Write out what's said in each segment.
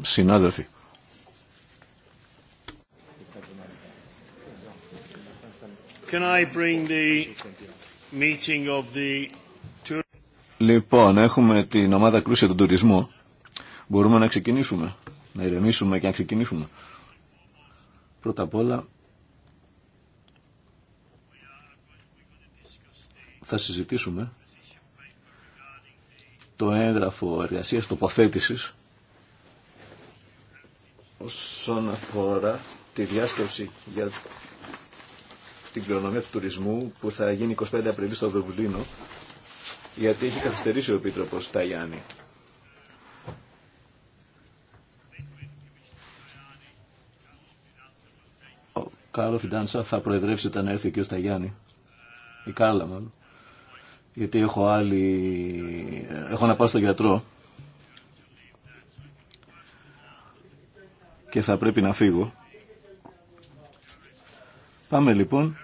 Συνάδελφοι. Can Λοιπόν, έχουμε την ομάδα κρούσια του τουρισμού. Μπορούμε να ξεκινήσουμε, να ηρεμήσουμε και να ξεκινήσουμε. Πρώτα απ' όλα θα συζητήσουμε το έγγραφο εργασία τοποθέτηση. όσον αφορά τη διάσκεψη για την κληρονομία του τουρισμού που θα γίνει 25 Απριλίου στο Δουβλίνο γιατί έχει καθυστερήσει ο Επίτροπο Ταγιάννη. Ο Κάρλο Φιντάνσα θα προεδρεύσει όταν έρθει και ο Ταγιάννη. Η Κάρλα μάλλον γιατί έχω άλλη... έχω να πάω στο γιατρό και θα πρέπει να φύγω. Πάμε λοιπόν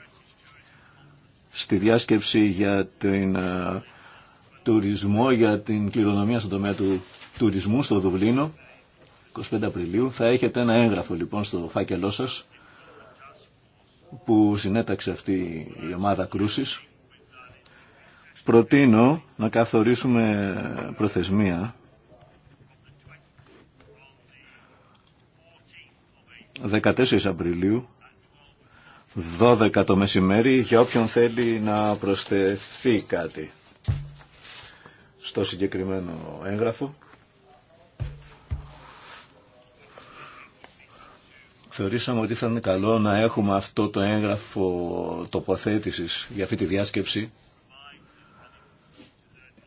στη διάσκεψη για την ε, τουρισμό, για την κληρονομία στον τομέα του τουρισμού στο Δουβλίνο, 25 Απριλίου. Θα έχετε ένα έγγραφο λοιπόν στο φάκελό σας που συνέταξε αυτή η ομάδα κρούσης Προτείνω να καθορίσουμε προθεσμία 14 Απριλίου 12 το μεσημέρι για όποιον θέλει να προσθεθεί κάτι στο συγκεκριμένο έγγραφο. Θεωρήσαμε ότι θα είναι καλό να έχουμε αυτό το έγγραφο τοποθέτησης για αυτή τη διάσκεψη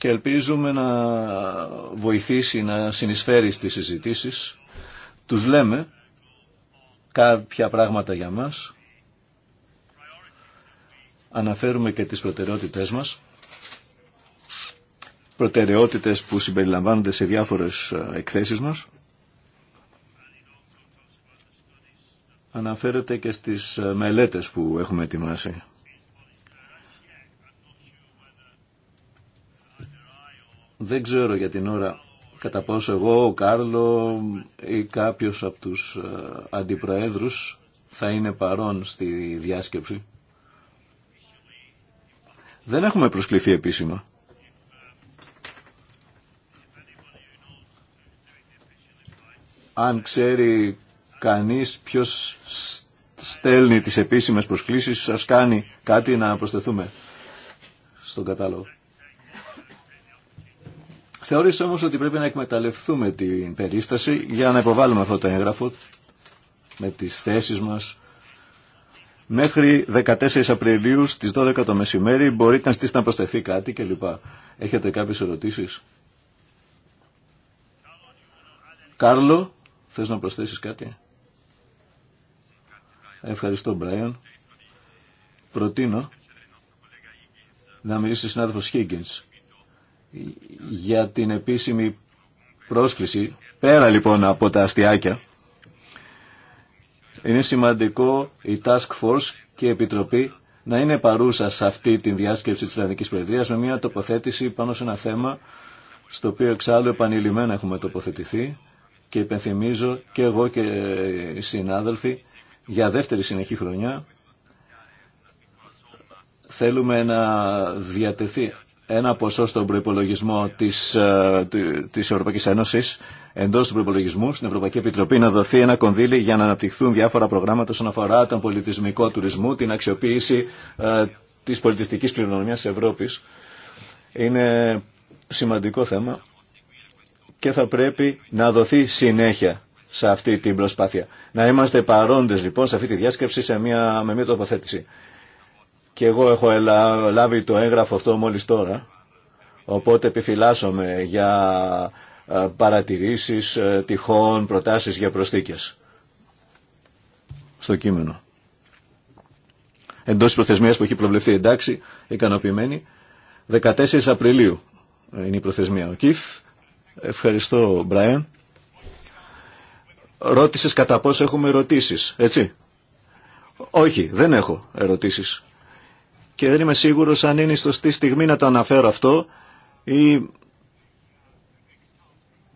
και ελπίζουμε να βοηθήσει, να συνεισφέρει στις συζητήσεις. Τους λέμε κάποια πράγματα για μας. Αναφέρουμε και τις προτεραιότητές μας. Προτεραιότητες που συμπεριλαμβάνονται σε διάφορες ε, εκθέσεις μας. Αναφέρεται και στις ε, μελέτες που έχουμε ετοιμάσει. Δεν ξέρω για την ώρα κατά πόσο εγώ, ο Κάρλο ή κάποιος από τους ε, αντιπροέδρους θα είναι παρόν στη διάσκεψη. Δεν έχουμε προσκληθεί επίσημα. Αν ξέρει κανείς ποιος στέλνει τις επίσημες προσκλήσεις, σας κάνει κάτι να προσθεθούμε στον κατάλογο. Θεώρησα όμως ότι πρέπει να εκμεταλλευτούμε την περίσταση για να υποβάλουμε αυτό το έγγραφο με τις θέσεις μας. Μέχρι 14 Απριλίου στις 12 το μεσημέρι μπορείτε να στήσει να προσθεθεί κάτι κλπ. Έχετε κάποιες ερωτήσεις. Κάρλο, θες να προσθέσεις κάτι. Ευχαριστώ Μπράιον. Προτείνω να μιλήσει ο συνάδελφος Higgins για την επίσημη πρόσκληση, πέρα λοιπόν από τα αστιάκια, είναι σημαντικό η Task Force και η Επιτροπή να είναι παρούσα σε αυτή τη διάσκεψη της Ιταλικής Προεδρίας με μια τοποθέτηση πάνω σε ένα θέμα στο οποίο εξάλλου επανειλημμένα έχουμε τοποθετηθεί και υπενθυμίζω και εγώ και οι συνάδελφοι για δεύτερη συνεχή χρονιά θέλουμε να διατεθεί ένα ποσό στον προπολογισμό της, ε, της Ευρωπαϊκής Ένωσης εντός του προπολογισμού στην Ευρωπαϊκή Επιτροπή να δοθεί ένα κονδύλι για να αναπτυχθούν διάφορα προγράμματα όσον αφορά τον πολιτισμικό τουρισμό, την αξιοποίηση ε, της πολιτιστικής κληρονομιάς της Ευρώπης. Είναι σημαντικό θέμα και θα πρέπει να δοθεί συνέχεια σε αυτή την προσπάθεια. Να είμαστε παρόντες λοιπόν σε αυτή τη διάσκεψη σε μια, με μια τοποθέτηση. Και εγώ έχω λάβει το έγγραφο αυτό μόλις τώρα, οπότε επιφυλάσσομαι για ε, παρατηρήσεις, ε, τυχόν, προτάσεις για προσθήκες στο κείμενο. Εντός της προθεσμίας που έχει προβλεφθεί εντάξει, ικανοποιημένη, 14 Απριλίου είναι η προθεσμία. Ο Κιθ, ευχαριστώ Μπραέν. Ρώτησες κατά πόσο έχουμε ερωτήσεις, έτσι. Όχι, δεν έχω ερωτήσεις και δεν είμαι σίγουρος αν είναι η σωστή στιγμή να το αναφέρω αυτό ή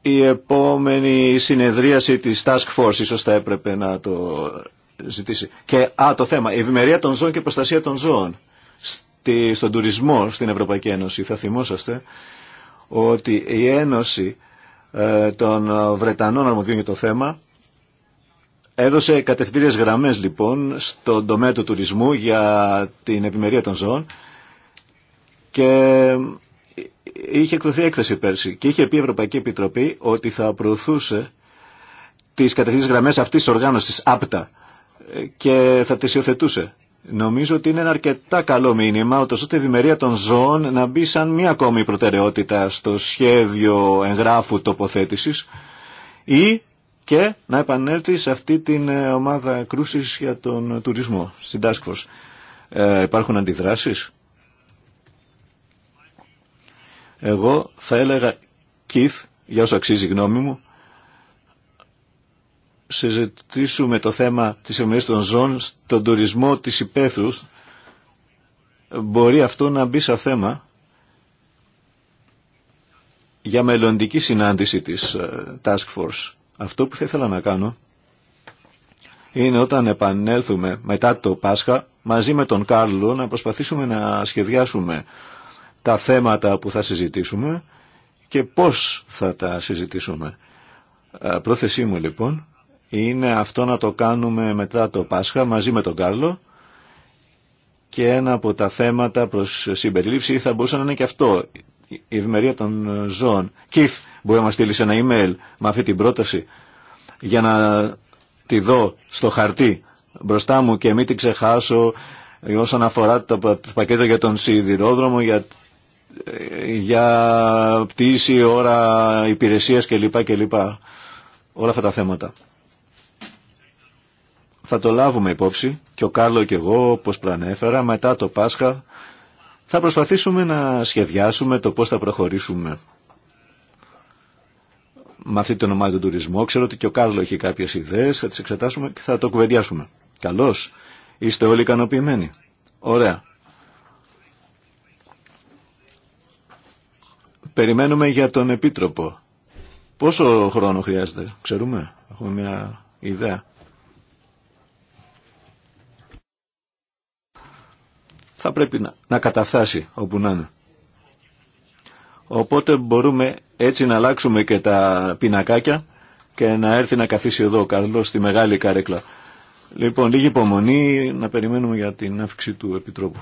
η επόμενη συνεδρίαση της Task Force ίσως θα έπρεπε να το ζητήσει. Και α, το θέμα, η ευημερία των ζώων και η προστασία των ζώων στη, στον τουρισμό στην Ευρωπαϊκή Ένωση. Θα θυμόσαστε ότι η Ένωση ε, των Βρετανών αρμοδίων για το θέμα Έδωσε κατευθυντήριες γραμμές λοιπόν στον τομέα του τουρισμού για την επιμερία των ζώων και είχε εκδοθεί έκθεση πέρσι και είχε πει η Ευρωπαϊκή Επιτροπή ότι θα προωθούσε τις κατευθυντήριες γραμμές αυτής της οργάνωσης της ΑΠΤΑ και θα τις υιοθετούσε. Νομίζω ότι είναι ένα αρκετά καλό μήνυμα, ώστε η ευημερία των ζώων να μπει σαν μία ακόμη προτεραιότητα στο σχέδιο εγγράφου τοποθέτησης ή και να επανέλθει σε αυτή την ε, ομάδα κρούσης για τον τουρισμό, στην Task Force. Ε, υπάρχουν αντιδράσεις. Εγώ θα έλεγα, Keith, για όσο αξίζει η γνώμη μου, συζητήσουμε το θέμα της ευημερίας των ζών στον τουρισμό της υπαίθρους. Μπορεί αυτό να μπει σαν θέμα για μελλοντική συνάντηση της ε, Task Force αυτό που θα ήθελα να κάνω είναι όταν επανέλθουμε μετά το Πάσχα μαζί με τον Κάρλο να προσπαθήσουμε να σχεδιάσουμε τα θέματα που θα συζητήσουμε και πώς θα τα συζητήσουμε. Ε, πρόθεσή μου λοιπόν είναι αυτό να το κάνουμε μετά το Πάσχα μαζί με τον Κάρλο και ένα από τα θέματα προς συμπερίληψη θα μπορούσε να είναι και αυτό η ευημερία των ζώων. Μπορεί να μας στείλει ένα email με αυτή την πρόταση για να τη δω στο χαρτί μπροστά μου και μην την ξεχάσω ε, όσον αφορά το πακέτο για τον σιδηρόδρομο, για, ε, για πτήση, ώρα υπηρεσίας κλπ. κλπ. Όλα αυτά τα θέματα. Θα το λάβουμε υπόψη και ο Κάρλο και εγώ, όπως προανέφερα, μετά το Πάσχα θα προσπαθήσουμε να σχεδιάσουμε το πώς θα προχωρήσουμε με αυτή την ομάδα του τουρισμού. Ξέρω ότι και ο Κάρλο έχει κάποιε ιδέε, θα τι εξετάσουμε και θα το κουβεντιάσουμε. Καλώ. Είστε όλοι ικανοποιημένοι. Ωραία. Περιμένουμε για τον Επίτροπο. Πόσο χρόνο χρειάζεται, ξέρουμε. Έχουμε μια ιδέα. Θα πρέπει να, να καταφτάσει όπου να είναι. Οπότε μπορούμε έτσι να αλλάξουμε και τα πινακάκια και να έρθει να καθίσει εδώ ο Καρλός στη μεγάλη καρέκλα. Λοιπόν, λίγη υπομονή να περιμένουμε για την αύξηση του Επιτρόπου.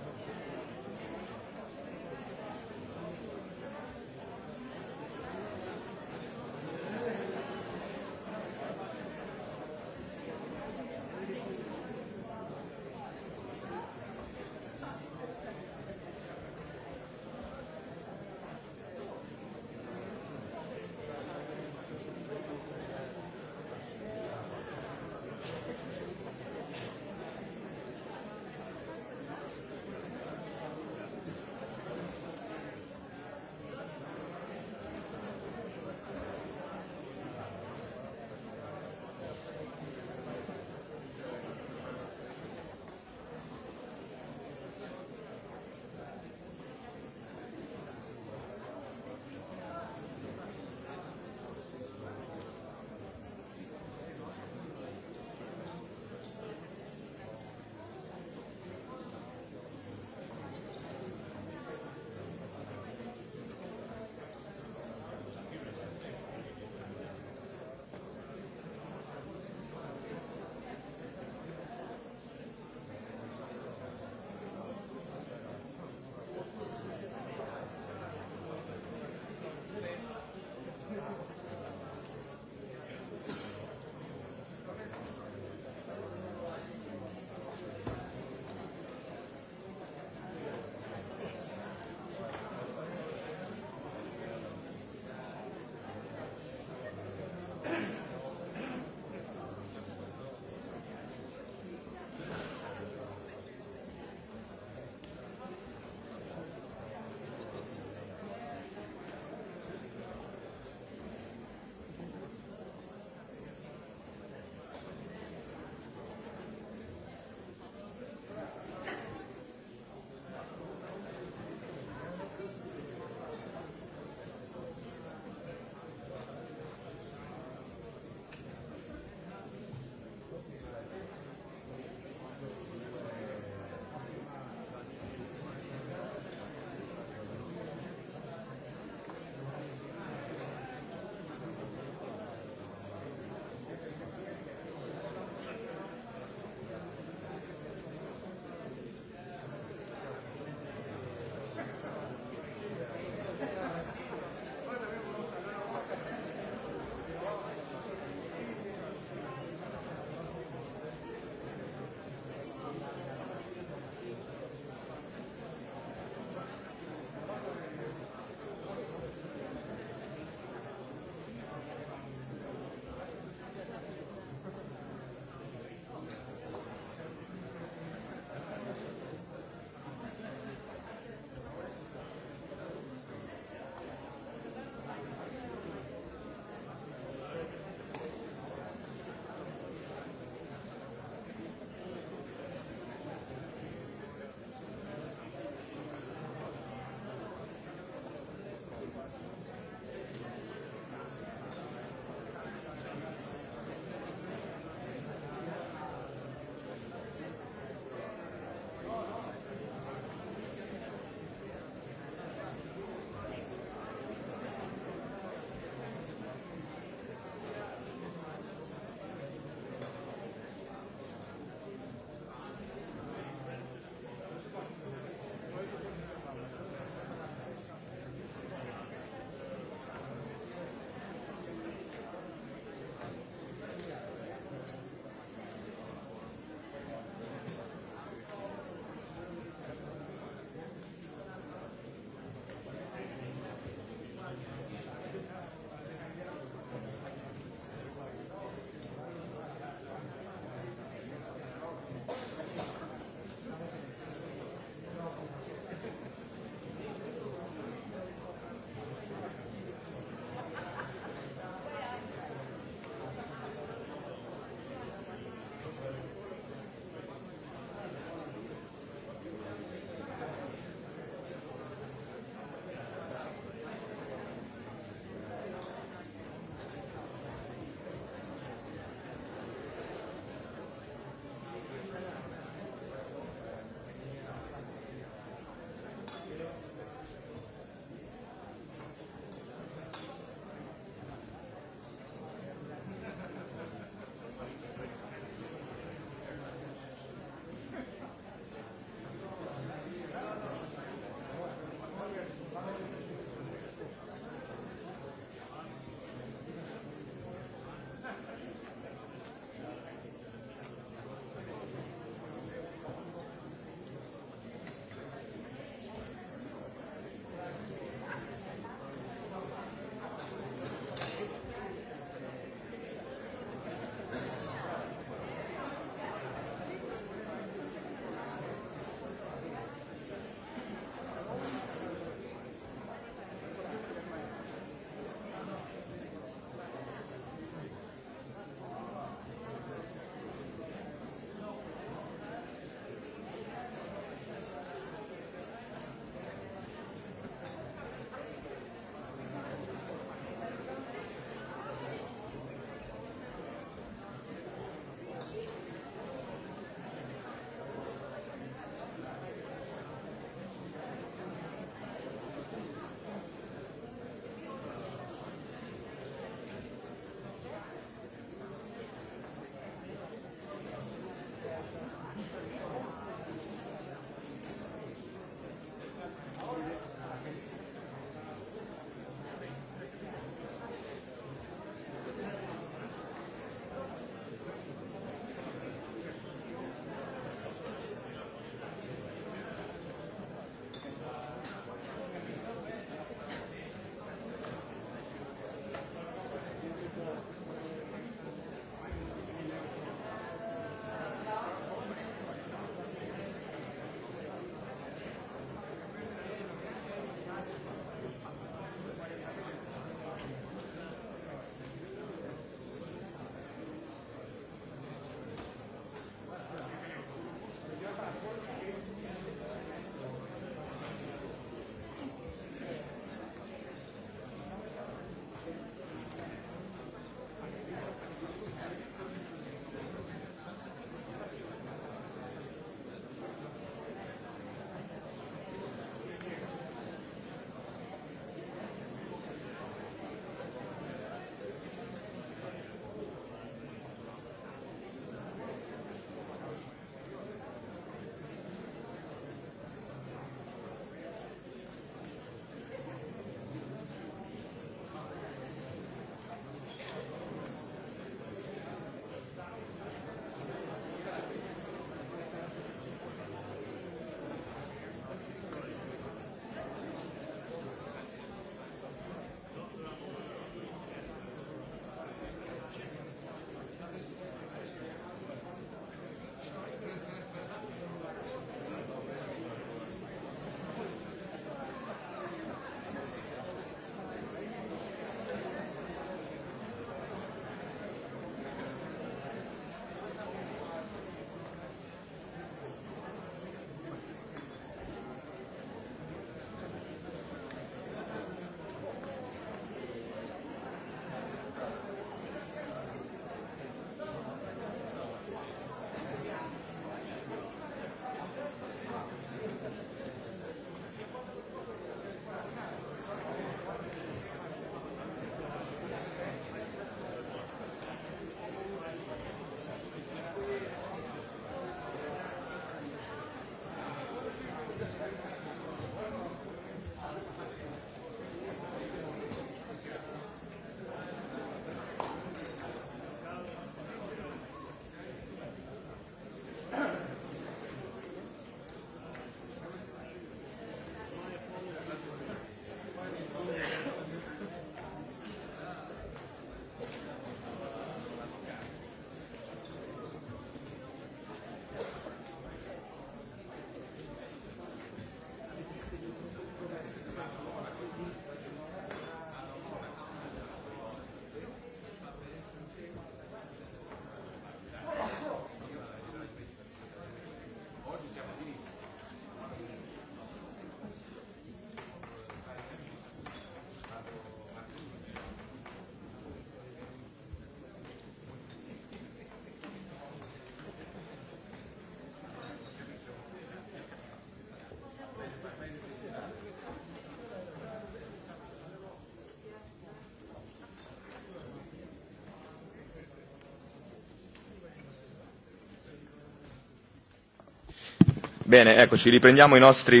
Bene, riprendiamo i nostri...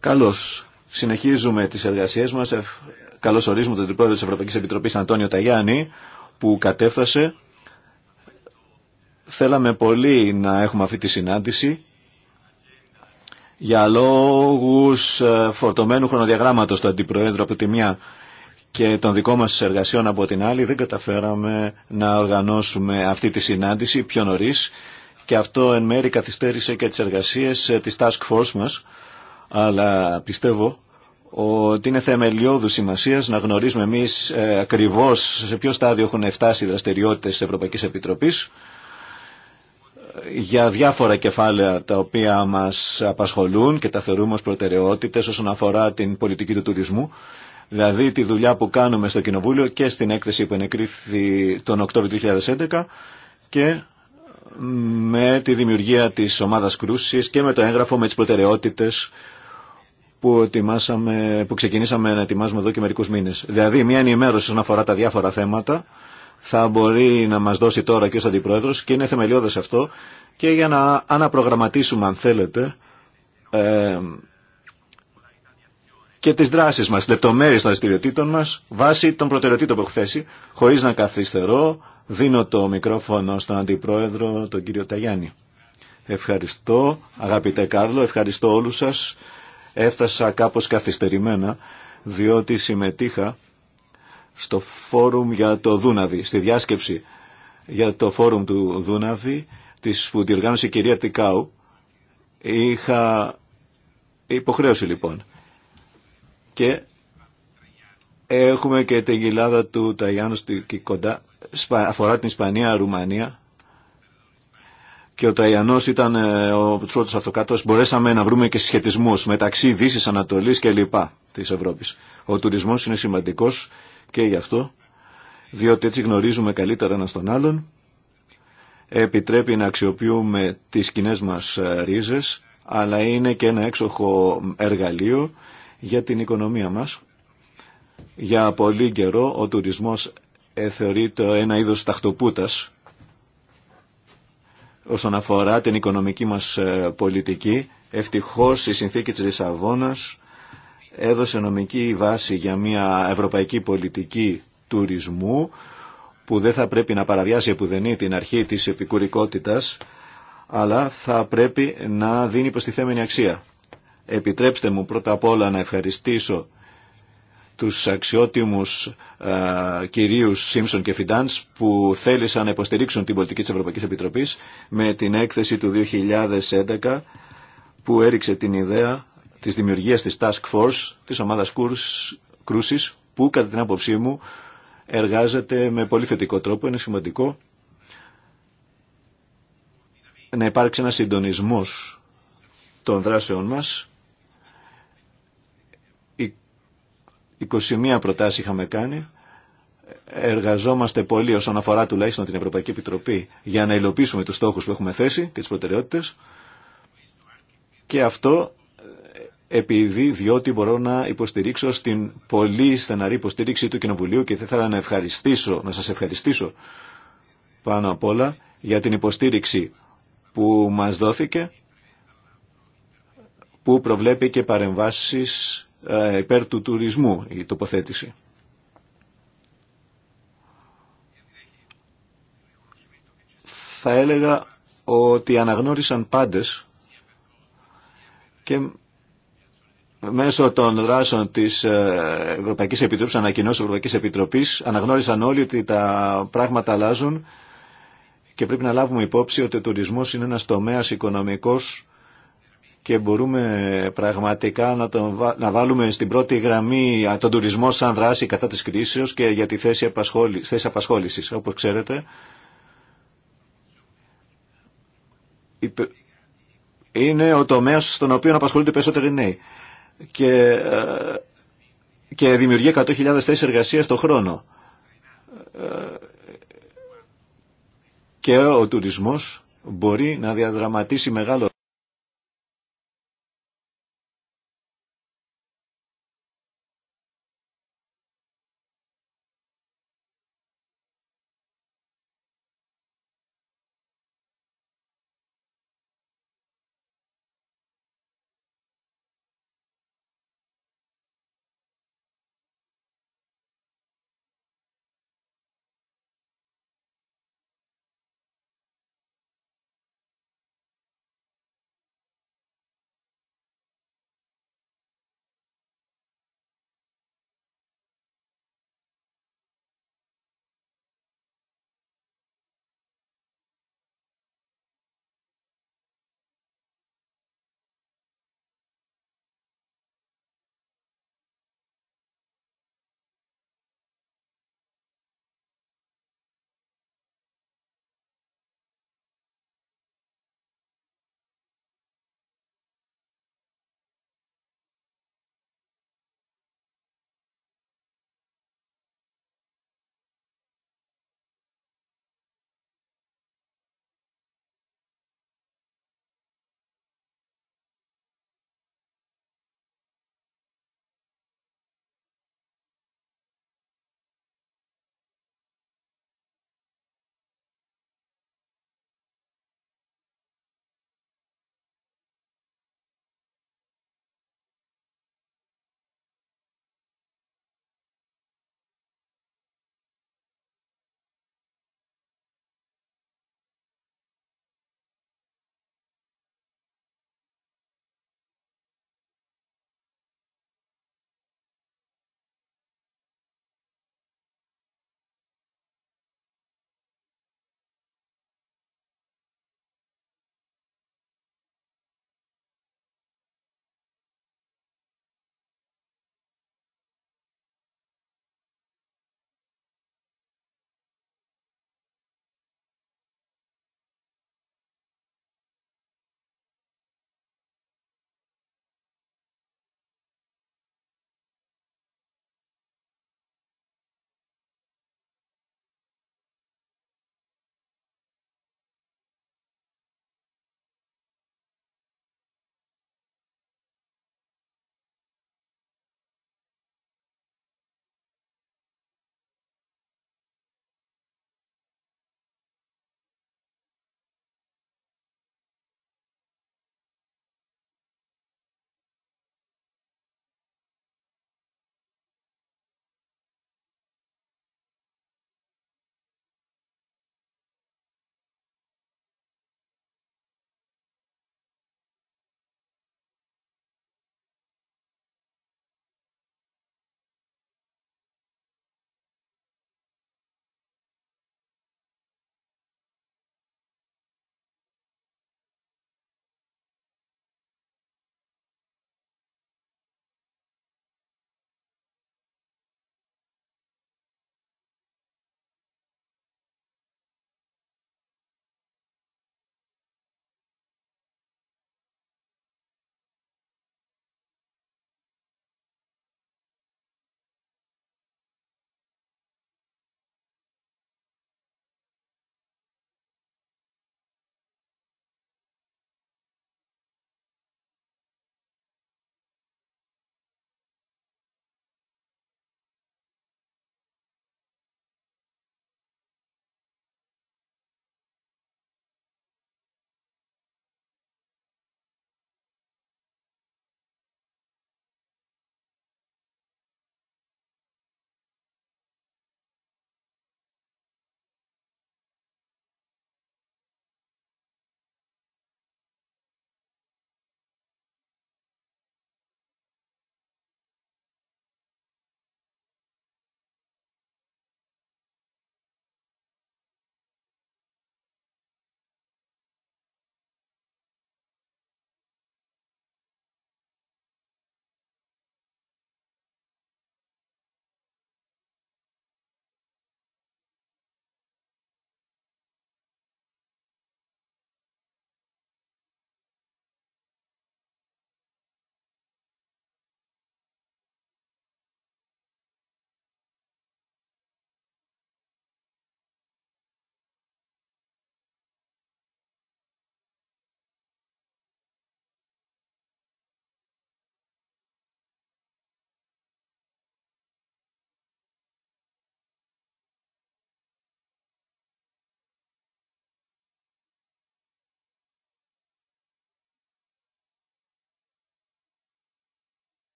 Καλώς. Συνεχίζουμε τις εργασίες μας. Καλώς ορίζουμε τον Τριπρόεδρο της Ευρωπαϊκής Επιτροπής Αντώνιο Ταγιάννη που κατέφθασε. Θέλαμε πολύ να έχουμε αυτή τη συνάντηση για λόγους ε, φορτωμένου χρονοδιαγράμματος του Αντιπροέδρου από τη μία και των δικών μας εργασιών από την άλλη δεν καταφέραμε να οργανώσουμε αυτή τη συνάντηση πιο νωρίς και αυτό εν μέρη καθυστέρησε και τις εργασίες ε, της Task Force μας, αλλά πιστεύω ότι είναι θεμελιώδου σημασία να γνωρίζουμε εμεί ε, ακριβώ σε ποιο στάδιο έχουν φτάσει οι δραστηριότητε τη Ευρωπαϊκή Επιτροπή ε, για διάφορα κεφάλαια τα οποία μα απασχολούν και τα θεωρούμε ως προτεραιότητε όσον αφορά την πολιτική του τουρισμού. Δηλαδή τη δουλειά που κάνουμε στο Κοινοβούλιο και στην έκθεση που ενεκρίθη τον Οκτώβριο 2011 και με τη δημιουργία της ομάδας κρούσης και με το έγγραφο με τις προτεραιότητες που, ετοιμάσαμε, που ξεκινήσαμε να ετοιμάζουμε εδώ και μερικούς μήνες. Δηλαδή μια ενημέρωση όσον αφορά τα διάφορα θέματα θα μπορεί να μας δώσει τώρα και ο Αντιπρόεδρος και είναι θεμελιώδες αυτό και για να αναπρογραμματίσουμε αν θέλετε ε, και τις δράσεις μας, λεπτομέρειες των δραστηριοτήτων μας βάσει των προτεραιοτήτων που έχω θέσει χωρίς να καθυστερώ Δίνω το μικρόφωνο στον Αντιπρόεδρο, τον κύριο Ταγιάννη. Ευχαριστώ, αγαπητέ Κάρλο, ευχαριστώ όλους σας. Έφτασα κάπως καθυστερημένα, διότι συμμετείχα στο φόρουμ για το Δούναβι, στη διάσκεψη για το φόρουμ του Δούναβι, της, που διοργάνωσε η κυρία Τικάου. Είχα υποχρέωση λοιπόν. Και έχουμε και την κοιλάδα του Ταγιάννου κοντά αφορά την Ισπανία, Ρουμανία και ο Ταϊανός ήταν ε, ο πρώτος αυτοκάτος, μπορέσαμε να βρούμε και συσχετισμούς μεταξύ Δύσης, Ανατολής και λοιπά της Ευρώπης. Ο τουρισμός είναι σημαντικός και γι' αυτό, διότι έτσι γνωρίζουμε καλύτερα ένα τον άλλον, επιτρέπει να αξιοποιούμε τις κοινέ μας ε, ρίζες, αλλά είναι και ένα έξοχο εργαλείο για την οικονομία μας. Για πολύ καιρό ο τουρισμός ε, θεωρείται ένα είδος ταχτοπούτας όσον αφορά την οικονομική μας ε, πολιτική. Ευτυχώς η συνθήκη της Λισαβόνας έδωσε νομική βάση για μια ευρωπαϊκή πολιτική τουρισμού που δεν θα πρέπει να παραβιάσει επουδενή την αρχή της επικουρικότητας αλλά θα πρέπει να δίνει προστιθέμενη αξία. Επιτρέψτε μου πρώτα απ' όλα να ευχαριστήσω τους αξιότιμους κυρίους Σίμψον και Φιντάνς που θέλησαν να υποστηρίξουν την πολιτική της Ευρωπαϊκής Επιτροπής με την έκθεση του 2011 που έριξε την ιδέα της δημιουργίας της Task Force της ομάδας κρούσης που κατά την άποψή μου εργάζεται με πολύ θετικό τρόπο. Είναι σημαντικό να υπάρξει ένα συντονισμός των δράσεών μας 21 προτάσεις είχαμε κάνει. Εργαζόμαστε πολύ όσον αφορά τουλάχιστον την Ευρωπαϊκή Επιτροπή για να υλοποιήσουμε τους στόχους που έχουμε θέσει και τις προτεραιότητες. Και αυτό επειδή διότι μπορώ να υποστηρίξω στην πολύ στεναρή υποστήριξη του Κοινοβουλίου και θα ήθελα να ευχαριστήσω, να σας ευχαριστήσω πάνω απ' όλα για την υποστήριξη που μας δόθηκε που προβλέπει και παρεμβάσεις ε, υπέρ του τουρισμού η τοποθέτηση. Θα έλεγα ότι αναγνώρισαν πάντες και μέσω των δράσεων της ε, Ευρωπαϊκής Επιτροπής, ανακοινώσεων Ευρωπαϊκής Επιτροπής, αναγνώρισαν όλοι ότι τα πράγματα αλλάζουν και πρέπει να λάβουμε υπόψη ότι ο τουρισμός είναι ένας τομέας οικονομικός και μπορούμε πραγματικά να, τον, να βάλουμε στην πρώτη γραμμή τον τουρισμό σαν δράση κατά της κρίσεως και για τη θέση, απασχόλη, θέση απασχόλησης. Όπως ξέρετε, είναι ο τομέας στον οποίο απασχολούνται περισσότεροι νέοι και, ε, και δημιουργεί 100.000 θέσεις εργασίας το χρόνο. Ε, και ο τουρισμός μπορεί να διαδραματίσει μεγάλο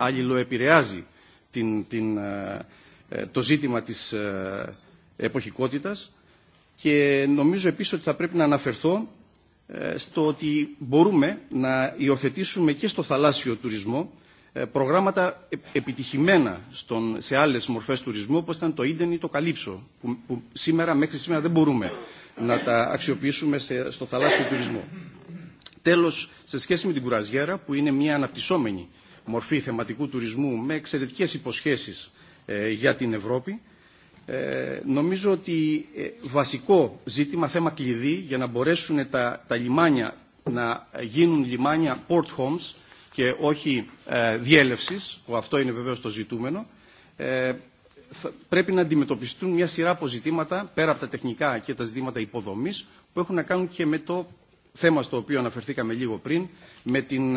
αλληλοεπηρεάζει την, την, ε, ε, το ζήτημα της ε, εποχικότητας και νομίζω επίσης ότι θα πρέπει να αναφερθώ στο ότι μπορούμε να υιοθετήσουμε και στο θαλάσσιο τουρισμό προγράμματα επιτυχημένα στον, σε άλλες μορφές τουρισμού όπως ήταν το ίντεν ή το καλύψο που, σήμερα μέχρι σήμερα δεν μπορούμε να τα αξιοποιήσουμε στο θαλάσσιο τουρισμό. Τέλος, σε σχέση με την κουραζιέρα που είναι μια αναπτυσσόμενη μορφή θεματικού τουρισμού με εξαιρετικές υποσχέσεις ε, για την Ευρώπη. Ε, νομίζω ότι ε, βασικό ζήτημα, θέμα κλειδί για να μπορέσουν τα, τα λιμάνια να γίνουν λιμάνια port homes και όχι διέλευσης, που αυτό είναι βεβαίως το ζητούμενο, πρέπει να αντιμετωπιστούν μια σειρά αποζητήματα πέρα από τα τεχνικά και τα ζητήματα υποδομής που έχουν να κάνουν και με το θέμα στο οποίο αναφερθήκαμε λίγο πριν με την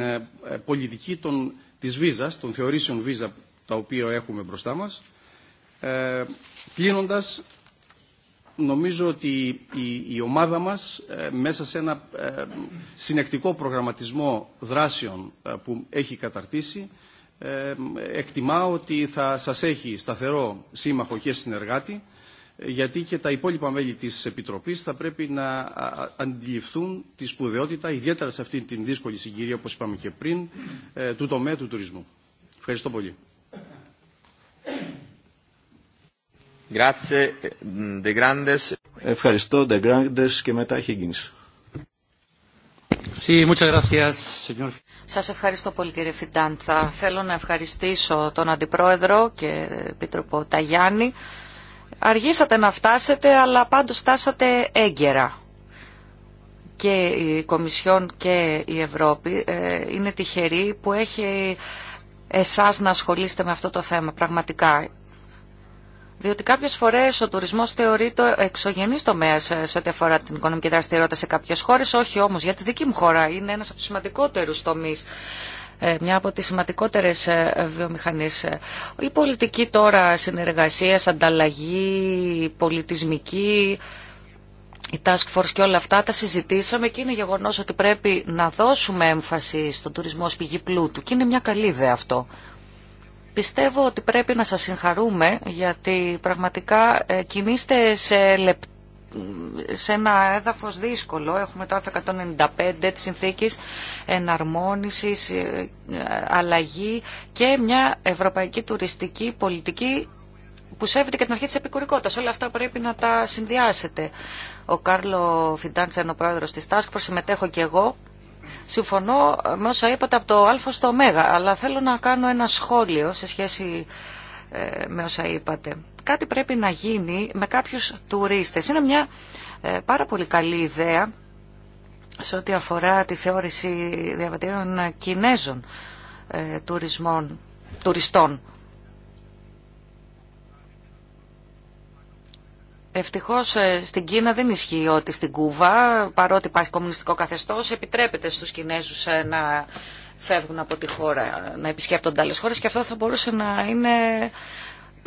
πολιτική των της βίζας, των θεωρήσεων βίζα τα οποία έχουμε μπροστά μας. Ε, κλείνοντας, νομίζω ότι η, η ομάδα μας ε, μέσα σε ένα ε, συνεκτικό προγραμματισμό δράσεων ε, που έχει καταρτήσει εκτιμά ότι θα σας έχει σταθερό σύμμαχο και συνεργάτη γιατί και τα υπόλοιπα μέλη της Επιτροπής θα πρέπει να αντιληφθούν τη σπουδαιότητα, ιδιαίτερα σε αυτήν την δύσκολη συγκυρία, όπως είπαμε και πριν, ε, του τομέα του τουρισμού. Ευχαριστώ πολύ. Ευχαριστώ, De Grandes και μετά Higgins. Sí, muchas gracias, señor. Σας ευχαριστώ πολύ κύριε Φιντάν. Θα θέλω να ευχαριστήσω τον Αντιπρόεδρο και Επίτροπο Ταγιάννη Αργήσατε να φτάσετε, αλλά πάντως φτάσατε έγκαιρα. Και η Κομισιόν και η Ευρώπη ε, είναι τυχερή που έχει εσάς να ασχολείστε με αυτό το θέμα πραγματικά. Διότι κάποιες φορές ο τουρισμό θεωρείται εξωγενή τομέα σε ό,τι αφορά την οικονομική δραστηριότητα σε κάποιες χώρες, Όχι όμως για τη δική μου χώρα είναι ένας από του σημαντικότερους τομεί ε, μια από τις σημαντικότερες ε, βιομηχανίες. Ε, η πολιτική τώρα συνεργασία, ανταλλαγή, πολιτισμική, η Task Force και όλα αυτά τα συζητήσαμε και είναι γεγονός ότι πρέπει να δώσουμε έμφαση στον τουρισμό ως πηγή πλούτου και είναι μια καλή ιδέα αυτό. Πιστεύω ότι πρέπει να σας συγχαρούμε γιατί πραγματικά κινείστε σε λεπτά σε ένα έδαφος δύσκολο. Έχουμε το άρθρο 195 της συνθήκης εναρμόνισης, ε, αλλαγή και μια ευρωπαϊκή τουριστική πολιτική που σέβεται και την αρχή της επικουρικότητας. Όλα αυτά πρέπει να τα συνδυάσετε. Ο Κάρλο Φιντάντσα ο πρόεδρος της Task Force, συμμετέχω και εγώ. Συμφωνώ με όσα είπατε από το Α στο Ω, αλλά θέλω να κάνω ένα σχόλιο σε σχέση ε, με όσα είπατε κάτι πρέπει να γίνει με κάποιους τουρίστες. Είναι μια ε, πάρα πολύ καλή ιδέα σε ό,τι αφορά τη θεώρηση διαβατήριων Κινέζων ε, τουρισμών, τουριστών. Ευτυχώς ε, στην Κίνα δεν ισχύει ότι στην Κούβα, παρότι υπάρχει κομμουνιστικό καθεστώς, επιτρέπεται στους Κινέζους να φεύγουν από τη χώρα, να επισκέπτονται άλλες χώρες και αυτό θα μπορούσε να είναι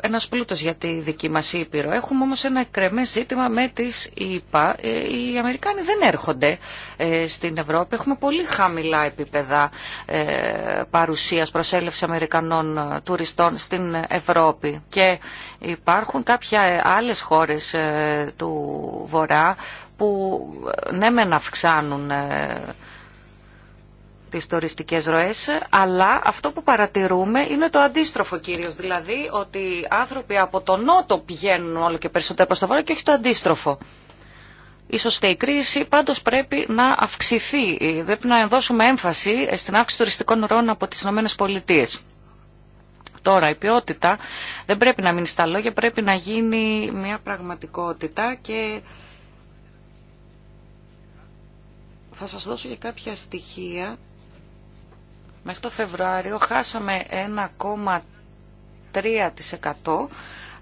ένα πλούτο για τη δική μα Ήπειρο. Έχουμε όμως ένα εκκρεμέ ζήτημα με τις ΗΠΑ. Ε, οι Αμερικάνοι δεν έρχονται ε, στην Ευρώπη. Έχουμε πολύ χαμηλά επίπεδα ε, παρουσίας, προσέλευση Αμερικανών τουριστών στην Ευρώπη. Και υπάρχουν κάποια άλλες χώρες του Βορρά που ναι μεν αυξάνουν τις τουριστικές ροές, αλλά αυτό που παρατηρούμε είναι το αντίστροφο κυρίως, δηλαδή ότι άνθρωποι από τον νότο πηγαίνουν όλο και περισσότερο προς το βόρειο και όχι το αντίστροφο. Ίσως η κρίση, πάντως πρέπει να αυξηθεί, δεν πρέπει να δώσουμε έμφαση στην αύξηση τουριστικών ροών από τις ΗΠΑ. Τώρα η ποιότητα δεν πρέπει να μείνει στα λόγια, πρέπει να γίνει μια πραγματικότητα και θα σας δώσω και κάποια στοιχεία Μέχρι το Φεβρουάριο χάσαμε 1,3%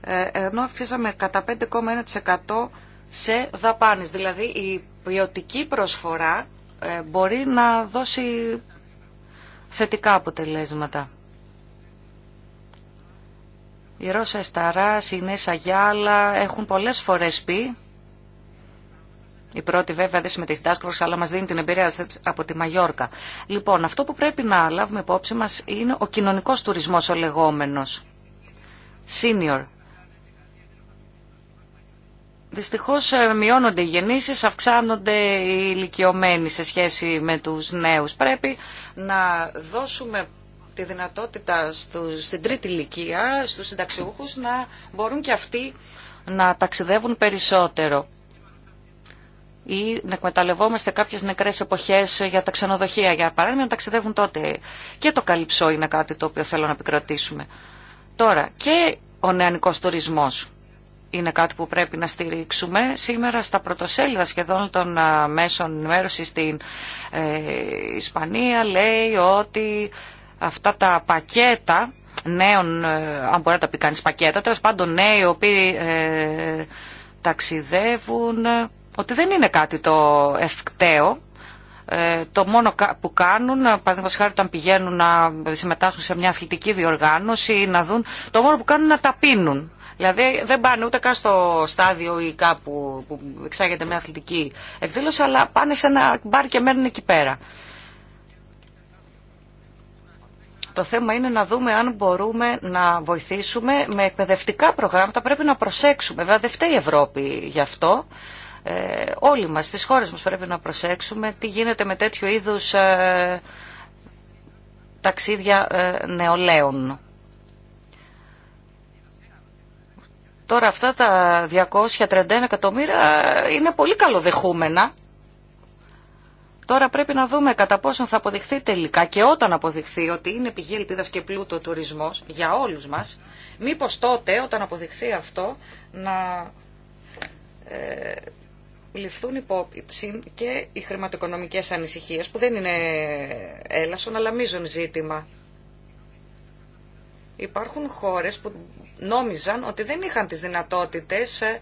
ε, ενώ αυξήσαμε κατά 5,1% σε δαπάνες. Δηλαδή η ποιοτική προσφορά ε, μπορεί να δώσει θετικά αποτελέσματα. Η Ρώσα Εσταράς, η Νέσα Γιάλα έχουν πολλές φορές πει η πρώτη βέβαια δεν συμμετέχει στην αλλά μα δίνει την εμπειρία από τη Μαγιόρκα. Λοιπόν, αυτό που πρέπει να λάβουμε υπόψη μα είναι ο κοινωνικό τουρισμό, ο λεγόμενο. Senior. Δυστυχώ ε, μειώνονται οι γεννήσει, αυξάνονται οι ηλικιωμένοι σε σχέση με του νέου. Πρέπει να δώσουμε τη δυνατότητα στους, στην τρίτη ηλικία, στους συνταξιούχους, να μπορούν και αυτοί να ταξιδεύουν περισσότερο ή να εκμεταλλευόμαστε κάποιε νεκρέ εποχέ για τα ξενοδοχεία, για παράδειγμα, να ταξιδεύουν τότε. Και το καλυψό είναι κάτι το οποίο θέλω να επικροτήσουμε. Τώρα, και ο νεανικό τουρισμό είναι κάτι που πρέπει να στηρίξουμε. Σήμερα στα πρωτοσέλιδα σχεδόν των μέσων ενημέρωση στην ε, Ισπανία λέει ότι αυτά τα πακέτα νέων, ε, αν μπορεί να τα πει κανείς πακέτα, τέλος πάντων νέοι οι οποίοι ε, ταξιδεύουν ότι δεν είναι κάτι το ευκταίο. Ε, το μόνο που κάνουν, παραδείγματος χάρη όταν πηγαίνουν να συμμετάσχουν σε μια αθλητική διοργάνωση να δουν, το μόνο που κάνουν είναι να τα πίνουν. Δηλαδή δεν πάνε ούτε καν στο στάδιο ή κάπου που εξάγεται μια αθλητική εκδήλωση, αλλά πάνε σε ένα μπαρ και μένουν εκεί πέρα. Το θέμα είναι να δούμε αν μπορούμε να βοηθήσουμε με εκπαιδευτικά προγράμματα. Πρέπει να προσέξουμε. Βέβαια δεν φταίει η Ευρώπη γι' αυτό ε, όλοι μας στις χώρες μας πρέπει να προσέξουμε τι γίνεται με τέτοιου είδους ε, ταξίδια ε, νεολαίων. Τώρα αυτά τα 231 εκατομμύρια είναι πολύ καλοδεχούμενα. Τώρα πρέπει να δούμε κατά πόσον θα αποδειχθεί τελικά και όταν αποδειχθεί ότι είναι πηγή ελπίδας και πλούτο τουρισμός για όλους μας, μήπως τότε όταν αποδειχθεί αυτό να ε, ληφθούν υπόψη και οι χρηματοοικονομικές ανησυχίες που δεν είναι έλασον αλλά μείζον ζήτημα. Υπάρχουν χώρες που νόμιζαν ότι δεν είχαν τις δυνατότητες ε,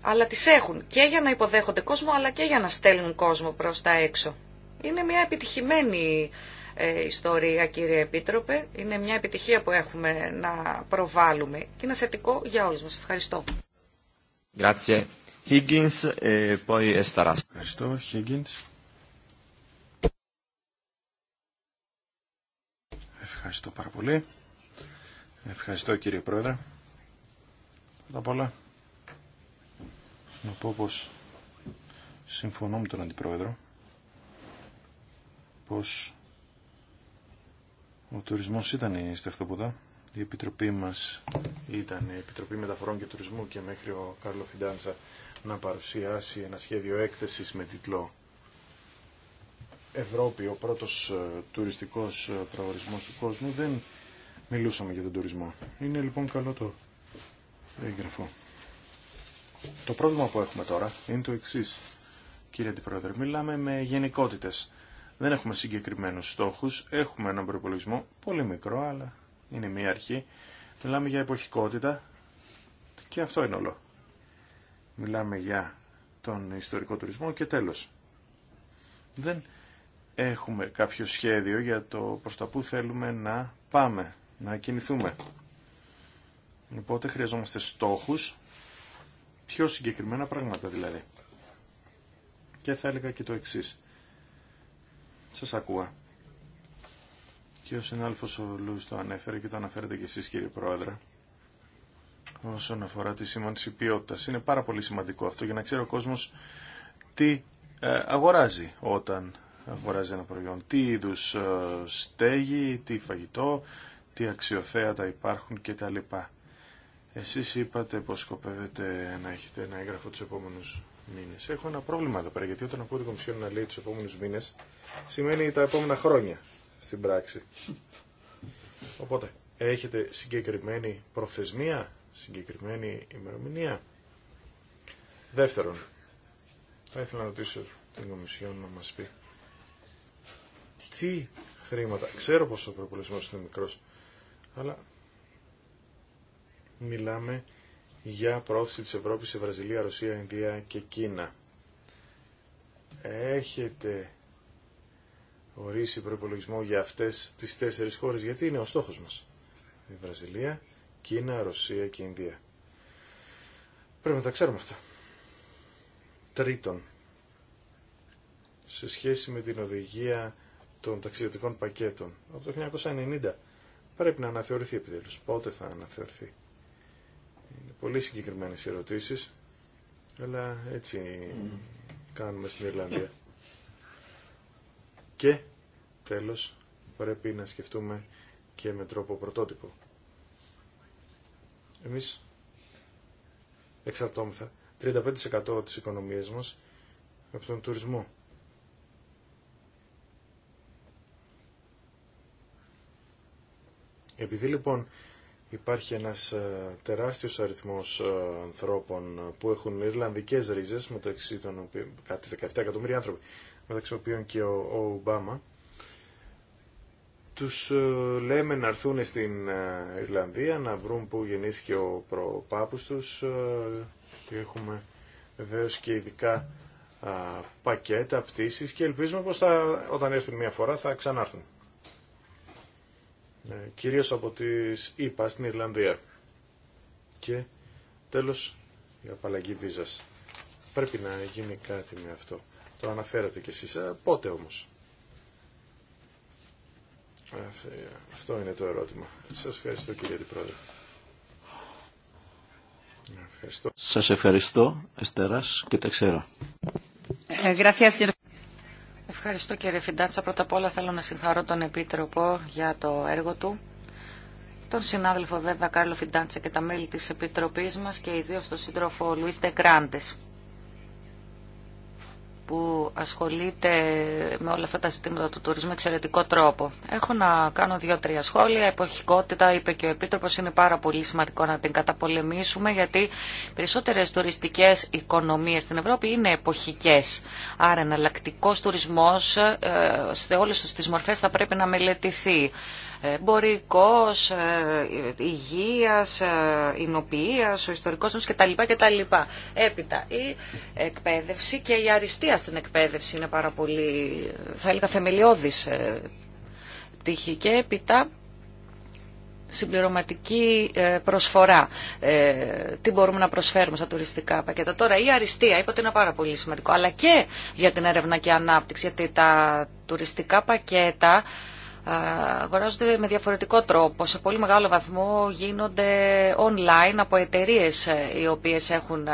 αλλά τις έχουν και για να υποδέχονται κόσμο αλλά και για να στέλνουν κόσμο προς τα έξω. Είναι μια επιτυχημένη ε, ιστορία κύριε Επίτροπε, είναι μια επιτυχία που έχουμε να προβάλλουμε και είναι θετικό για όλους μας. Ευχαριστώ. Grazie. Higgins e poi Estaras. Ευχαριστώ, Higgins. Ευχαριστώ πάρα πολύ. Ευχαριστώ κύριε Πρόεδρε. Πρώτα απ' όλα να πω πως συμφωνώ με τον Αντιπρόεδρο πως ο τουρισμός ήταν η στεφτοπούδα. Η επιτροπή μας ήταν η Επιτροπή Μεταφορών και Τουρισμού και μέχρι ο Κάρλο Φιντάντσα να παρουσιάσει ένα σχέδιο έκθεσης με τίτλο Ευρώπη, ο πρώτος ε, τουριστικός ε, προορισμός του κόσμου, δεν μιλούσαμε για τον τουρισμό. Είναι λοιπόν καλό το έγγραφο. Το πρόβλημα που έχουμε τώρα είναι το εξή. Κύριε Αντιπρόεδρε, μιλάμε με γενικότητες. Δεν έχουμε συγκεκριμένους στόχους, έχουμε έναν προπολογισμό πολύ μικρό, αλλά είναι μία αρχή. Μιλάμε για εποχικότητα και αυτό είναι όλο. Μιλάμε για τον ιστορικό τουρισμό και τέλος. Δεν έχουμε κάποιο σχέδιο για το προς τα που θέλουμε να πάμε, να κινηθούμε. Οπότε χρειαζόμαστε στόχους, πιο συγκεκριμένα πράγματα δηλαδή. Και θα έλεγα και το εξής. Σας ακούω. Και ο συνάλφος ο Λούς το ανέφερε και το αναφέρετε και εσείς κύριε Πρόεδρε όσον αφορά τη σήμανση ποιότητας. Είναι πάρα πολύ σημαντικό αυτό για να ξέρει ο κόσμος τι ε, αγοράζει όταν αγοράζει ένα προϊόν. Τι είδους ε, στέγη, τι φαγητό, τι αξιοθέατα υπάρχουν κτλ. Εσείς είπατε πως σκοπεύετε να έχετε ένα έγγραφο του επόμενου μήνες. Έχω ένα πρόβλημα εδώ πέρα, γιατί όταν ακούω την Κομισιόν να λέει τους επόμενους μήνες, σημαίνει τα επόμενα χρόνια στην πράξη. Οπότε, έχετε συγκεκριμένη προθεσμία συγκεκριμένη ημερομηνία. Δεύτερον, θα ήθελα να ρωτήσω την Κομισιόν να μας πει τι χρήματα, ξέρω πως ο προπολισμός είναι μικρός, αλλά μιλάμε για πρόθεση της Ευρώπης σε Βραζιλία, Ρωσία, Ινδία και Κίνα. Έχετε ορίσει προπολογισμό για αυτές τις τέσσερις χώρες, γιατί είναι ο στόχος μας. Η Βραζιλία, Κίνα, Ρωσία και Ινδία. Πρέπει να τα ξέρουμε αυτά. Τρίτον, σε σχέση με την οδηγία των ταξιδιωτικών πακέτων από το 1990 πρέπει να αναθεωρηθεί επιτέλους. Πότε θα αναθεωρηθεί. Είναι πολύ συγκεκριμένες ερωτήσεις, αλλά έτσι κάνουμε στην Ιρλανδία. Και τέλος πρέπει να σκεφτούμε και με τρόπο πρωτότυπο. Εμείς εξαρτώμεθα 35% της οικονομίας μας από τον τουρισμό. Επειδή λοιπόν υπάρχει ένας ε, τεράστιος αριθμός ε, ανθρώπων που έχουν Ιρλανδικές ρίζες, μεταξύ των οποίων, κάτι 17 εκατομμύρια άνθρωποι, μεταξύ οποίων και ο, ο Ομπάμα, τους ε, λέμε να έρθουν στην ε, Ιρλανδία, να βρουν που γεννήθηκε ο προπάπους τους. Ε, και Έχουμε βεβαίω και ειδικά πακέτα, πτήσεις και ελπίζουμε πως όταν έρθουν μια φορά θα ξανάρθουν. Κυρίως από τις ΙΠΑ στην Ιρλανδία. Και τέλος η απαλλαγή βίζας. Πρέπει να γίνει κάτι με αυτό. Το αναφέρατε κι εσείς. Πότε όμως. Ε, αυτό είναι το ερώτημα. Σας ευχαριστώ κύριε Αντιπρόεδρε. Σα Σας ευχαριστώ, Εστεράς και τα ξέρω. Ε, ευχαριστώ κύριε Φιντάτσα. Πρώτα απ' όλα θέλω να συγχαρώ τον Επίτροπο για το έργο του. Τον συνάδελφο βέβαια Κάρλο Φιντάντσα και τα μέλη της Επιτροπής μας και ιδίως τον σύντροφο Λουίς Ντεγκράντες που ασχολείται με όλα αυτά τα ζητήματα του τουρισμού εξαιρετικό τρόπο. Έχω να κάνω δύο-τρία σχόλια. Εποχικότητα, είπε και ο Επίτροπος, είναι πάρα πολύ σημαντικό να την καταπολεμήσουμε γιατί περισσότερες τουριστικές οικονομίες στην Ευρώπη είναι εποχικές. Άρα εναλλακτικό τουρισμός ε, σε όλες τις μορφές θα πρέπει να μελετηθεί εμπορικός, ε, υγείας, ε, εινοποιίας, ο ιστορικός και κτλ. λοιπά. Έπειτα η εκπαίδευση και η αριστεία στην εκπαίδευση είναι πάρα πολύ, θα θεμελιώδης ε, πτυχή και έπειτα συμπληρωματική προσφορά. τι μπορούμε να προσφέρουμε στα τουριστικά πακέτα. Τώρα η αριστεία, είπα ότι είναι πάρα πολύ σημαντικό, αλλά και για την έρευνα και ανάπτυξη, γιατί τα τουριστικά πακέτα αγοράζονται με διαφορετικό τρόπο. Σε πολύ μεγάλο βαθμό γίνονται online από εταιρείε ε, οι οποίε έχουν ε,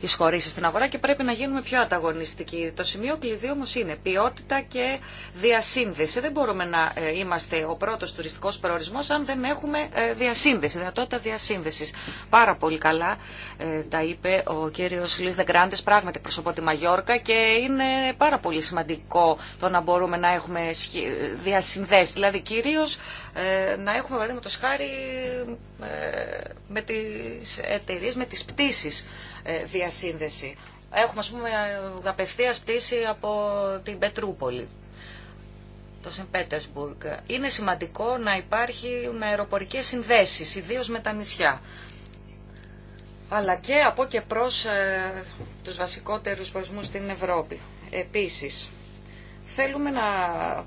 εισχωρήσει στην αγορά και πρέπει να γίνουμε πιο ανταγωνιστικοί. Το σημείο κλειδί όμω είναι ποιότητα και διασύνδεση. Δεν μπορούμε να ε, είμαστε ο πρώτο τουριστικό προορισμό αν δεν έχουμε διασύνδεση, δυνατότητα διασύνδεση. Πάρα πολύ καλά τα είπε ο κύριο Λίς Δεγκράντες, πράγματι προσωπώ τη Μαγιόρκα και είναι πάρα πολύ σημαντικό το να μπορούμε να έχουμε διασύνδεση Δηλαδή κυρίω ε, να έχουμε παραδείγματο χάρη ε, με τις εταιρείε, με τις πτήσει ε, διασύνδεση. Έχουμε α πούμε απευθεία πτήση από την Πετρούπολη το Σεν Είναι σημαντικό να υπάρχουν αεροπορικές συνδέσεις, ιδίως με τα νησιά. Αλλά και από και προς ε, τους βασικότερους προσμούς στην Ευρώπη. Επίσης, Θέλουμε να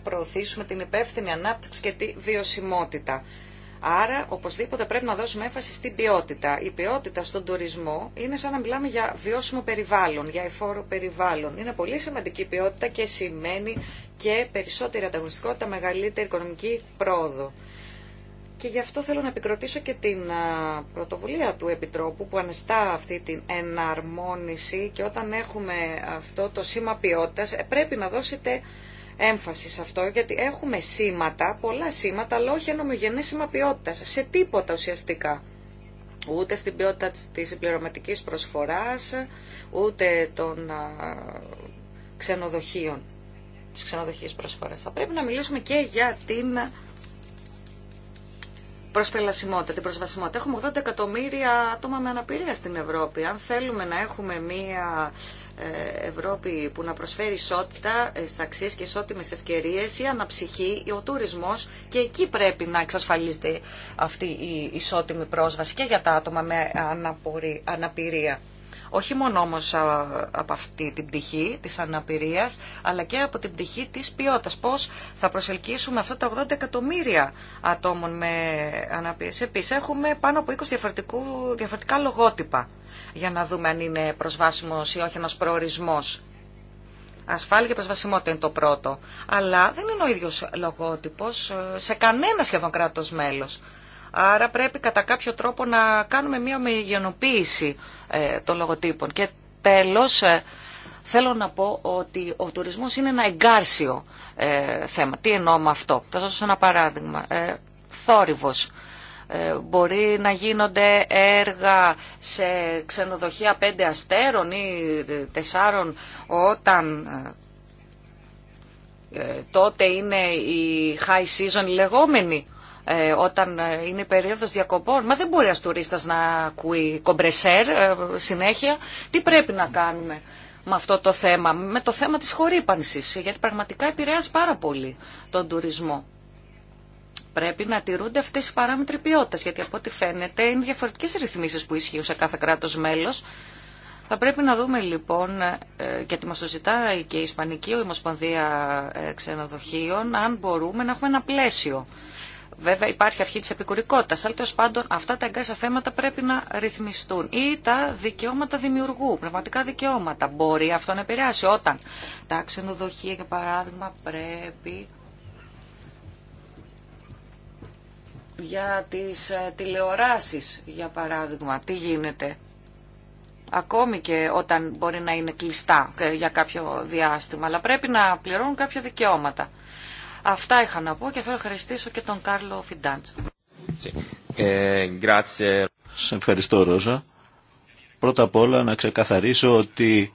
προωθήσουμε την υπεύθυνη ανάπτυξη και τη βιωσιμότητα. Άρα, οπωσδήποτε πρέπει να δώσουμε έμφαση στην ποιότητα. Η ποιότητα στον τουρισμό είναι σαν να μιλάμε για βιώσιμο περιβάλλον, για εφόρο περιβάλλον. Είναι πολύ σημαντική ποιότητα και σημαίνει και περισσότερη ανταγωνιστικότητα, μεγαλύτερη οικονομική πρόοδο. Και γι' αυτό θέλω να επικροτήσω και την πρωτοβουλία του Επιτρόπου που ανεστά αυτή την εναρμόνιση και όταν έχουμε αυτό το σήμα ποιότητας ε, πρέπει να δώσετε έμφαση σε αυτό γιατί έχουμε σήματα, πολλά σήματα, αλλά όχι ένα σήμα ποιότητας, σε τίποτα ουσιαστικά. Ούτε στην ποιότητα της συμπληρωματικής προσφοράς, ούτε των ξενοδοχείων, της ξενοδοχής προσφοράς. Θα πρέπει να μιλήσουμε και για την προσπελασιμότητα, την προσβασιμότητα. Έχουμε 80 εκατομμύρια άτομα με αναπηρία στην Ευρώπη. Αν θέλουμε να έχουμε μια ε, Ευρώπη που να προσφέρει ισότητα ε, στι αξίε και ισότιμε ευκαιρίε, η αναψυχή, ο τουρισμό και εκεί πρέπει να εξασφαλίζεται αυτή η ισότιμη πρόσβαση και για τα άτομα με αναπηρία όχι μόνο όμως από αυτή την πτυχή της αναπηρίας, αλλά και από την πτυχή της ποιότητας. Πώς θα προσελκύσουμε αυτά τα 80 εκατομμύρια ατόμων με αναπηρία. Επίσης έχουμε πάνω από 20 διαφορετικά λογότυπα για να δούμε αν είναι προσβάσιμος ή όχι ένας προορισμός. Ασφάλεια και προσβασιμότητα είναι το πρώτο. Αλλά δεν είναι ο ίδιος λογότυπος ε, σε κανένα σχεδόν κράτος μέλος. Άρα πρέπει κατά κάποιο τρόπο να κάνουμε μία μεγενοποίηση ε, των λογοτύπων. Και τέλος, ε, θέλω να πω ότι ο τουρισμός είναι ένα εγκάρσιο ε, θέμα. Τι εννοώ με αυτό. Θα σας δώσω ένα παράδειγμα. Θόρυβος. Μπορεί να γίνονται έργα σε ξενοδοχεία πέντε αστέρων ή τεσσάρων όταν τότε είναι η high season λεγόμενη ε, όταν ε, είναι περίοδος διακοπών. Μα δεν μπορεί ένας τουρίστα να ακούει κομπρεσέρ ε, συνέχεια. Τι πρέπει να κάνουμε με αυτό το θέμα, με το θέμα της χορύπανση, γιατί πραγματικά επηρεάζει πάρα πολύ τον τουρισμό. Πρέπει να τηρούνται αυτέ οι παράμετροι ποιότητα, γιατί από ό,τι φαίνεται είναι διαφορετικέ ρυθμίσει που ισχύουν σε κάθε κράτο μέλο. Θα πρέπει να δούμε λοιπόν, γιατί μας το ζητάει και η Ισπανική Ομοσπονδία Ξενοδοχείων, αν μπορούμε να έχουμε ένα πλαίσιο Βέβαια υπάρχει αρχή της επικουρικότητας, αλλά τέλος πάντων αυτά τα εγκάσια θέματα πρέπει να ρυθμιστούν. Ή τα δικαιώματα δημιουργού, πραγματικά δικαιώματα. Μπορεί αυτό να επηρεάσει όταν τα ξενοδοχεία, για παράδειγμα, πρέπει για τις ε, τηλεοράσεις, για παράδειγμα, τι γίνεται. Ακόμη και όταν μπορεί να είναι κλειστά ε, για κάποιο διάστημα, αλλά πρέπει να πληρώνουν κάποια δικαιώματα. Αυτά είχα να πω και θέλω να ευχαριστήσω και τον Κάρλο Φιντάντς. Ε, σε ευχαριστώ Ρόζα. Πρώτα απ' όλα να ξεκαθαρίσω ότι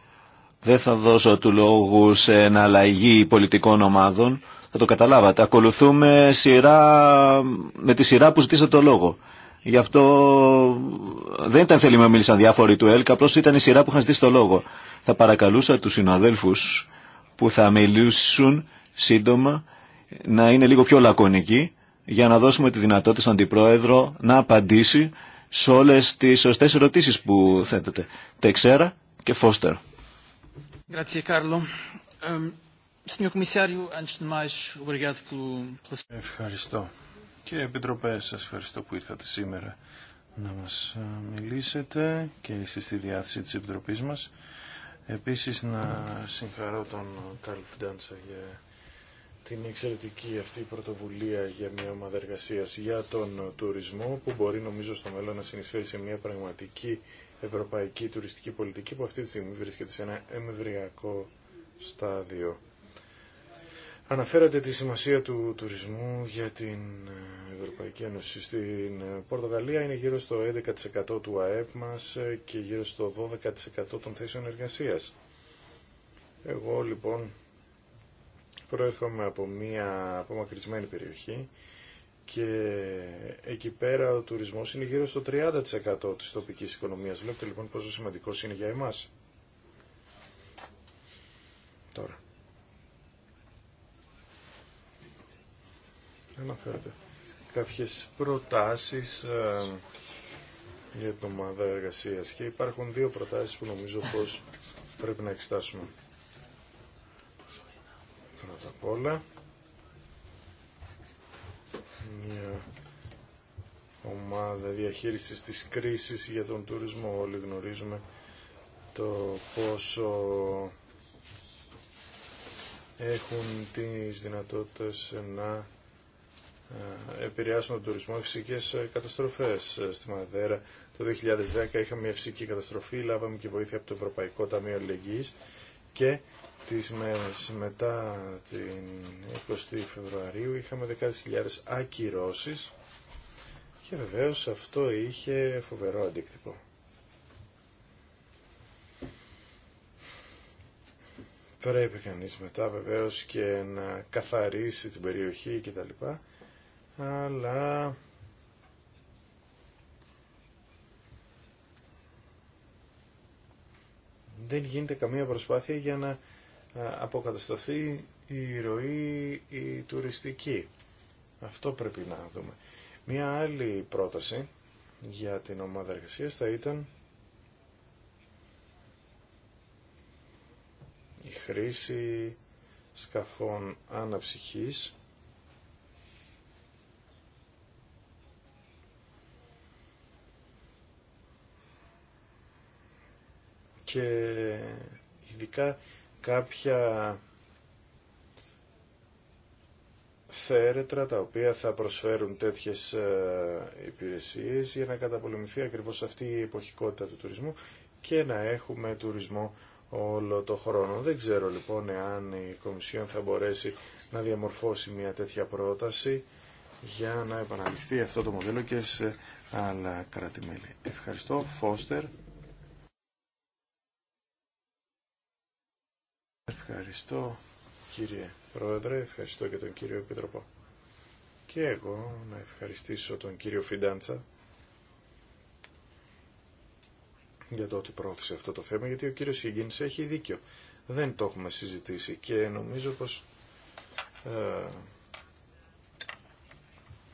δεν θα δώσω του λόγου σε εναλλαγή πολιτικών ομάδων. Θα το καταλάβατε. Ακολουθούμε σειρά, με τη σειρά που ζητήσατε το λόγο. Γι' αυτό δεν ήταν θελήμα μίλησαν διάφοροι του ΕΛΚ, απλώ ήταν η σειρά που είχαν ζητήσει το λόγο. Θα παρακαλούσα του συναδέλφου που θα μιλήσουν σύντομα να είναι λίγο πιο λακωνική για να δώσουμε τη δυνατότητα στον Αντιπρόεδρο να απαντήσει σε όλες τις σωστές ερωτήσεις που θέτεται. Τεξέρα και Φώστερ. Ευχαριστώ. Και Επιτροπέ, σας ευχαριστώ που ήρθατε σήμερα να μας ε, μιλήσετε και είστε στη διάθεση της Επιτροπής μας. Επίσης να συγχαρώ τον Καρλ Φιντάντσα για την εξαιρετική αυτή πρωτοβουλία για μια ομάδα εργασία για τον τουρισμό που μπορεί νομίζω στο μέλλον να συνεισφέρει σε μια πραγματική ευρωπαϊκή τουριστική πολιτική που αυτή τη στιγμή βρίσκεται σε ένα εμβριακό στάδιο. Αναφέρατε τη σημασία του τουρισμού για την Ευρωπαϊκή Ένωση. Στην Πορτογαλία είναι γύρω στο 11% του ΑΕΠ μας και γύρω στο 12% των θέσεων εργασίας. Εγώ λοιπόν Προέρχομαι από μια απομακρυσμένη περιοχή και εκεί πέρα ο τουρισμός είναι γύρω στο 30% της τοπικής οικονομίας. Βλέπετε λοιπόν πόσο σημαντικός είναι για εμάς. Τώρα. Αναφέρεται κάποιες προτάσεις ε, για την ομάδα εργασίας και υπάρχουν δύο προτάσεις που νομίζω πως πρέπει να εξετάσουμε πρώτα απ' όλα μια ομάδα διαχείρισης της κρίσης για τον τουρισμό. Όλοι γνωρίζουμε το πόσο έχουν τις δυνατότητες να ε, επηρεάσουν τον τουρισμό φυσικές ε, καταστροφές. Ε, στη Μαδέρα το 2010 είχαμε μια φυσική καταστροφή, λάβαμε και βοήθεια από το Ευρωπαϊκό Ταμείο Αλληλεγγύης και τις μέρες μετά την 20η Φεβρουαρίου είχαμε 10.000 ακυρώσεις και βεβαίως αυτό είχε φοβερό αντίκτυπο. Πρέπει κανείς μετά βεβαίως και να καθαρίσει την περιοχή κτλ. Αλλά δεν γίνεται καμία προσπάθεια για να ε, αποκατασταθεί η ροή η τουριστική. Αυτό πρέπει να δούμε. Μία άλλη πρόταση για την ομάδα εργασία θα ήταν η χρήση σκαφών αναψυχής και ειδικά κάποια θέρετρα τα οποία θα προσφέρουν τέτοιες ε, υπηρεσίες για να καταπολεμηθεί ακριβώς αυτή η εποχικότητα του τουρισμού και να έχουμε τουρισμό όλο το χρόνο. Δεν ξέρω λοιπόν εάν η Κομισιόν θα μπορέσει να διαμορφώσει μια τέτοια πρόταση για να επαναληφθεί αυτό το μοντέλο και σε άλλα κράτη-μέλη. Ευχαριστώ. Φώστερ. Ευχαριστώ κύριε Πρόεδρε, ευχαριστώ και τον κύριο Επίτροπο. Και εγώ να ευχαριστήσω τον κύριο Φιντάντσα για το ότι πρόθεσε αυτό το θέμα, γιατί ο κύριος Χιγκίνης έχει δίκιο. Δεν το έχουμε συζητήσει και νομίζω πως ε,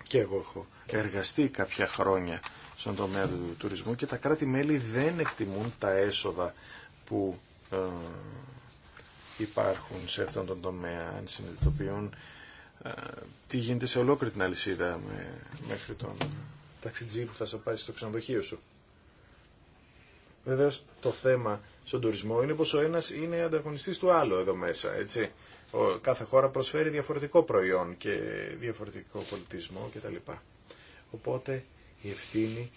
και εγώ έχω εργαστεί κάποια χρόνια στον τομέα του τουρισμού και τα κράτη-μέλη δεν εκτιμούν τα έσοδα που ε, υπάρχουν σε αυτόν τον τομέα, αν συνειδητοποιούν ε, τι γίνεται σε ολόκληρη την αλυσίδα με, μέχρι τον ταξιτζή που θα σε πάει στο ξενοδοχείο σου. Βεβαίω, το θέμα στον τουρισμό είναι πως ο ένας είναι ανταγωνιστής του άλλου εδώ μέσα, έτσι. Ο, κάθε χώρα προσφέρει διαφορετικό προϊόν και διαφορετικό πολιτισμό κτλ. Οπότε η ευθύνη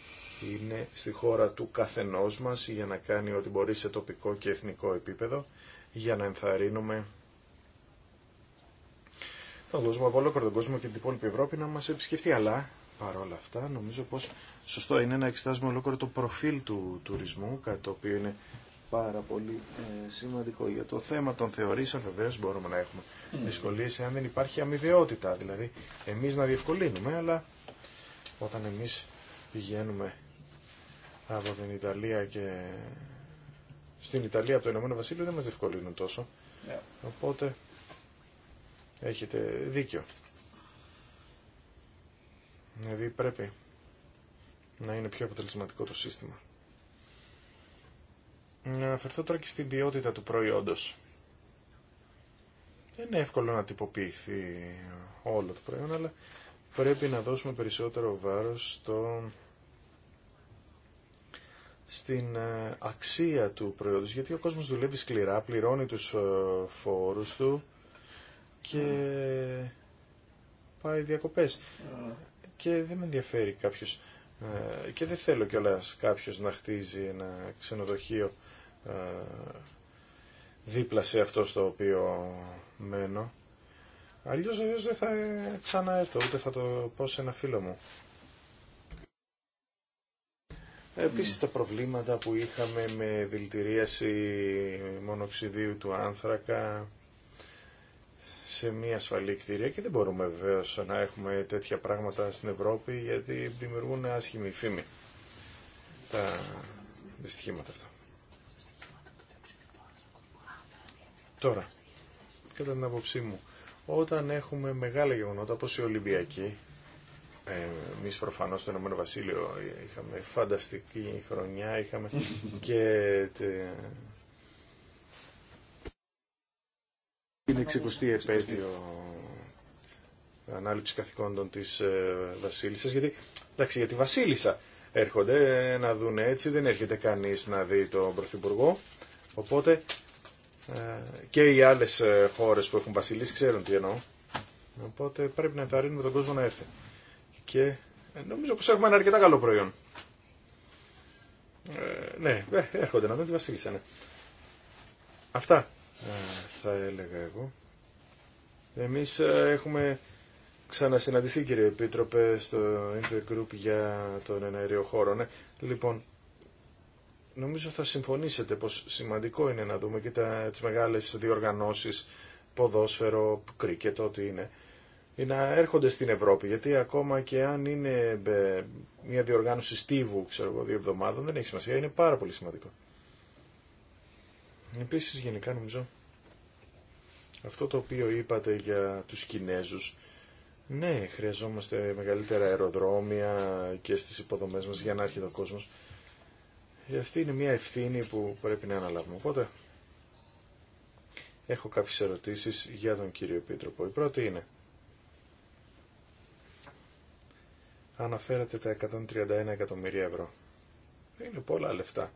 είναι στη χώρα του καθενός μας για να κάνει ό,τι μπορεί σε τοπικό και εθνικό επίπεδο για να ενθαρρύνουμε τον κόσμο από όλο τον κόσμο και την υπόλοιπη Ευρώπη να μας επισκεφτεί. Αλλά παρόλα αυτά νομίζω πως σωστό είναι να εξετάζουμε ολόκληρο το προφίλ του τουρισμού, κάτι το οποίο είναι πάρα πολύ ε, σημαντικό. Για το θέμα των θεωρήσεων βεβαίω μπορούμε να έχουμε mm. δυσκολίες δυσκολίε αν δεν υπάρχει αμοιβαιότητα. Δηλαδή, εμεί να διευκολύνουμε, αλλά όταν εμεί πηγαίνουμε από την Ιταλία και στην Ιταλία από το Ηνωμένο Βασίλειο δεν μας διευκολύνουν τόσο. Ναι. Οπότε έχετε δίκιο. Δηλαδή πρέπει να είναι πιο αποτελεσματικό το σύστημα. Να αναφερθώ τώρα και στην ποιότητα του προϊόντος. Δεν είναι εύκολο να τυποποιηθεί όλο το προϊόν, αλλά πρέπει να δώσουμε περισσότερο βάρος στο στην ε, αξία του προϊόντος, γιατί ο κόσμος δουλεύει σκληρά, πληρώνει τους ε, φόρους του και πάει διακοπές. Και δεν με ενδιαφέρει κάποιος ε, και δεν θέλω κιόλας κάποιος να χτίζει ένα ξενοδοχείο δίπλα σε αυτό στο οποίο μένω. Αλλιώς, αλλιώς δεν θα ξαναέρθω, ούτε θα το πω σε ένα φίλο μου. Επίσης τα προβλήματα που είχαμε με δηλητηρίαση μονοξιδίου του άνθρακα σε μια ασφαλή κτίρια και δεν μπορούμε βεβαίω να έχουμε τέτοια πράγματα στην Ευρώπη γιατί δημιουργούν άσχημη φήμη τα δυστυχήματα αυτά. Τώρα, κατά την άποψή μου, όταν έχουμε μεγάλα γεγονότα όπως η Ολυμπιακή Εμεί προφανώ στο Ηνωμένο Βασίλειο είχαμε φανταστική χρονιά, είχαμε και. Είναι επέτειο ανάληψη καθηκόντων της ε, Βασίλισσας, γιατί, για τη Βασίλισσα έρχονται να δουν έτσι, δεν έρχεται κανείς να δει τον Πρωθυπουργό, οπότε ε, και οι άλλες ε, χώρε που έχουν βασίλισσες ξέρουν τι εννοώ, οπότε πρέπει να ενθαρρύνουμε τον κόσμο να έρθει και ε, νομίζω πως έχουμε ένα αρκετά καλό προϊόν. Ε, ναι, ε, έρχονται να δουν τη Βασίλισσα, ναι. Αυτά ε, θα έλεγα εγώ. Εμείς έχουμε ξανασυναντηθεί κύριε Επίτροπε στο Intergroup για τον εναερίο χώρο. Ναι. Λοιπόν, νομίζω θα συμφωνήσετε πως σημαντικό είναι να δούμε και τα, τις μεγάλες διοργανώσεις ποδόσφαιρο, κρίκετ, ό,τι είναι να έρχονται στην Ευρώπη, γιατί ακόμα και αν είναι ε, μια διοργάνωση στίβου, ξέρω εγώ, δύο εβδομάδων, δεν έχει σημασία, είναι πάρα πολύ σημαντικό. Επίσης, γενικά, νομίζω, αυτό το οποίο είπατε για τους Κινέζους, ναι, χρειαζόμαστε μεγαλύτερα αεροδρόμια και στις υποδομές μας για να έρχεται ο κόσμος. Ε, αυτή είναι μια ευθύνη που πρέπει να αναλάβουμε. Οπότε, έχω κάποιες ερωτήσεις για τον κύριο πίτροπο. Η πρώτη είναι, αναφέρατε τα 131 εκατομμύρια ευρώ. Είναι πολλά λεφτά.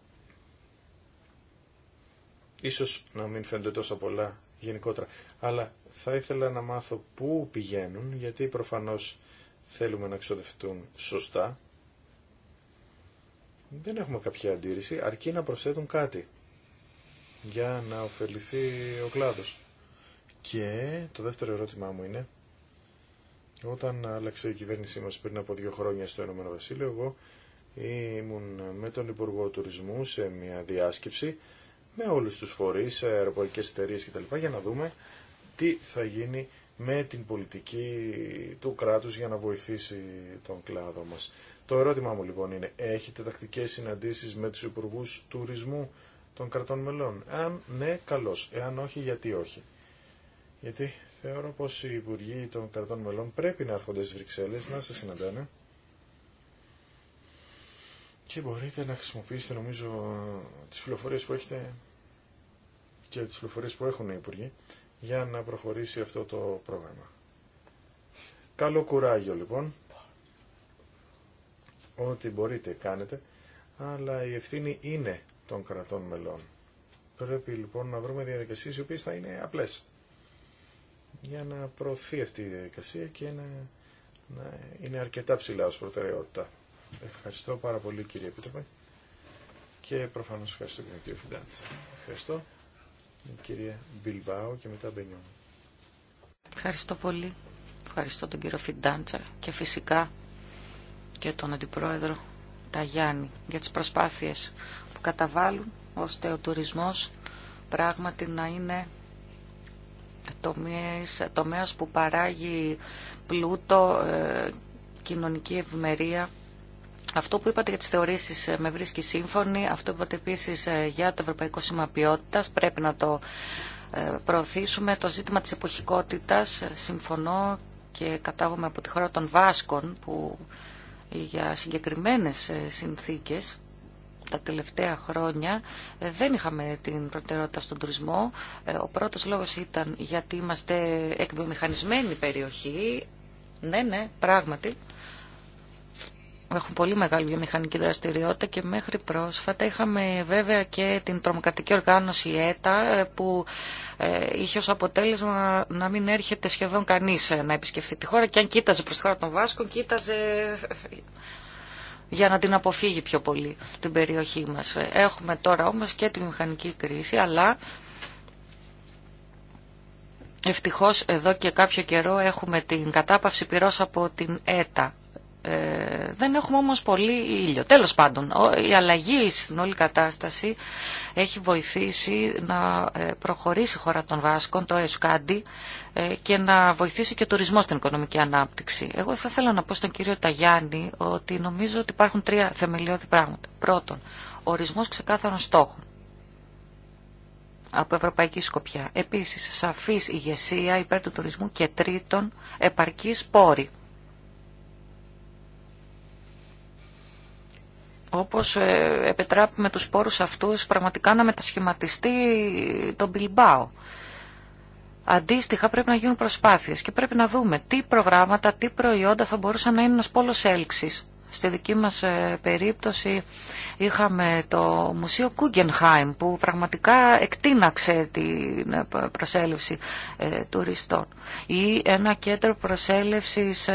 Ίσως να μην φαίνονται τόσα πολλά γενικότερα. Αλλά θα ήθελα να μάθω πού πηγαίνουν, γιατί προφανώς θέλουμε να ξοδευτούν σωστά. Δεν έχουμε κάποια αντίρρηση, αρκεί να προσθέτουν κάτι για να ωφεληθεί ο κλάδος. Και το δεύτερο ερώτημά μου είναι όταν άλλαξε η κυβέρνησή μας πριν από δύο χρόνια στο Ηνωμένο Βασίλειο, εγώ ήμουν με τον Υπουργό Τουρισμού σε μια διάσκεψη με όλους τους φορείς, αεροπορικές εταιρείε κτλ. για να δούμε τι θα γίνει με την πολιτική του κράτους για να βοηθήσει τον κλάδο μας. Το ερώτημά μου λοιπόν είναι, έχετε τακτικές συναντήσεις με τους υπουργού τουρισμού των κρατών μελών. Αν ναι, καλώς. Εάν όχι, γιατί όχι. Γιατί Θεωρώ πως οι Υπουργοί των κρατών μελών πρέπει να έρχονται στι Βρυξέλλες, να σε συναντάνε. Και μπορείτε να χρησιμοποιήσετε νομίζω τις πληροφορίε που έχετε και τις πληροφορίε που έχουν οι Υπουργοί για να προχωρήσει αυτό το πρόγραμμα. Καλό κουράγιο λοιπόν. Ό,τι μπορείτε κάνετε, αλλά η ευθύνη είναι των κρατών μελών. Πρέπει λοιπόν να βρούμε διαδικασίες οι οποίες θα είναι απλές για να προωθεί αυτή η διαδικασία και να, είναι αρκετά ψηλά ως προτεραιότητα. Ευχαριστώ πάρα πολύ κύριε Επίτροπε και προφανώς ευχαριστώ και τον κύριο Φιντάντσα. Ευχαριστώ κυρία Μπιλμπάου και μετά Μπενιόν. Ευχαριστώ πολύ. Ευχαριστώ τον κύριο Φιντάντσα και φυσικά και τον Αντιπρόεδρο Ταγιάννη για τις προσπάθειες που καταβάλουν ώστε ο τουρισμός πράγματι να είναι τομέας, τομέας που παράγει πλούτο, ε, κοινωνική ευημερία. Αυτό που είπατε για τις θεωρήσεις ε, με βρίσκει σύμφωνη, αυτό που είπατε επίσης ε, για το Ευρωπαϊκό Σήμα πρέπει να το προωθήσουμε. Το ζήτημα της εποχικότητας, συμφωνώ και κατάγομαι από τη χώρα των Βάσκων, που για συγκεκριμένες συνθήκες τα τελευταία χρόνια ε, δεν είχαμε την προτεραιότητα στον τουρισμό. Ε, ο πρώτος λόγος ήταν γιατί είμαστε εκβιομηχανισμένη περιοχή. Ναι, ναι, πράγματι. Έχουν πολύ μεγάλη βιομηχανική δραστηριότητα και μέχρι πρόσφατα είχαμε βέβαια και την τρομοκρατική οργάνωση ΕΤΑ ε, που είχε ως αποτέλεσμα να μην έρχεται σχεδόν κανείς να επισκεφθεί τη χώρα και αν κοίταζε προς τη χώρα των Βάσκων κοίταζε για να την αποφύγει πιο πολύ την περιοχή μας. Έχουμε τώρα όμως και τη μηχανική κρίση, αλλά ευτυχώς εδώ και κάποιο καιρό έχουμε την κατάπαυση πυρός από την ΕΤΑ. Ε, δεν έχουμε όμως πολύ ήλιο. Τέλος πάντων, η αλλαγή στην όλη κατάσταση έχει βοηθήσει να ε, προχωρήσει η χώρα των Βάσκων, το ΕΣΚΑΝΤΙ, και να βοηθήσει και ο τουρισμός στην οικονομική ανάπτυξη. Εγώ θα ήθελα να πω στον κύριο Ταγιάννη ότι νομίζω ότι υπάρχουν τρία θεμελιώδη πράγματα. Πρώτον, ορισμός ξεκάθαρων στόχων από ευρωπαϊκή σκοπιά. Επίσης, σαφής ηγεσία υπέρ του τουρισμού και τρίτον, επαρκής πόρη όπως ε, επιτράπει με τους σπόρους αυτούς πραγματικά να μετασχηματιστεί το Μπιλμπάο. Αντίστοιχα πρέπει να γίνουν προσπάθειες και πρέπει να δούμε τι προγράμματα, τι προϊόντα θα μπορούσαν να είναι ένας πόλος έλξης. Στη δική μας ε, περίπτωση είχαμε το Μουσείο Κούγκενχάιμ που πραγματικά εκτείναξε την ε, προσέλευση τουριστών ή ένα κέντρο προσέλευσης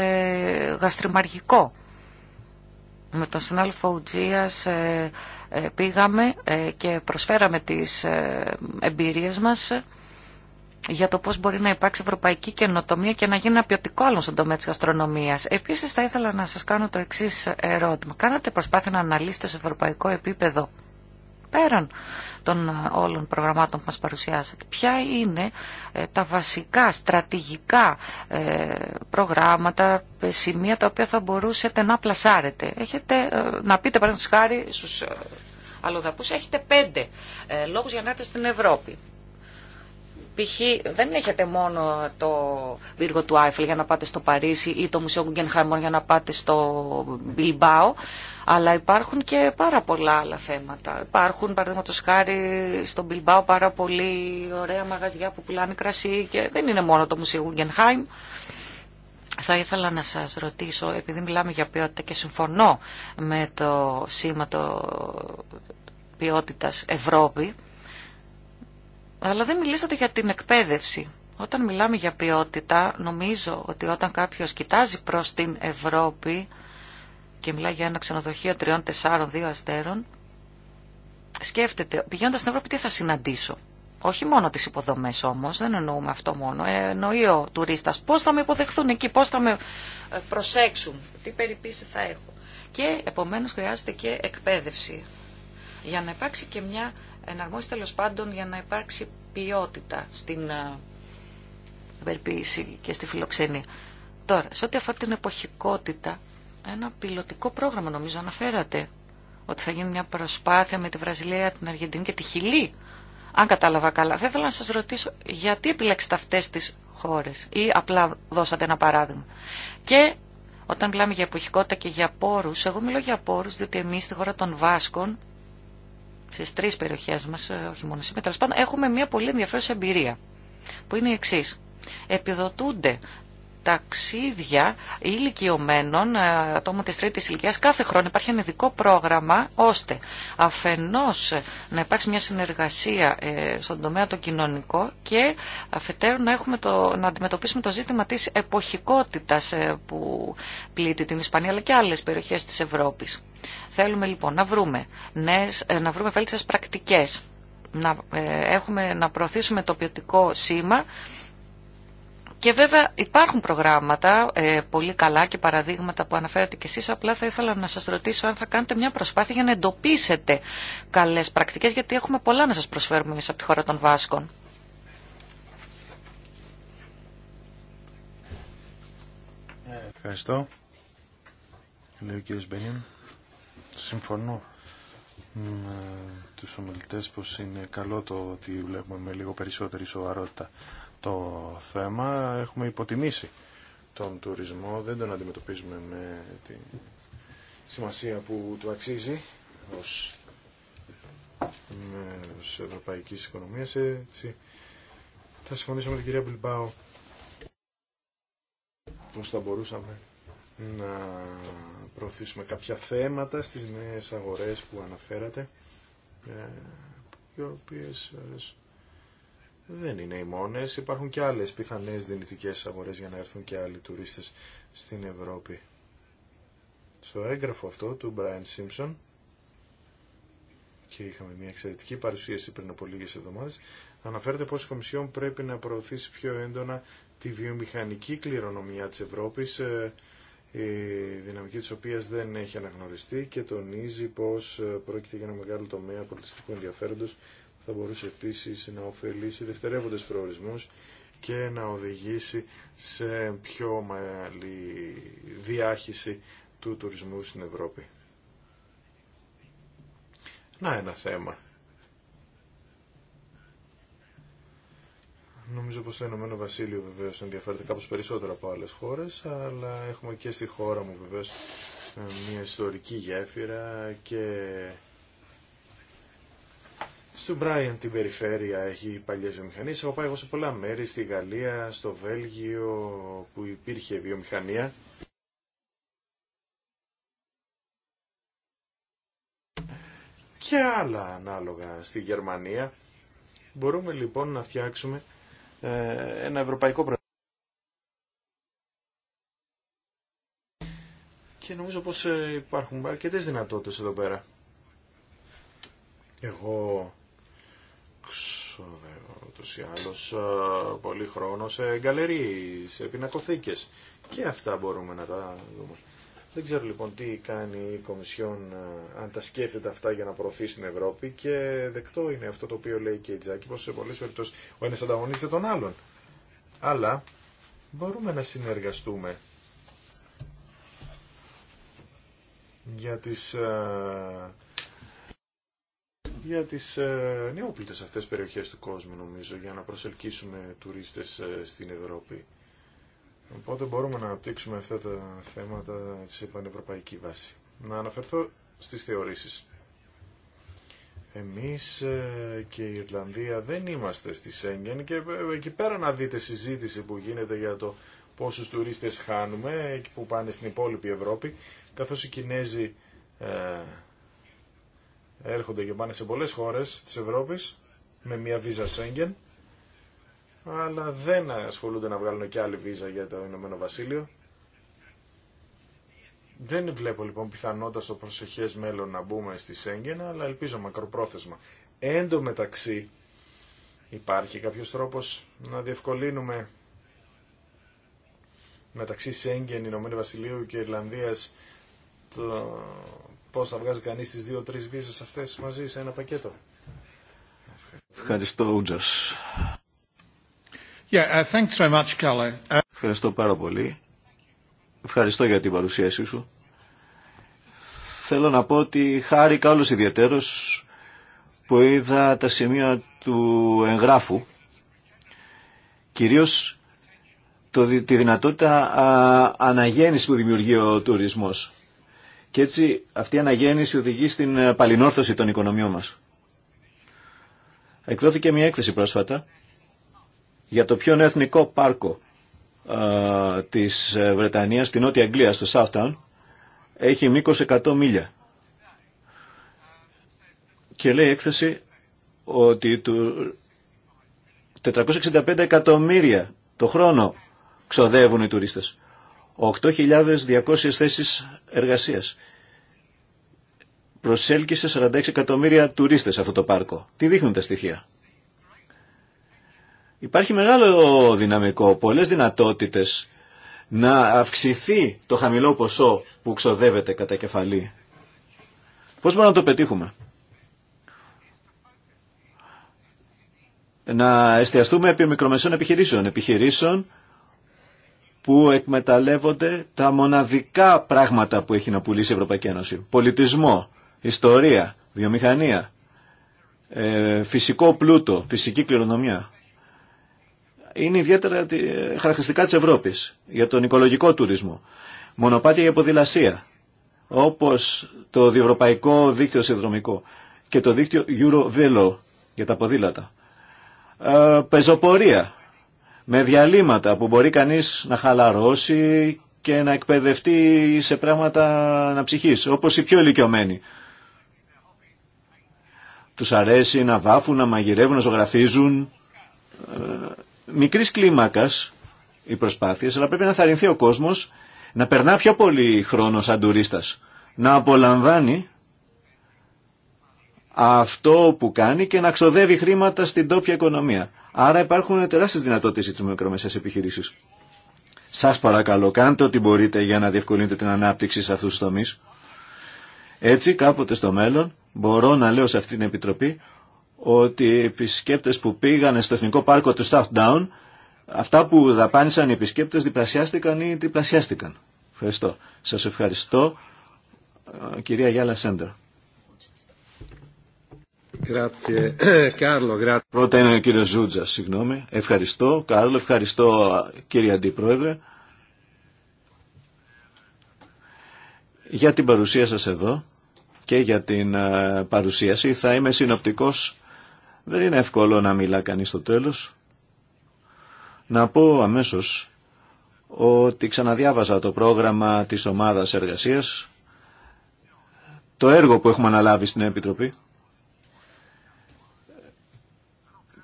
γαστριμαργικό με τον συνάδελφο Ουτζίας ε, ε, πήγαμε ε, και προσφέραμε τις εμπειρίες μας για το πώς μπορεί να υπάρξει ευρωπαϊκή καινοτομία και να γίνει ένα ποιοτικό άλλο στον τομέα της γαστρονομίας. Επίσης θα ήθελα να σας κάνω το εξής ερώτημα. Κάνατε προσπάθεια να αναλύσετε σε ευρωπαϊκό επίπεδο πέραν των ε, όλων προγραμμάτων που μας παρουσιάσατε, ποια είναι ε, τα βασικά στρατηγικά ε, προγράμματα, σημεία τα οποία θα μπορούσατε να πλασάρετε. Έχετε, να πείτε παραδείγματος χάρη στους αλλοδαπούς, έχετε πέντε λόγους για να έρθετε στην Ευρώπη. Π.χ. δεν έχετε μόνο το πύργο του Άιφελ για να πάτε στο Παρίσι ή το Μουσείο Γκουγκενχάιμ για να πάτε στο Μπιλμπάο, αλλά υπάρχουν και πάρα πολλά άλλα θέματα. Υπάρχουν, παραδείγματο χάρη, στο Μπιλμπάο πάρα πολύ ωραία μαγαζιά που πουλάνε κρασί και δεν είναι μόνο το Μουσείο Γκουγκενχάιμ. Θα ήθελα να σας ρωτήσω, επειδή μιλάμε για ποιότητα και συμφωνώ με το σήμα το ποιότητας Ευρώπη, αλλά δεν μιλήσατε για την εκπαίδευση. Όταν μιλάμε για ποιότητα, νομίζω ότι όταν κάποιος κοιτάζει προς την Ευρώπη και μιλάει για ένα ξενοδοχείο τριών, τεσσάρων, δύο αστέρων, σκέφτεται, πηγαίνοντας στην Ευρώπη, τι θα συναντήσω. Όχι μόνο τις υποδομές όμως, δεν εννοούμε αυτό μόνο. Ε, εννοεί ο τουρίστας πώς θα με υποδεχθούν εκεί, πώς θα με ε, προσέξουν, τι περιποίηση θα έχω. Και επομένως χρειάζεται και εκπαίδευση για να υπάρξει και μια εναρμόσει τέλο πάντων για να υπάρξει ποιότητα στην βερποίηση και στη φιλοξενία. Τώρα, σε ό,τι αφορά την εποχικότητα, ένα πιλωτικό πρόγραμμα νομίζω αναφέρατε ότι θα γίνει μια προσπάθεια με τη Βραζιλία, την Αργεντινή και τη Χιλή. Αν κατάλαβα καλά, θα ήθελα να σας ρωτήσω γιατί επιλέξετε αυτές τις χώρες ή απλά δώσατε ένα παράδειγμα. Και όταν μιλάμε για εποχικότητα και για πόρους, εγώ μιλώ για πόρους διότι εμείς στη χώρα των Βάσκων στις τρεις περιοχές μας, ε, όχι μόνο σήμερα, έχουμε μια πολύ ενδιαφέρουσα εμπειρία, που είναι η εξής. Επιδοτούνται ταξίδια ηλικιωμένων ε, ατόμων της τρίτης ηλικίας κάθε χρόνο υπάρχει ένα ειδικό πρόγραμμα ώστε αφενός να υπάρξει μια συνεργασία ε, στον τομέα το κοινωνικό και αφετέρου να, έχουμε το, να αντιμετωπίσουμε το ζήτημα της εποχικότητας ε, που πλήττει την Ισπανία αλλά και άλλες περιοχές της Ευρώπης. Θέλουμε λοιπόν να βρούμε, νέες, να βρούμε πρακτικές να, έχουμε, να προωθήσουμε το ποιοτικό σήμα και βέβαια υπάρχουν προγράμματα ε, πολύ καλά και παραδείγματα που αναφέρατε και εσείς, απλά θα ήθελα να σας ρωτήσω αν θα κάνετε μια προσπάθεια για να εντοπίσετε καλές πρακτικές, γιατί έχουμε πολλά να σας προσφέρουμε εμείς από τη χώρα των Βάσκων. Ευχαριστώ. Λέω ο κύριος Μπενίν. Συμφωνώ με τους ομιλητές πως είναι καλό το ότι βλέπουμε με λίγο περισσότερη σοβαρότητα το θέμα. Έχουμε υποτιμήσει τον τουρισμό, δεν τον αντιμετωπίζουμε με τη σημασία που του αξίζει ως μέρος ευρωπαϊκής οικονομίας. Έτσι. Θα συμφωνήσω με την κυρία Μπιλμπάου πώς θα μπορούσαμε να προωθήσουμε κάποια θέματα στις νέες αγορές που αναφέρατε ε, οι οποίες ε, δεν είναι οι μόνες. Υπάρχουν και άλλες πιθανές δυνητικές αγορές για να έρθουν και άλλοι τουρίστες στην Ευρώπη. Στο έγγραφο αυτό του Brian Simpson και είχαμε μια εξαιρετική παρουσίαση πριν από λίγες εβδομάδες, αναφέρεται πως η Κομισιόν πρέπει να προωθήσει πιο έντονα τη βιομηχανική κληρονομιά της Ευρώπης, ε, η δυναμική της οποίας δεν έχει αναγνωριστεί και τονίζει πως ε, πρόκειται για ένα μεγάλο τομέα πολιτιστικού ενδιαφέροντος θα μπορούσε επίσης να ωφελήσει δευτερεύοντες προορισμούς και να οδηγήσει σε πιο μεγάλη διάχυση του τουρισμού στην Ευρώπη. Να ένα θέμα. Νομίζω πως το Ηνωμένο Βασίλειο βεβαίως ενδιαφέρεται κάπως περισσότερο από άλλες χώρες, αλλά έχουμε και στη χώρα μου βεβαίως μια ιστορική γέφυρα και στον Μπράιαν την περιφέρεια έχει παλιέ βιομηχανίε. Έχω πάει εγώ σε πολλά μέρη, στη Γαλλία, στο Βέλγιο, που υπήρχε βιομηχανία. Και άλλα ανάλογα στη Γερμανία. Μπορούμε λοιπόν να φτιάξουμε ε, ένα ευρωπαϊκό πρόγραμμα. Και νομίζω πως ε, υπάρχουν αρκετές δυνατότητες εδώ πέρα. Εγώ ούτω ή άλλω πολύ χρόνο σε γκαλερί, σε πινακοθήκε. και αυτά μπορούμε να τα δούμε. Δεν ξέρω λοιπόν τι κάνει η Κομισιόν αν τα σκέφτεται αυτά για να προωθεί την Ευρώπη και δεκτό είναι αυτό το οποίο λέει και η Τζάκη πως σε πολλέ περιπτώσει ο ένα ανταγωνίζεται τον άλλον. Αλλά μπορούμε να συνεργαστούμε για τις για τις ε, νεόπλητες αυτές περιοχές του κόσμου νομίζω για να προσελκύσουμε τουρίστες ε, στην Ευρώπη. Οπότε μπορούμε να αναπτύξουμε αυτά τα θέματα σε πανευρωπαϊκή βάση. Να αναφερθώ στις θεωρήσεις. Εμείς ε, και η Ιρλανδία δεν είμαστε στη Σέγγεν και εκεί πέρα να δείτε συζήτηση που γίνεται για το πόσου τουρίστες χάνουμε που πάνε στην υπόλοιπη Ευρώπη καθώς οι Κινέζοι έρχονται και πάνε σε πολλές χώρες της Ευρώπης με μια βίζα Σέγγεν, αλλά δεν ασχολούνται να βγάλουν και άλλη βίζα για το Ηνωμένο Βασίλειο. Δεν βλέπω λοιπόν πιθανότητα στο προσεχές μέλλον να μπούμε στη Σέγγεν, αλλά ελπίζω μακροπρόθεσμα. Εν τω μεταξύ υπάρχει κάποιος τρόπος να διευκολύνουμε μεταξύ Σέγγεν, Ηνωμένου Βασιλείου και Ιρλανδίας το πώς θα βγάζει κανείς τις δυο τρει βίζες αυτές μαζί σε ένα πακέτο. Ευχαριστώ, Ούτζο. Yeah, uh, so much, uh, Ευχαριστώ πάρα πολύ. Ευχαριστώ για την παρουσίασή σου. Θέλω να πω ότι χάρηκα όλος ιδιαίτερος που είδα τα σημεία του εγγράφου, κυρίως το, τη δυνατότητα α, αναγέννηση που δημιουργεί ο τουρισμός. Και έτσι αυτή η αναγέννηση οδηγεί στην ε, παλινόρθωση των οικονομιών μας. Εκδόθηκε μια έκθεση πρόσφατα για το πιο εθνικό πάρκο α, ε, της ε, Βρετανίας, στην Νότια Αγγλία, στο Southtown, έχει μήκος 100 μίλια. Και λέει η έκθεση ότι του 465 εκατομμύρια το χρόνο ξοδεύουν οι τουρίστες. 8.200 θέσεις εργασίας. Προσέλκυσε 46 εκατομμύρια τουρίστες αυτό το πάρκο. Τι δείχνουν τα στοιχεία. Υπάρχει μεγάλο δυναμικό, πολλές δυνατότητες να αυξηθεί το χαμηλό ποσό που ξοδεύεται κατά κεφαλή. Πώς μπορούμε να το πετύχουμε. Να εστιαστούμε επί μικρομεσαίων επιχειρήσεων. Επιχειρήσεων που εκμεταλλεύονται τα μοναδικά πράγματα που έχει να πουλήσει η Ευρωπαϊκή Ένωση. Πολιτισμό, ιστορία, βιομηχανία, ε, φυσικό πλούτο, φυσική κληρονομιά. Είναι ιδιαίτερα ε, χαρακτηριστικά της Ευρώπης για τον οικολογικό τουρισμό. Μονοπάτια για ποδηλασία, όπως το διευρωπαϊκό δίκτυο συνδρομικό και το δίκτυο Eurovelo για τα ποδήλατα. Ε, πεζοπορία, με διαλύματα που μπορεί κανείς να χαλαρώσει και να εκπαιδευτεί σε πράγματα αναψυχής, όπως οι πιο ηλικιωμένοι. Τους αρέσει να βάφουν, να μαγειρεύουν, να ζωγραφίζουν. Ε, μικρής κλίμακας οι προσπάθειες, αλλά πρέπει να θαρρυνθεί ο κόσμος να περνά πιο πολύ χρόνο σαν τουρίστας, να απολαμβάνει αυτό που κάνει και να ξοδεύει χρήματα στην τόπια οικονομία. Άρα υπάρχουν τεράστιε δυνατότητε για τι μικρομεσαίε επιχειρήσει. Σας παρακαλώ, κάντε ό,τι μπορείτε για να διευκολύνετε την ανάπτυξη σε αυτού του τομεί. Έτσι, κάποτε στο μέλλον, μπορώ να λέω σε αυτή την Επιτροπή ότι οι επισκέπτε που πήγαν στο Εθνικό Πάρκο του Staff Down, αυτά που δαπάνησαν οι επισκέπτε διπλασιάστηκαν ή τριπλασιάστηκαν. Ευχαριστώ. Σα ευχαριστώ, κυρία Γιάλα Σέντερ. Πρώτα είναι ο κύριος Ζούτζα, συγγνώμη. Ευχαριστώ, Κάρλο, ευχαριστώ κύριε Αντιπρόεδρε. Για την παρουσία σας εδώ και για την ε, παρουσίαση θα είμαι συνοπτικός. Δεν είναι εύκολο να μιλά κανείς στο τέλος. Να πω αμέσως ότι ξαναδιάβαζα το πρόγραμμα της ομάδας εργασίας, το έργο που έχουμε αναλάβει στην Επιτροπή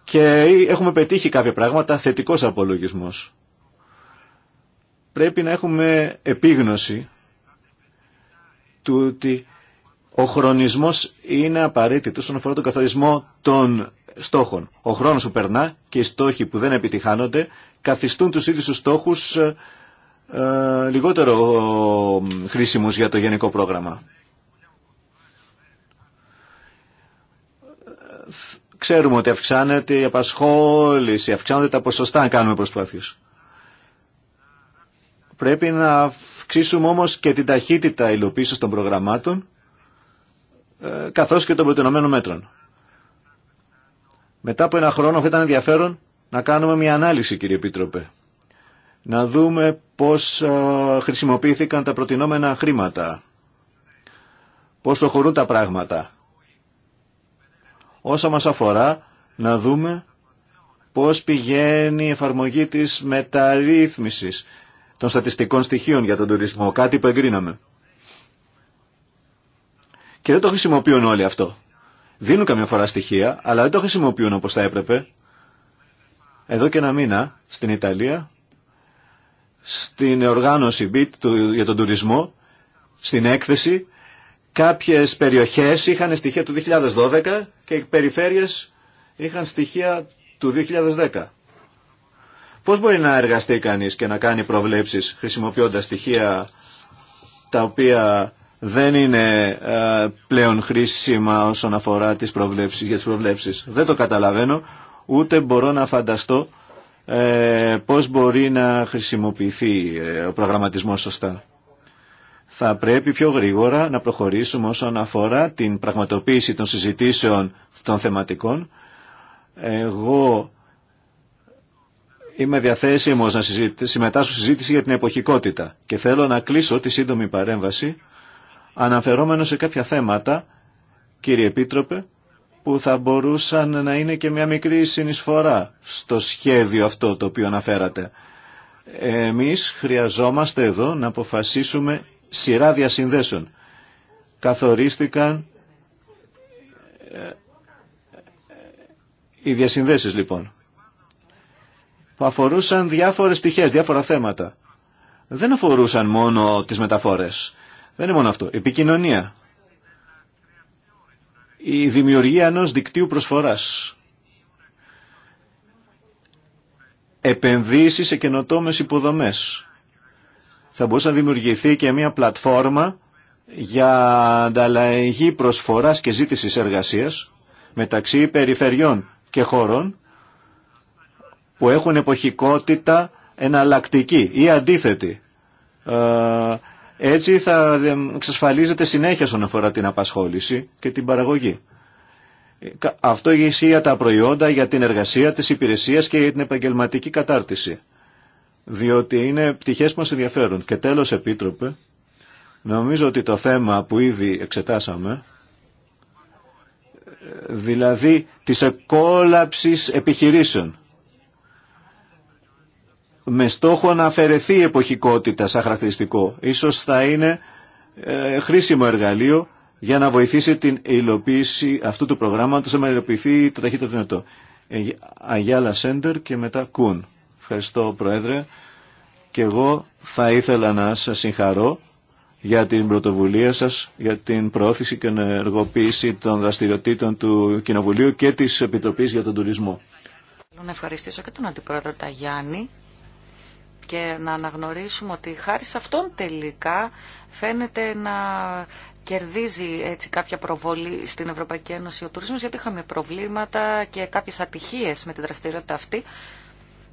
και έχουμε πετύχει κάποια πράγματα, θετικός απολογισμός. Πρέπει να έχουμε επίγνωση του ότι ο χρονισμός είναι απαραίτητος όσον αφορά τον καθορισμό των στόχων. Ο χρόνος που περνά και οι στόχοι που δεν επιτυχάνονται καθιστούν τους ίδιους τους στόχους ε, ε, λιγότερο ε, χρήσιμους για το γενικό πρόγραμμα. Ξέρουμε ότι αυξάνεται η απασχόληση, αυξάνονται τα ποσοστά αν κάνουμε προσπάθειες. Πρέπει να αυξήσουμε όμως και την ταχύτητα υλοποίησης των προγραμμάτων ε, καθώς και των προτινωμένων μέτρων. Μετά από ένα χρόνο αυτό ήταν ενδιαφέρον να κάνουμε μια ανάλυση κύριε Επίτροπε. Να δούμε πώς ε, χρησιμοποιήθηκαν τα προτινόμενα χρήματα. Πώς προχωρούν τα πράγματα. Όσα μας αφορά, να δούμε πώς πηγαίνει η εφαρμογή της μεταρρύθμισης των στατιστικών στοιχείων για τον τουρισμό, κάτι που εγκρίναμε. Και δεν το χρησιμοποιούν όλοι αυτό. Δίνουν καμιά φορά στοιχεία, αλλά δεν το χρησιμοποιούν όπως θα έπρεπε. Εδώ και ένα μήνα, στην Ιταλία, στην οργάνωση BIT για τον τουρισμό, στην έκθεση, Κάποιες περιοχές είχαν στοιχεία του 2012 και οι περιφέρειες είχαν στοιχεία του 2010. Πώς μπορεί να εργαστεί κανείς και να κάνει προβλέψεις χρησιμοποιώντας στοιχεία τα οποία δεν είναι ε, πλέον χρήσιμα όσον αφορά τις προβλέψεις, για τις προβλέψεις. Δεν το καταλαβαίνω, ούτε μπορώ να φανταστώ ε, πώς μπορεί να χρησιμοποιηθεί ε, ο προγραμματισμός σωστά θα πρέπει πιο γρήγορα να προχωρήσουμε όσον αφορά την πραγματοποίηση των συζητήσεων των θεματικών. Εγώ είμαι διαθέσιμος να συμμετάσχω στη συζήτηση για την εποχικότητα και θέλω να κλείσω τη σύντομη παρέμβαση αναφερόμενο σε κάποια θέματα, κύριε Επίτροπε, που θα μπορούσαν να είναι και μια μικρή συνεισφορά στο σχέδιο αυτό το οποίο αναφέρατε. Εμείς χρειαζόμαστε εδώ να αποφασίσουμε σειρά διασυνδέσεων. Καθορίστηκαν ε, ε, ε, οι διασυνδέσεις λοιπόν που αφορούσαν διάφορες πτυχές, διάφορα θέματα. Δεν αφορούσαν μόνο τις μεταφορές. Δεν είναι μόνο αυτό. Επικοινωνία. Η δημιουργία ενός δικτύου προσφοράς. Επενδύσεις σε καινοτόμες υποδομές θα μπορούσε να δημιουργηθεί και μια πλατφόρμα για ανταλλαγή προσφοράς και ζήτησης εργασίας μεταξύ περιφερειών και χωρών που έχουν εποχικότητα εναλλακτική ή αντίθετη. Ε, έτσι θα εξασφαλίζεται συνέχεια στον αφορά την απασχόληση και την παραγωγή. Αυτό ισχύει για τα προϊόντα, για την εργασία, τις υπηρεσίες και για την επαγγελματική κατάρτιση διότι είναι πτυχές που μας ενδιαφέρουν. Και τέλος, Επίτροπε, νομίζω ότι το θέμα που ήδη εξετάσαμε, δηλαδή της εκόλαψης επιχειρήσεων, με στόχο να αφαιρεθεί η εποχικότητα σαν χαρακτηριστικό. Ίσως θα είναι ε, χρήσιμο εργαλείο για να βοηθήσει την υλοποίηση αυτού του προγράμματος, να υλοποιηθεί το ταχύτερο δυνατό. Ε, Αγιάλα Σέντερ και μετά Κούν. Ευχαριστώ Πρόεδρε. Και εγώ θα ήθελα να σας συγχαρώ για την πρωτοβουλία σας, για την προώθηση και ενεργοποίηση των δραστηριοτήτων του Κοινοβουλίου και της Επιτροπής για τον Τουρισμό. Θέλω να ευχαριστήσω και τον Αντιπρόεδρο Ταγιάννη και να αναγνωρίσουμε ότι χάρη σε αυτόν τελικά φαίνεται να κερδίζει έτσι κάποια προβολή στην Ευρωπαϊκή Ένωση ο τουρισμός γιατί είχαμε προβλήματα και κάποιες ατυχίες με τη δραστηριότητα αυτή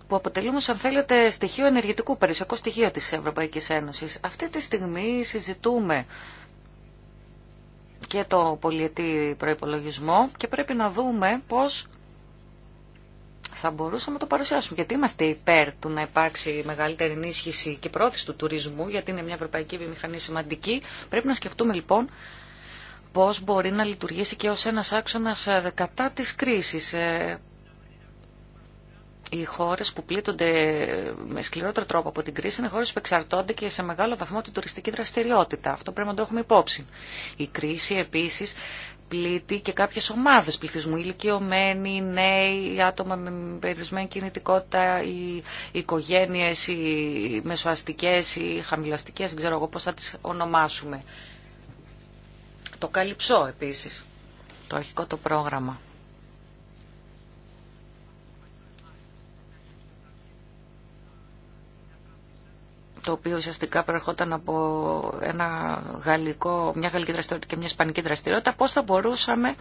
που αποτελούν, αν θέλετε, στοιχείο ενεργητικού, περιουσιακό στοιχείο της Ευρωπαϊκής Ένωσης. Αυτή τη στιγμή συζητούμε και το πολιετή προϋπολογισμό και πρέπει να δούμε πώς θα μπορούσαμε να το παρουσιάσουμε. Γιατί είμαστε υπέρ του να υπάρξει μεγαλύτερη ενίσχυση και πρόθεση του τουρισμού, γιατί είναι μια ευρωπαϊκή βιομηχανή σημαντική. Πρέπει να σκεφτούμε λοιπόν πώς μπορεί να λειτουργήσει και ως ένας άξονας ε, κατά της κρίσης. Ε, οι χώρε που πλήττονται με σκληρότερο τρόπο από την κρίση είναι χώρε που εξαρτώνται και σε μεγάλο βαθμό την τουριστική δραστηριότητα. Αυτό πρέπει να το έχουμε υπόψη. Η κρίση επίση πλήττει και κάποιε ομάδε πληθυσμού, Οι ηλικιωμένοι, νέοι, οι άτομα με περιορισμένη κινητικότητα, οι οικογένειε, οι μεσοαστικέ, οι χαμηλαστικέ, δεν ξέρω εγώ πώ θα τι ονομάσουμε. Το καλυψό επίση, το αρχικό το πρόγραμμα το οποίο ουσιαστικά προερχόταν από ένα γαλλικό, μια γαλλική δραστηριότητα και μια ισπανική δραστηριότητα, πώς θα μπορούσαμε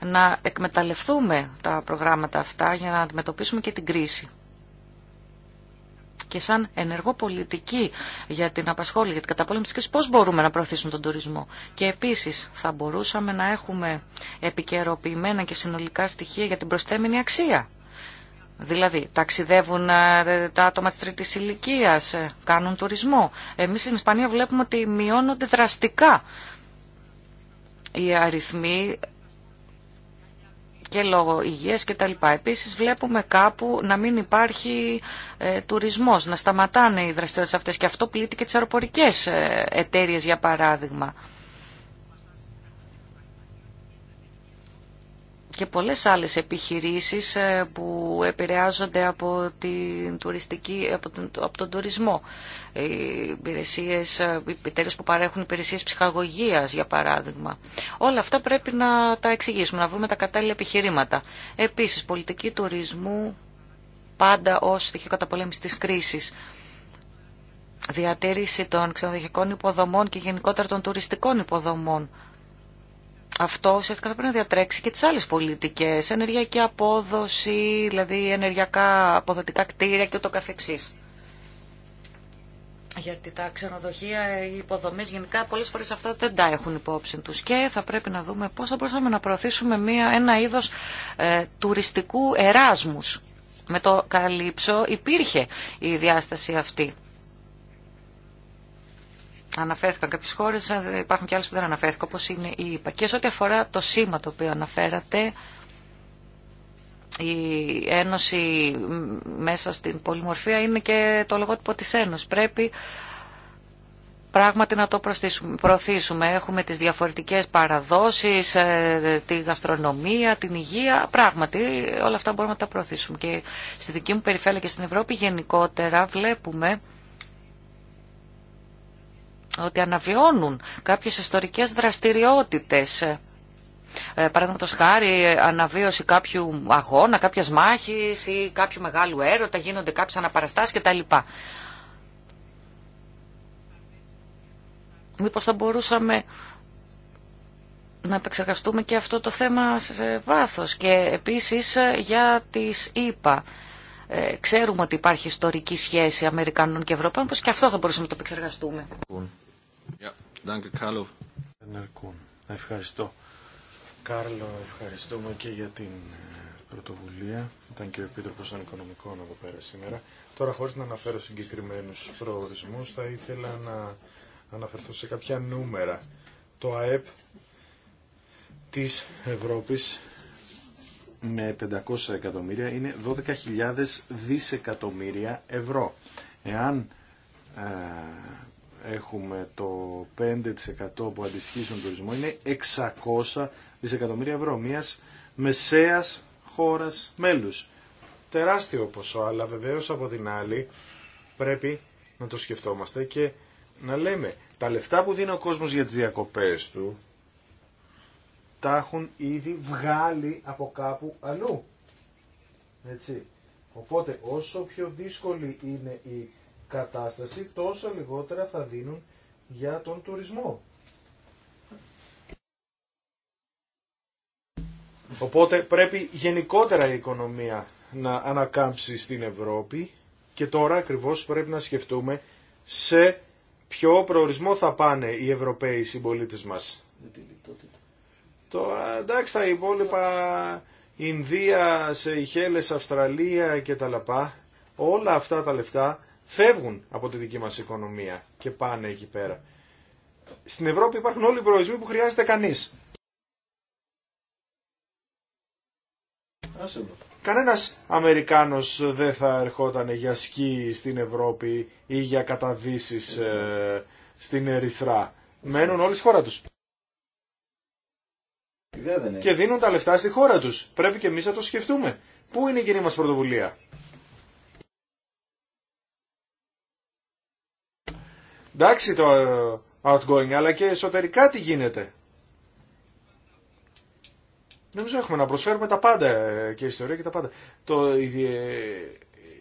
να εκμεταλλευτούμε τα προγράμματα αυτά για να αντιμετωπίσουμε και την κρίση. Και σαν ενεργό πολιτική για την απασχόληση, για την καταπολέμηση της πώς μπορούμε να προωθήσουμε τον τουρισμό. Και επίσης θα μπορούσαμε να έχουμε επικαιροποιημένα και συνολικά στοιχεία για την προστέμενη αξία Δηλαδή, ταξιδεύουν ε, τα άτομα τη τρίτη ηλικία, ε, κάνουν τουρισμό. Εμείς στην Ισπανία βλέπουμε ότι μειώνονται δραστικά οι αριθμοί και λόγω υγεία κτλ. Επίση βλέπουμε κάπου να μην υπάρχει ε, τουρισμός, να σταματάνε οι δραστηριότητες αυτέ, και αυτό πλήττει και τι αεροπορικές ε, εταιρείε, για παράδειγμα. και πολλές άλλες επιχειρήσεις ε, που επηρεάζονται από, την τουριστική, από, τον, από τον τουρισμό. Οι ε, υπηρεσίες, ε, που παρέχουν υπηρεσίες ψυχαγωγίας, για παράδειγμα. Όλα αυτά πρέπει να τα εξηγήσουμε, να βρούμε τα κατάλληλα επιχειρήματα. Επίσης, πολιτική τουρισμού πάντα ως στοιχείο καταπολέμησης της κρίσης διατήρηση των ξενοδοχικών υποδομών και γενικότερα των τουριστικών υποδομών αυτό ουσιαστικά θα πρέπει να διατρέξει και τις άλλες πολιτικές, ενεργειακή απόδοση, δηλαδή ενεργειακά αποδοτικά κτίρια και ούτω καθεξής. Γιατί τα ξενοδοχεία, οι υποδομέ γενικά πολλέ φορέ αυτά δεν τα έχουν υπόψη του. Και θα πρέπει να δούμε πώ θα μπορούσαμε να προωθήσουμε μια, ένα είδο ε, τουριστικού εράσμου. Με το καλύψο υπήρχε η διάσταση αυτή αναφέρθηκαν κάποιες χώρες, ε, υπάρχουν και άλλες που δεν αναφέρθηκαν, όπως είναι η ΕΠΑ. Και σε ό,τι αφορά το σήμα το οποίο αναφέρατε, η Ένωση μέσα στην πολυμορφία είναι και το λογότυπο της ένωση. Πρέπει πράγματι να το προωθήσουμε. Έχουμε τις διαφορετικές παραδόσεις, ε, τη γαστρονομία, την υγεία. Πράγματι όλα αυτά μπορούμε να τα προωθήσουμε. Και στη δική μου περιφέρεια και στην Ευρώπη γενικότερα βλέπουμε ότι αναβιώνουν κάποιες ιστορικές δραστηριότητες. Ε, Παραδείγματο χάρη, αναβίωση κάποιου αγώνα, κάποιας μάχης ή κάποιου μεγάλου έρωτα, γίνονται κάποιε αναπαραστάσεις κτλ. Μήπως θα μπορούσαμε να επεξεργαστούμε και αυτό το θέμα σε βάθος και επίσης ε, για τις ίπα; ε, ξέρουμε ότι υπάρχει ιστορική σχέση Αμερικανών και Ευρωπαίων, πως και αυτό θα μπορούσαμε να το επεξεργαστούμε. Ευχαριστώ. Κάρλο, ευχαριστούμε και για την ε, πρωτοβουλία. Ήταν και ο Επίτροπο των Οικονομικών εδώ πέρα σήμερα. Τώρα, χωρί να αναφέρω συγκεκριμένου προορισμού, θα ήθελα να αναφερθώ σε κάποια νούμερα. Το ΑΕΠ τη Ευρώπη με 500 εκατομμύρια είναι 12.000 δισεκατομμύρια ευρώ. Εάν ε, έχουμε το 5% που αντιστοιχεί στον τουρισμό είναι 600 δισεκατομμύρια ευρώ μιας μεσαίας χώρας μέλους. Τεράστιο ποσό, αλλά βεβαίως από την άλλη πρέπει να το σκεφτόμαστε και να λέμε τα λεφτά που δίνει ο κόσμος για τις διακοπές του τα έχουν ήδη βγάλει από κάπου αλλού. Έτσι. Οπότε όσο πιο δύσκολη είναι η κατάσταση, τόσο λιγότερα θα δίνουν για τον τουρισμό. Οπότε πρέπει γενικότερα η οικονομία να ανακάμψει στην Ευρώπη και τώρα ακριβώς πρέπει να σκεφτούμε σε ποιο προορισμό θα πάνε οι Ευρωπαίοι συμπολίτε μας. Τώρα εντάξει τα υπόλοιπα Ινδία, Σεϊχέλες, Αυστραλία και τα όλα αυτά τα λεφτά φεύγουν από τη δική μας οικονομία και πάνε εκεί πέρα. Στην Ευρώπη υπάρχουν όλοι οι προορισμοί που χρειάζεται κανείς. Κανένας Αμερικάνος δεν θα ερχόταν για σκι στην Ευρώπη ή για καταδύσεις ε, στην Ερυθρά. Μένουν όλοι στη χώρα τους. Και δίνουν τα λεφτά στη χώρα τους. Πρέπει και εμείς να το σκεφτούμε. Πού είναι η κοινή μας πρωτοβουλία. εντάξει το ε, outgoing, αλλά και εσωτερικά τι γίνεται. Νομίζω έχουμε να προσφέρουμε τα πάντα ε, και ιστορία και τα πάντα. Το, η,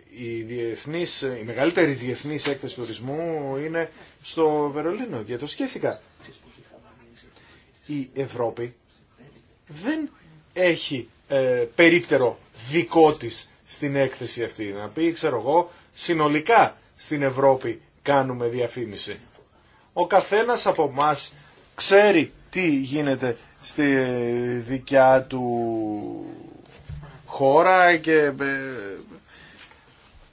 η, διεθνής, η μεγαλύτερη διεθνής έκθεση τουρισμού είναι στο Βερολίνο και το σκέφτηκα. Η Ευρώπη δεν έχει ε, περίπτερο δικό της στην έκθεση αυτή. Να πει, ξέρω εγώ, συνολικά στην Ευρώπη κάνουμε διαφήμιση. Ο καθένας από εμά ξέρει τι γίνεται στη δικιά του χώρα και, ε,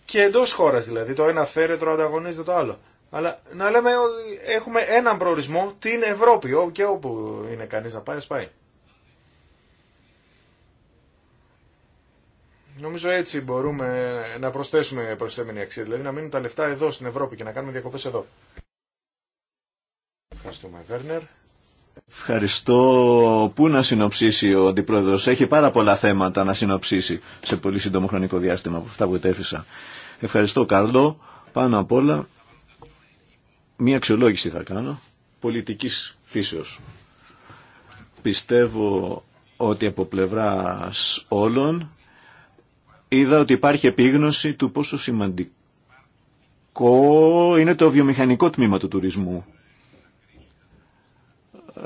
και εντός χώρας δηλαδή. Το ένα φέρετρο ανταγωνίζεται το άλλο. Αλλά να λέμε ότι έχουμε έναν προορισμό την Ευρώπη και όπου είναι κανείς να πάει, πάει. Νομίζω έτσι μπορούμε να προσθέσουμε προσθέμενη αξία, δηλαδή να μείνουν τα λεφτά εδώ στην Ευρώπη και να κάνουμε διακοπές εδώ. Ευχαριστούμε, Βέρνερ. Ευχαριστώ. Πού να συνοψίσει ο Αντιπρόεδρος. Έχει πάρα πολλά θέματα να συνοψίσει σε πολύ σύντομο χρονικό διάστημα από αυτά που ετέθησα. Ευχαριστώ, Κάρλο. Πάνω απ' όλα, μία αξιολόγηση θα κάνω, Πολιτική φύσεως. Πιστεύω ότι από πλευρά όλων είδα ότι υπάρχει επίγνωση του πόσο σημαντικό είναι το βιομηχανικό τμήμα του τουρισμού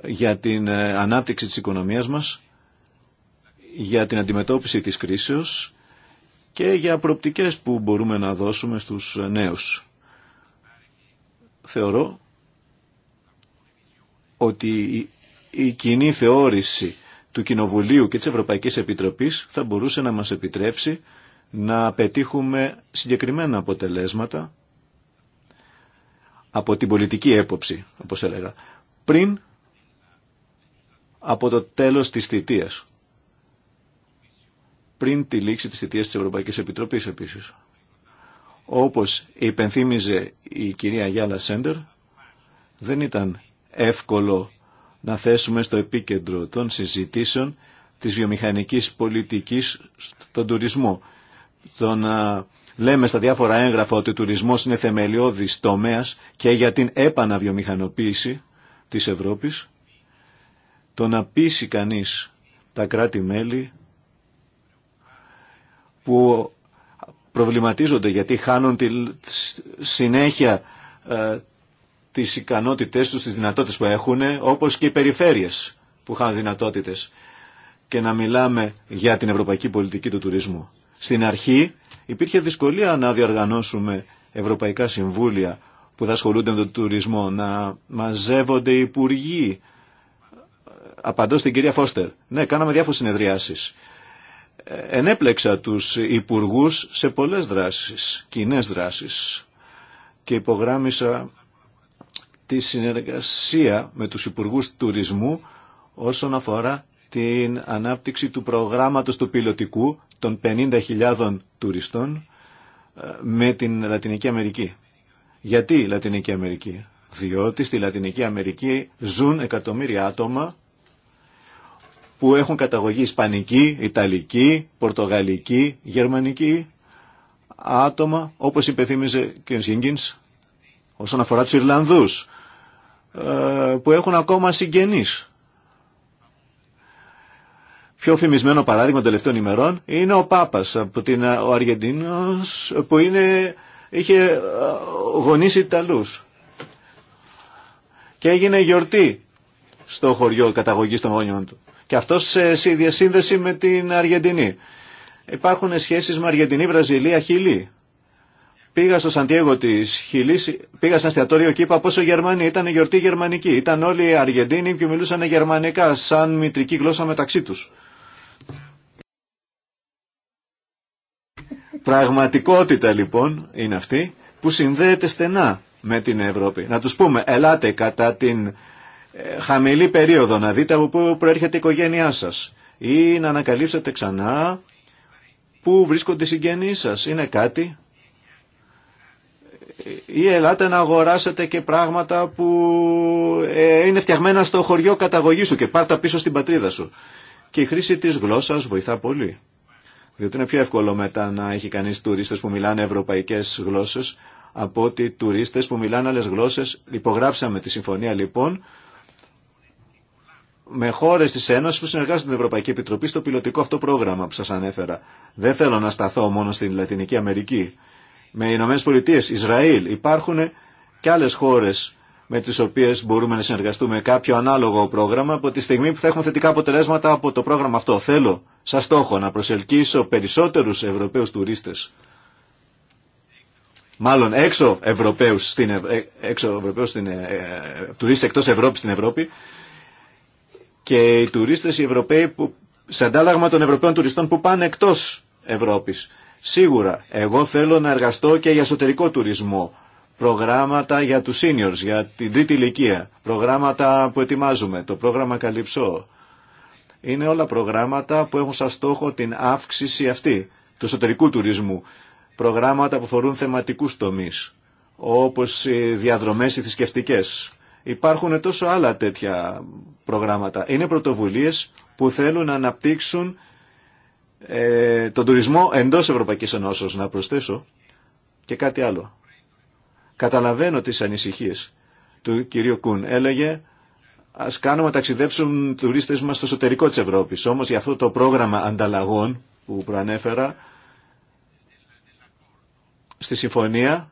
ε, για την ε, ανάπτυξη της οικονομίας μας, για την αντιμετώπιση της κρίσεως και για προοπτικές που μπορούμε να δώσουμε στους νέους. Θεωρώ ότι η κοινή θεώρηση του Κοινοβουλίου και της Ευρωπαϊκής Επιτροπής θα μπορούσε να μας επιτρέψει να πετύχουμε συγκεκριμένα αποτελέσματα από την πολιτική έποψη, όπως έλεγα, πριν από το τέλος της θητείας. Πριν τη λήξη της θητείας της Ευρωπαϊκής Επιτροπής επίσης. Όπως υπενθύμιζε η κυρία Γιάλα Σέντερ, δεν ήταν εύκολο να θέσουμε στο επίκεντρο των συζητήσεων της βιομηχανικής πολιτικής στον τουρισμό. Το να λέμε στα διάφορα έγγραφα ότι ο τουρισμός είναι θεμελιώδης τομέας και για την επαναβιομηχανοποίηση της Ευρώπης, το να πείσει κανείς τα κράτη-μέλη που προβληματίζονται γιατί χάνουν τη συνέχεια ε, τις ικανότητές τους, τις δυνατότητες που έχουν, όπως και οι περιφέρειες που είχαν δυνατότητες. Και να μιλάμε για την ευρωπαϊκή πολιτική του τουρισμού. Στην αρχή υπήρχε δυσκολία να διοργανώσουμε ευρωπαϊκά συμβούλια που θα ασχολούνται με τον τουρισμό, να μαζεύονται οι υπουργοί. Απαντώ στην κυρία Φώστερ. Ναι, κάναμε διάφορες συνεδριάσεις. Ε, ενέπλεξα τους υπουργούς σε πολλές δράσεις, κοινέ δράσεις και υπογράμμισα τη συνεργασία με τους Υπουργούς Τουρισμού όσον αφορά την ανάπτυξη του προγράμματος του πιλωτικού των 50.000 τουριστών ε, με την Λατινική Αμερική. Γιατί Λατινική Αμερική. Διότι στη Λατινική Αμερική ζουν εκατομμύρια άτομα που έχουν καταγωγή Ισπανική, Ιταλική, Πορτογαλική, Γερμανική άτομα όπως υπεθύμιζε και ο όσον αφορά τους Ιρλανδούς ε, που έχουν ακόμα συγγενείς. Πιο φημισμένο παράδειγμα των τελευταίων ημερών είναι ο Πάπας, από την, ε, ο Αργεντίνος, που είναι, είχε ε, γονείς Ιταλούς. Και έγινε γιορτή στο χωριό καταγωγής των γονιών του. Και αυτό σε διασύνδεση με την Αργεντινή. Υπάρχουν σχέσεις με Αργεντινή, Βραζιλία, Χιλή. Πήγα στο Σαντιέγο τη Χιλή, πήγα σε αστιατόριο και είπα πόσο Γερμανοί ήταν η γιορτή γερμανική. Ήταν όλοι οι Αργεντίνοι που μιλούσαν γερμανικά, σαν μητρική γλώσσα μεταξύ του. Πραγματικότητα λοιπόν είναι αυτή που συνδέεται στενά με την Ευρώπη. Να τους πούμε, ελάτε κατά την ε, χαμηλή περίοδο να δείτε από πού προέρχεται η οικογένειά σας ή να ανακαλύψετε ξανά πού βρίσκονται οι συγγενείς σας. Είναι κάτι ή ελάτε να αγοράσετε και πράγματα που ε, είναι φτιαγμένα στο χωριό καταγωγή σου και πάρτα πίσω στην πατρίδα σου. Και η χρήση της γλώσσας βοηθά πολύ. Διότι είναι πιο εύκολο μετά να έχει κανείς τουρίστες που μιλάνε ευρωπαϊκές γλώσσες από ότι τουρίστες που μιλάνε άλλες γλώσσες. Υπογράψαμε τη συμφωνία λοιπόν με χώρε τη Ένωση που συνεργάζονται με την Ευρωπαϊκή Επιτροπή στο πιλωτικό αυτό πρόγραμμα που σα ανέφερα. Δεν θέλω να σταθώ μόνο στην Λατινική Αμερική με οι Ηνωμένε Πολιτείε, Ισραήλ. Υπάρχουν και άλλε χώρε με τι οποίε μπορούμε να συνεργαστούμε κάποιο ανάλογο πρόγραμμα από τη στιγμή που θα έχουμε θετικά αποτελέσματα από το πρόγραμμα αυτό. Θέλω, σαν στόχο, να προσελκύσω περισσότερου ευρωπαίου τουρίστε. Μάλλον έξω Ευρωπαίους, στην, Ευ... Ε, στην, ε, ε, τουρίστες εκτός Ευρώπης στην Ευρώπη και οι τουρίστε Ευρωπαίοι που, σε αντάλλαγμα των Ευρωπαίων τουριστών που πάνε εκτός Ευρώπης. Σίγουρα, εγώ θέλω να εργαστώ και για εσωτερικό τουρισμό. Προγράμματα για τους seniors, για την τρίτη ηλικία. Προγράμματα που ετοιμάζουμε. Το πρόγραμμα Καλυψό. Είναι όλα προγράμματα που έχουν σαν στόχο την αύξηση αυτή, του εσωτερικού τουρισμού. Προγράμματα που φορούν θεματικούς τομείς, όπως οι διαδρομές οι θρησκευτικές. Υπάρχουν τόσο άλλα τέτοια προγράμματα. Είναι πρωτοβουλίες που θέλουν να αναπτύξουν ε, τον τουρισμό εντός Ευρωπαϊκής Ενώσεως να προσθέσω και κάτι άλλο. Καταλαβαίνω τις ανησυχίες του κυρίου Κουν. Έλεγε ας κάνουμε ταξιδέψουν τουρίστες μας στο εσωτερικό της Ευρώπης. Όμως για αυτό το πρόγραμμα ανταλλαγών που προανέφερα στη συμφωνία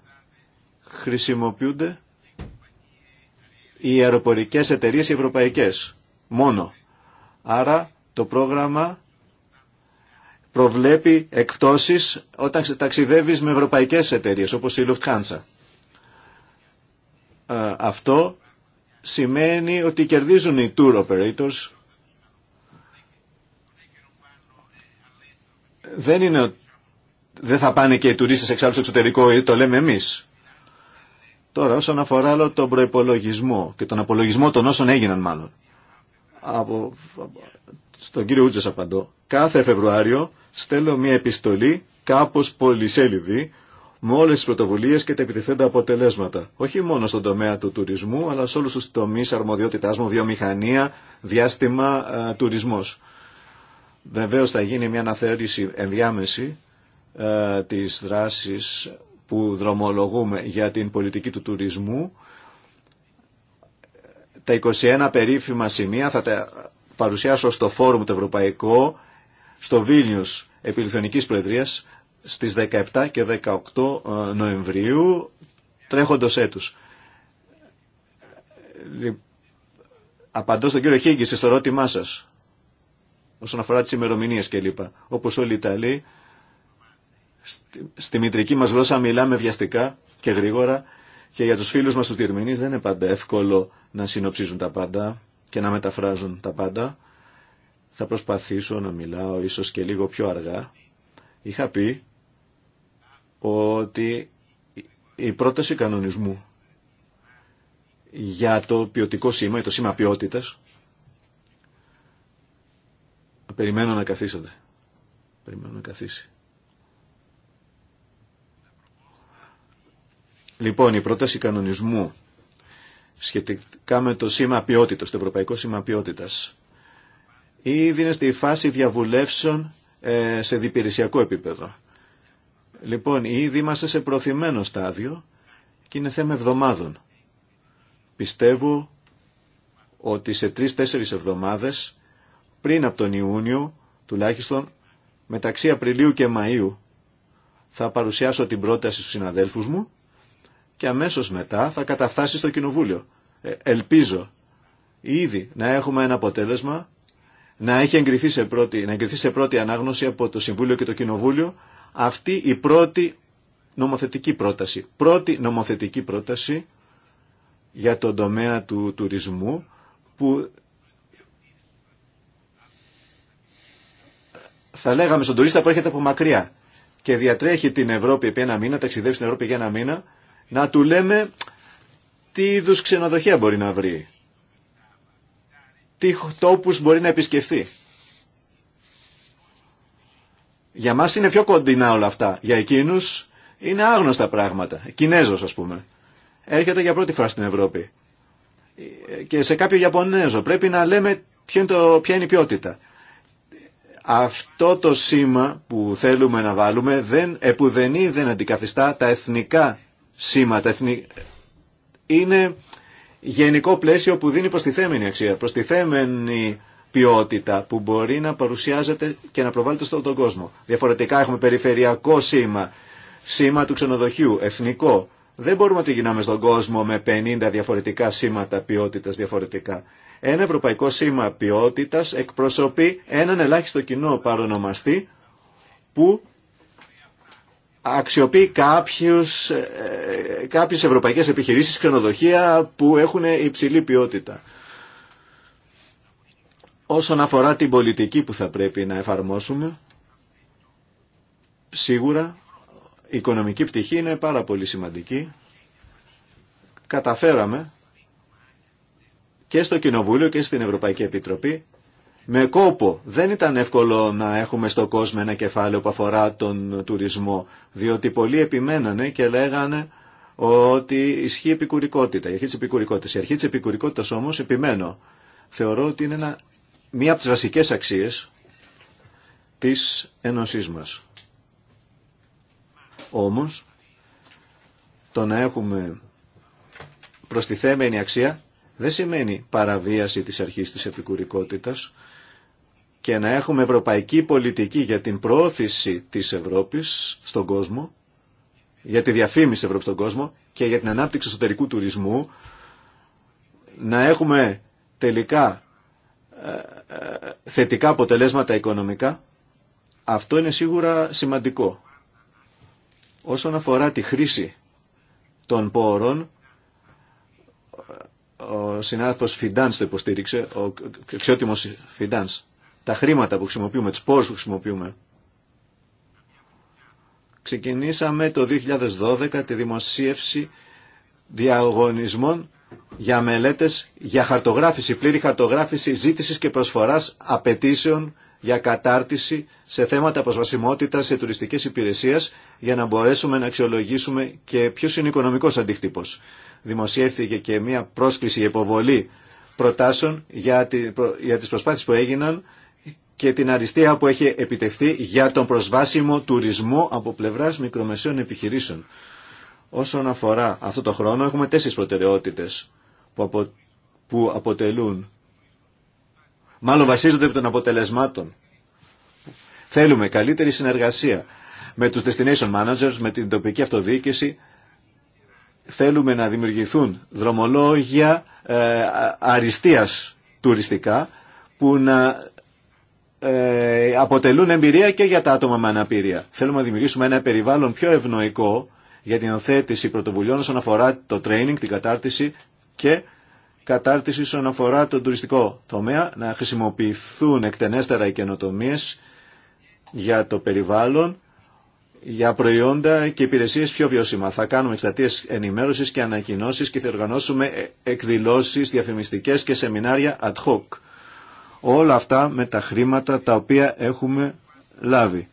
χρησιμοποιούνται οι αεροπορικές εταιρείες οι ευρωπαϊκές μόνο. Άρα το πρόγραμμα προβλέπει εκπτώσεις όταν ταξιδεύεις με ευρωπαϊκές εταιρείες όπως η Lufthansa. Ε, αυτό σημαίνει ότι κερδίζουν οι tour operators. Δεν είναι δεν θα πάνε και οι τουρίστες εξάλλου στο εξωτερικό, το λέμε εμείς. Τώρα όσον αφορά άλλο τον προϋπολογισμό και τον απολογισμό των όσων έγιναν μάλλον. Από, στον κύριο Ούτζες απαντώ. Κάθε Φεβρουάριο στέλνω μια επιστολή κάπως πολυσέλιδη με όλες τις πρωτοβουλίες και τα επιτεθέντα αποτελέσματα. Όχι μόνο στον τομέα του τουρισμού, αλλά σε όλους τους τομείς αρμοδιότητάς μου, βιομηχανία, διάστημα, α, ε, τουρισμός. Βεβαίως θα γίνει μια αναθεώρηση ενδιάμεση ε, της δράσης που δρομολογούμε για την πολιτική του τουρισμού. Τα 21 περίφημα σημεία θα τα παρουσιάσω στο φόρουμ το ευρωπαϊκό στο Βίλνιους επί Προεδρίας στις 17 και 18 ε, Νοεμβρίου τρέχοντος έτους. Ε, απαντώ στον κύριο Χίγκη, στο ερώτημά σας όσον αφορά τις ημερομηνίε κλπ. Όπως όλοι οι Ιταλοί, στη, στη μητρική μας γλώσσα μιλάμε βιαστικά και γρήγορα και για τους φίλους μας τους διερμηνείς δεν είναι πάντα εύκολο να συνοψίζουν τα πάντα και να μεταφράζουν τα πάντα. Θα προσπαθήσω να μιλάω ίσως και λίγο πιο αργά. Είχα πει ότι η πρόταση κανονισμού για το ποιοτικό σήμα ή το σήμα ποιότητας Περιμένω να καθίσετε. Περιμένω να καθίσει. Λοιπόν, η πρόταση κανονισμού σχετικά με το σήμα ποιότητας, το ευρωπαϊκό σήμα ποιότητας ήδη είναι στη φάση διαβουλεύσεων ε, σε διπηρεσιακό επίπεδο. Λοιπόν, ήδη είμαστε σε προθυμένο στάδιο και είναι θέμα εβδομάδων. Πιστεύω ότι σε τρεις-τέσσερις εβδομάδες, πριν από τον Ιούνιο, τουλάχιστον μεταξύ Απριλίου και Μαΐου, θα παρουσιάσω την πρόταση στους συναδέλφους μου και αμέσως μετά θα καταφτάσει στο Κοινοβούλιο. Ε, ελπίζω ήδη να έχουμε ένα αποτέλεσμα να έχει εγκριθεί σε πρώτη, να εγκριθεί σε πρώτη ανάγνωση από το Συμβούλιο και το Κοινοβούλιο αυτή η πρώτη νομοθετική πρόταση. Πρώτη νομοθετική πρόταση για τον τομέα του τουρισμού που θα λέγαμε στον τουρίστα που έρχεται από μακριά και διατρέχει την Ευρώπη επί ένα μήνα, ταξιδεύει στην Ευρώπη για ένα μήνα, να του λέμε τι είδου ξενοδοχεία μπορεί να βρει τι τόπους μπορεί να επισκεφθεί. Για μας είναι πιο κοντινά όλα αυτά. Για εκείνους είναι άγνωστα πράγματα. Κινέζος ας πούμε. Έρχεται για πρώτη φορά στην Ευρώπη. Και σε κάποιο Ιαπωνέζο πρέπει να λέμε ποια είναι η ποιότητα. Αυτό το σήμα που θέλουμε να βάλουμε δεν, επουδενή δεν αντικαθιστά τα εθνικά σήματα. Είναι γενικό πλαίσιο που δίνει προστιθέμενη αξία, προστιθέμενη ποιότητα που μπορεί να παρουσιάζεται και να προβάλλεται στον κόσμο. Διαφορετικά έχουμε περιφερειακό σήμα, σήμα του ξενοδοχείου, εθνικό. Δεν μπορούμε να τη γινάμε στον κόσμο με 50 διαφορετικά σήματα ποιότητας διαφορετικά. Ένα ευρωπαϊκό σήμα ποιότητα εκπροσωπεί έναν ελάχιστο κοινό παρονομαστή που αξιοποιεί κάποιους, ε, κάποιες ευρωπαϊκές επιχειρήσεις ξενοδοχεία που έχουν υψηλή ποιότητα. Όσον αφορά την πολιτική που θα πρέπει να εφαρμόσουμε, σίγουρα η οικονομική πτυχή είναι πάρα πολύ σημαντική. Καταφέραμε και στο Κοινοβούλιο και στην Ευρωπαϊκή Επιτροπή με κόπο. Δεν ήταν εύκολο να έχουμε στο κόσμο ένα κεφάλαιο που αφορά τον τουρισμό, διότι πολλοί επιμένανε και λέγανε ότι ισχύει επικουρικότητα, η αρχή της επικουρικότητας. Η αρχή της επικουρικότητας όμως, επιμένω, θεωρώ ότι είναι μία από τις βασικές αξίες της ένωσής μας. Όμως, το να έχουμε προστιθέμενη αξία δεν σημαίνει παραβίαση της αρχής της επικουρικότητας, και να έχουμε ευρωπαϊκή πολιτική για την προώθηση της Ευρώπης στον κόσμο, για τη διαφήμιση της Ευρώπης στον κόσμο και για την ανάπτυξη εσωτερικού τουρισμού, να έχουμε τελικά ε, ε, θετικά αποτελέσματα οικονομικά, αυτό είναι σίγουρα σημαντικό. Όσον αφορά τη χρήση των πόρων, ο συνάδελφος Φιντάνς το υποστήριξε, ο αξιότιμος Φιντάνς τα χρήματα που χρησιμοποιούμε, τις πόρους που χρησιμοποιούμε. Ξεκινήσαμε το 2012 τη δημοσίευση διαγωνισμών για μελέτες για χαρτογράφηση, πλήρη χαρτογράφηση ζήτησης και προσφοράς απαιτήσεων για κατάρτιση σε θέματα προσβασιμότητας σε τουριστικές υπηρεσίες για να μπορέσουμε να αξιολογήσουμε και ποιος είναι ο οικονομικός αντίκτυπος. Δημοσιεύθηκε και μια πρόσκληση για υποβολή προτάσεων για τις προσπάθειες που έγιναν και την αριστεία που έχει επιτευχθεί για τον προσβάσιμο τουρισμό από πλευράς μικρομεσαίων επιχειρήσεων. Όσον αφορά αυτό το χρόνο έχουμε τέσσερις προτεραιότητες που, που αποτελούν, μάλλον βασίζονται από των αποτελεσμάτων. Θέλουμε καλύτερη συνεργασία με τους destination managers, με την τοπική αυτοδιοίκηση, θέλουμε να δημιουργηθούν δρομολόγια ε, αριστείας τουριστικά που να ε, αποτελούν εμπειρία και για τα άτομα με αναπηρία. Θέλουμε να δημιουργήσουμε ένα περιβάλλον πιο ευνοϊκό για την οθέτηση πρωτοβουλειών όσον αφορά το training, την κατάρτιση και κατάρτιση όσον αφορά τον τουριστικό τομέα, να χρησιμοποιηθούν εκτενέστερα οι καινοτομίε για το περιβάλλον, για προϊόντα και υπηρεσίες πιο βιώσιμα. Θα κάνουμε εξτατείες ενημέρωσης και ανακοινώσεις και θα οργανώσουμε εκδηλώσεις διαφημιστικές και σεμινάρια ad hoc Όλα αυτά με τα χρήματα τα οποία έχουμε λάβει.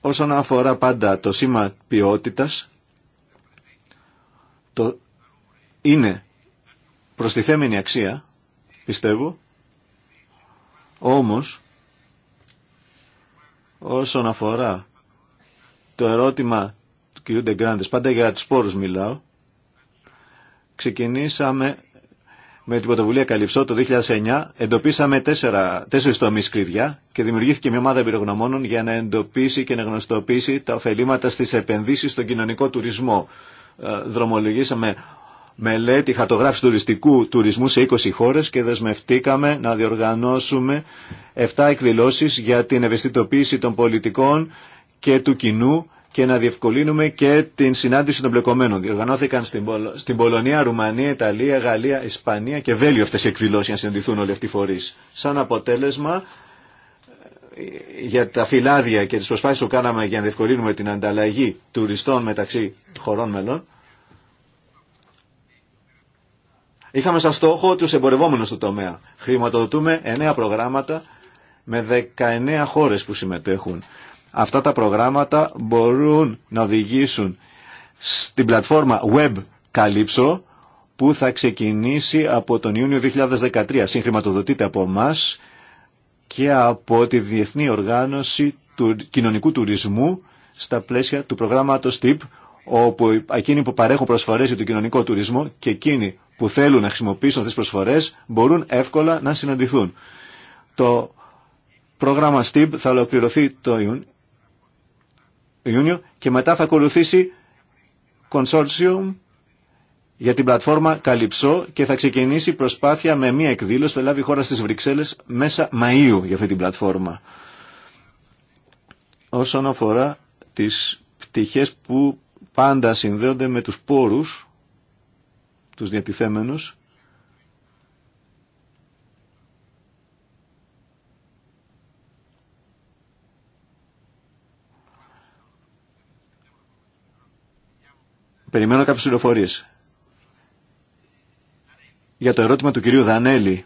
Όσον αφορά πάντα το σήμα ποιότητας, το είναι προστιθέμενη αξία, πιστεύω, όμως όσον αφορά το ερώτημα του κ. Ντεγκράντες, πάντα για τους σπόρους μιλάω, ξεκινήσαμε με την πρωτοβουλία Καλυψό το 2009 εντοπίσαμε τέσσερα, τέσσερις τομείς κλειδιά και δημιουργήθηκε μια ομάδα εμπειρογνωμόνων για να εντοπίσει και να γνωστοποιήσει τα ωφελήματα στις επενδύσεις στον κοινωνικό τουρισμό. Ε, δρομολογήσαμε μελέτη χαρτογράφηση τουριστικού τουρισμού σε 20 χώρες και δεσμευτήκαμε να διοργανώσουμε 7 εκδηλώσεις για την ευαισθητοποίηση των πολιτικών και του κοινού και να διευκολύνουμε και την συνάντηση των πλεκομένων. Διοργανώθηκαν στην, Πολωνία, Ρουμανία, Ιταλία, Γαλλία, Ισπανία και Βέλιο αυτέ οι εκδηλώσει για να συναντηθούν όλοι αυτοί οι φορεί. Σαν αποτέλεσμα, ε, για τα φυλάδια και τι προσπάθειε που κάναμε για να διευκολύνουμε την ανταλλαγή τουριστών μεταξύ χωρών μελών, είχαμε σαν στόχο του εμπορευόμενου του τομέα. Χρηματοδοτούμε εννέα προγράμματα με 19 χώρε που συμμετέχουν. Αυτά τα προγράμματα μπορούν να οδηγήσουν στην πλατφόρμα Web Calypso που θα ξεκινήσει από τον Ιούνιο 2013. Συγχρηματοδοτείται από εμά και από τη Διεθνή Οργάνωση του Κοινωνικού Τουρισμού στα πλαίσια του προγράμματος TIP όπου εκείνοι που παρέχουν προσφορές για τον κοινωνικό τουρισμό και εκείνοι που θέλουν να χρησιμοποιήσουν αυτές τις προσφορές μπορούν εύκολα να συναντηθούν. Το πρόγραμμα STIB θα ολοκληρωθεί το και μετά θα ακολουθήσει consortium για την πλατφόρμα Καλυψό και θα ξεκινήσει προσπάθεια με μία εκδήλωση, θα λάβει η χώρα στις Βρυξέλλες μέσα Μαΐου για αυτή την πλατφόρμα. Όσον αφορά τις πτυχές που πάντα συνδέονται με τους πόρους, τους διατιθέμενους, Περιμένω κάποιες πληροφορίες. Για το ερώτημα του κυρίου Δανέλη,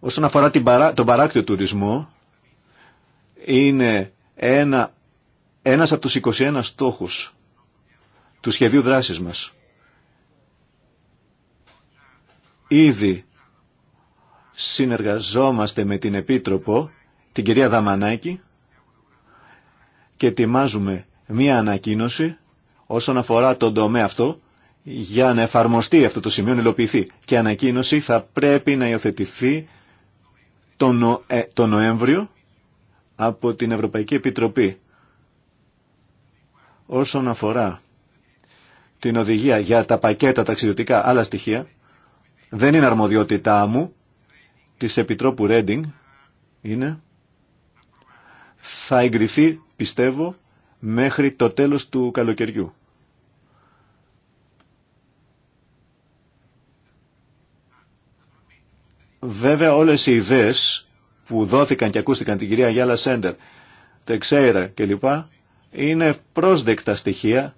όσον αφορά την παρά, τον παράκτιο τουρισμό, είναι ένα, ένας από τους 21 στόχους του σχεδίου δράσης μας. Ήδη συνεργαζόμαστε με την Επίτροπο, την κυρία Δαμανάκη, και ετοιμάζουμε μία ανακοίνωση όσον αφορά τον τομέα αυτό για να εφαρμοστεί αυτό το σημείο, να υλοποιηθεί. Και ανακοίνωση θα πρέπει να υιοθετηθεί ε, τον, Νοέμβριο από την Ευρωπαϊκή Επιτροπή. Όσον αφορά την οδηγία για τα πακέτα ταξιδιωτικά άλλα στοιχεία, δεν είναι αρμοδιότητά μου, της Επιτρόπου Ρέντινγκ, είναι, θα εγκριθεί, πιστεύω, μέχρι το τέλος του καλοκαιριού. Βέβαια όλες οι ιδέες που δόθηκαν και ακούστηκαν την κυρία Γιάλα Σέντερ, Τεξέιρα κλπ. είναι πρόσδεκτα στοιχεία.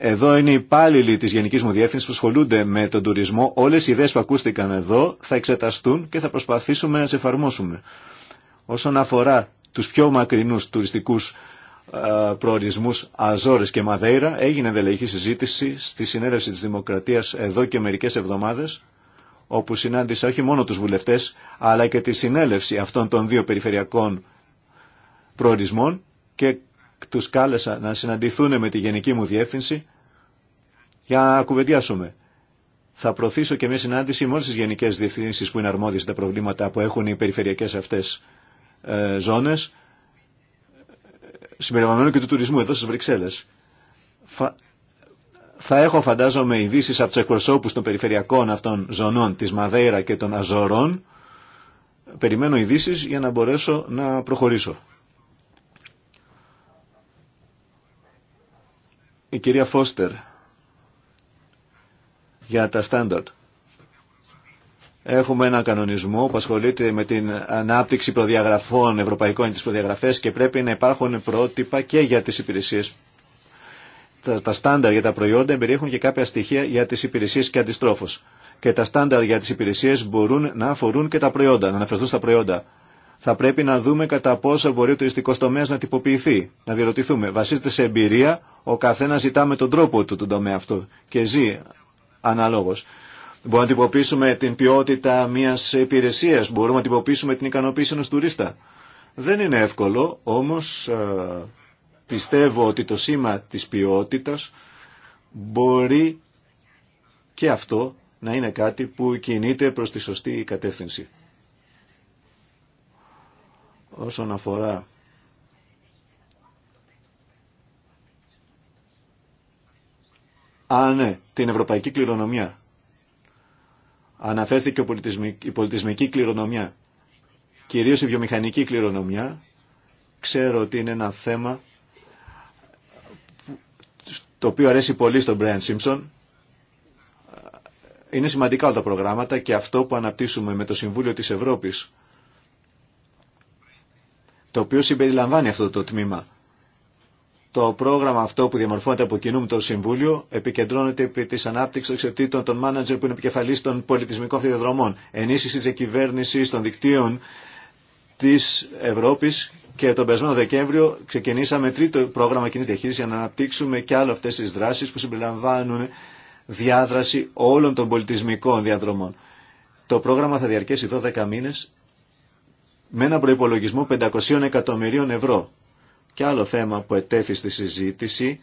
Εδώ είναι οι υπάλληλοι της Γενικής μου Διεύθυνσης που ασχολούνται με τον τουρισμό. Όλες οι ιδέες που ακούστηκαν εδώ θα εξεταστούν και θα προσπαθήσουμε να τις εφαρμόσουμε. Όσον αφορά τους πιο μακρινούς τουριστικούς ε, προορισμούς Αζόρες και Μαδέιρα έγινε δελεχή συζήτηση στη συνέλευση της Δημοκρατίας εδώ και μερικές εβδομάδες όπου συνάντησα όχι μόνο τους βουλευτές αλλά και τη συνέλευση αυτών των δύο περιφερειακών προορισμών και τους κάλεσα να συναντηθούν με τη γενική μου διεύθυνση για να κουβεντιάσουμε. Θα προωθήσω και μια συνάντηση με στις γενικές διευθύνσεις που είναι αρμόδιες τα προβλήματα που έχουν οι περιφερειακές αυτές ε, ζώνες συμπεριλαμβανομένου και του τουρισμού εδώ στι Βρυξέλλε. Θα έχω φαντάζομαι ειδήσει από του εκπροσώπου των περιφερειακών αυτών ζωνών τη Μαδέιρα και των Αζωρών. Περιμένω ειδήσει για να μπορέσω να προχωρήσω. Η κυρία Φώστερ για τα στάνταρτ. Έχουμε ένα κανονισμό που ασχολείται με την ανάπτυξη προδιαγραφών ευρωπαϊκών τις προδιαγραφές και πρέπει να υπάρχουν πρότυπα και για τις υπηρεσίες. Τα, τα στάνταρ για τα προϊόντα περιέχουν και κάποια στοιχεία για τις υπηρεσίες και αντιστρόφως. Και τα στάνταρ για τις υπηρεσίες μπορούν να αφορούν και τα προϊόντα, να αναφερθούν στα προϊόντα. Θα πρέπει να δούμε κατά πόσο μπορεί ο τουριστικό τομέα να τυποποιηθεί, να διερωτηθούμε. Βασίζεται σε εμπειρία, ο καθένα ζητά με τον τρόπο του τον τομέα αυτό και ζει αναλόγω. Μπορούμε να τυποποιήσουμε την ποιότητα μιας υπηρεσία. μπορούμε να τυποποιήσουμε την ικανοποίηση ενός τουρίστα. Δεν είναι εύκολο, όμως ε, πιστεύω ότι το σήμα της ποιότητα μπορεί και αυτό να είναι κάτι που κινείται προς τη σωστή κατεύθυνση. Όσον αφορά Α, ναι, την ευρωπαϊκή κληρονομιά. Αναφέρθηκε η πολιτισμική κληρονομιά, κυρίως η βιομηχανική κληρονομιά. Ξέρω ότι είναι ένα θέμα το οποίο αρέσει πολύ στον Brian Simpson. Είναι σημαντικά όλα τα προγράμματα και αυτό που αναπτύσσουμε με το Συμβούλιο της Ευρώπης, το οποίο συμπεριλαμβάνει αυτό το τμήμα το πρόγραμμα αυτό που διαμορφώνεται από κοινού με το Συμβούλιο επικεντρώνεται επί τη ανάπτυξη εξαιτήτων των μάνατζερ που είναι επικεφαλή των πολιτισμικών διαδρομών, ενίσχυση τη κυβέρνηση των δικτύων τη Ευρώπη και τον περασμένο Δεκέμβριο ξεκινήσαμε τρίτο πρόγραμμα κοινή διαχείριση για να αναπτύξουμε και άλλο αυτέ τι δράσει που συμπεριλαμβάνουν διάδραση όλων των πολιτισμικών διαδρομών. Το πρόγραμμα θα διαρκέσει 12 μήνε με ένα προπολογισμό 500 εκατομμυρίων ευρώ και άλλο θέμα που ετέθη στη συζήτηση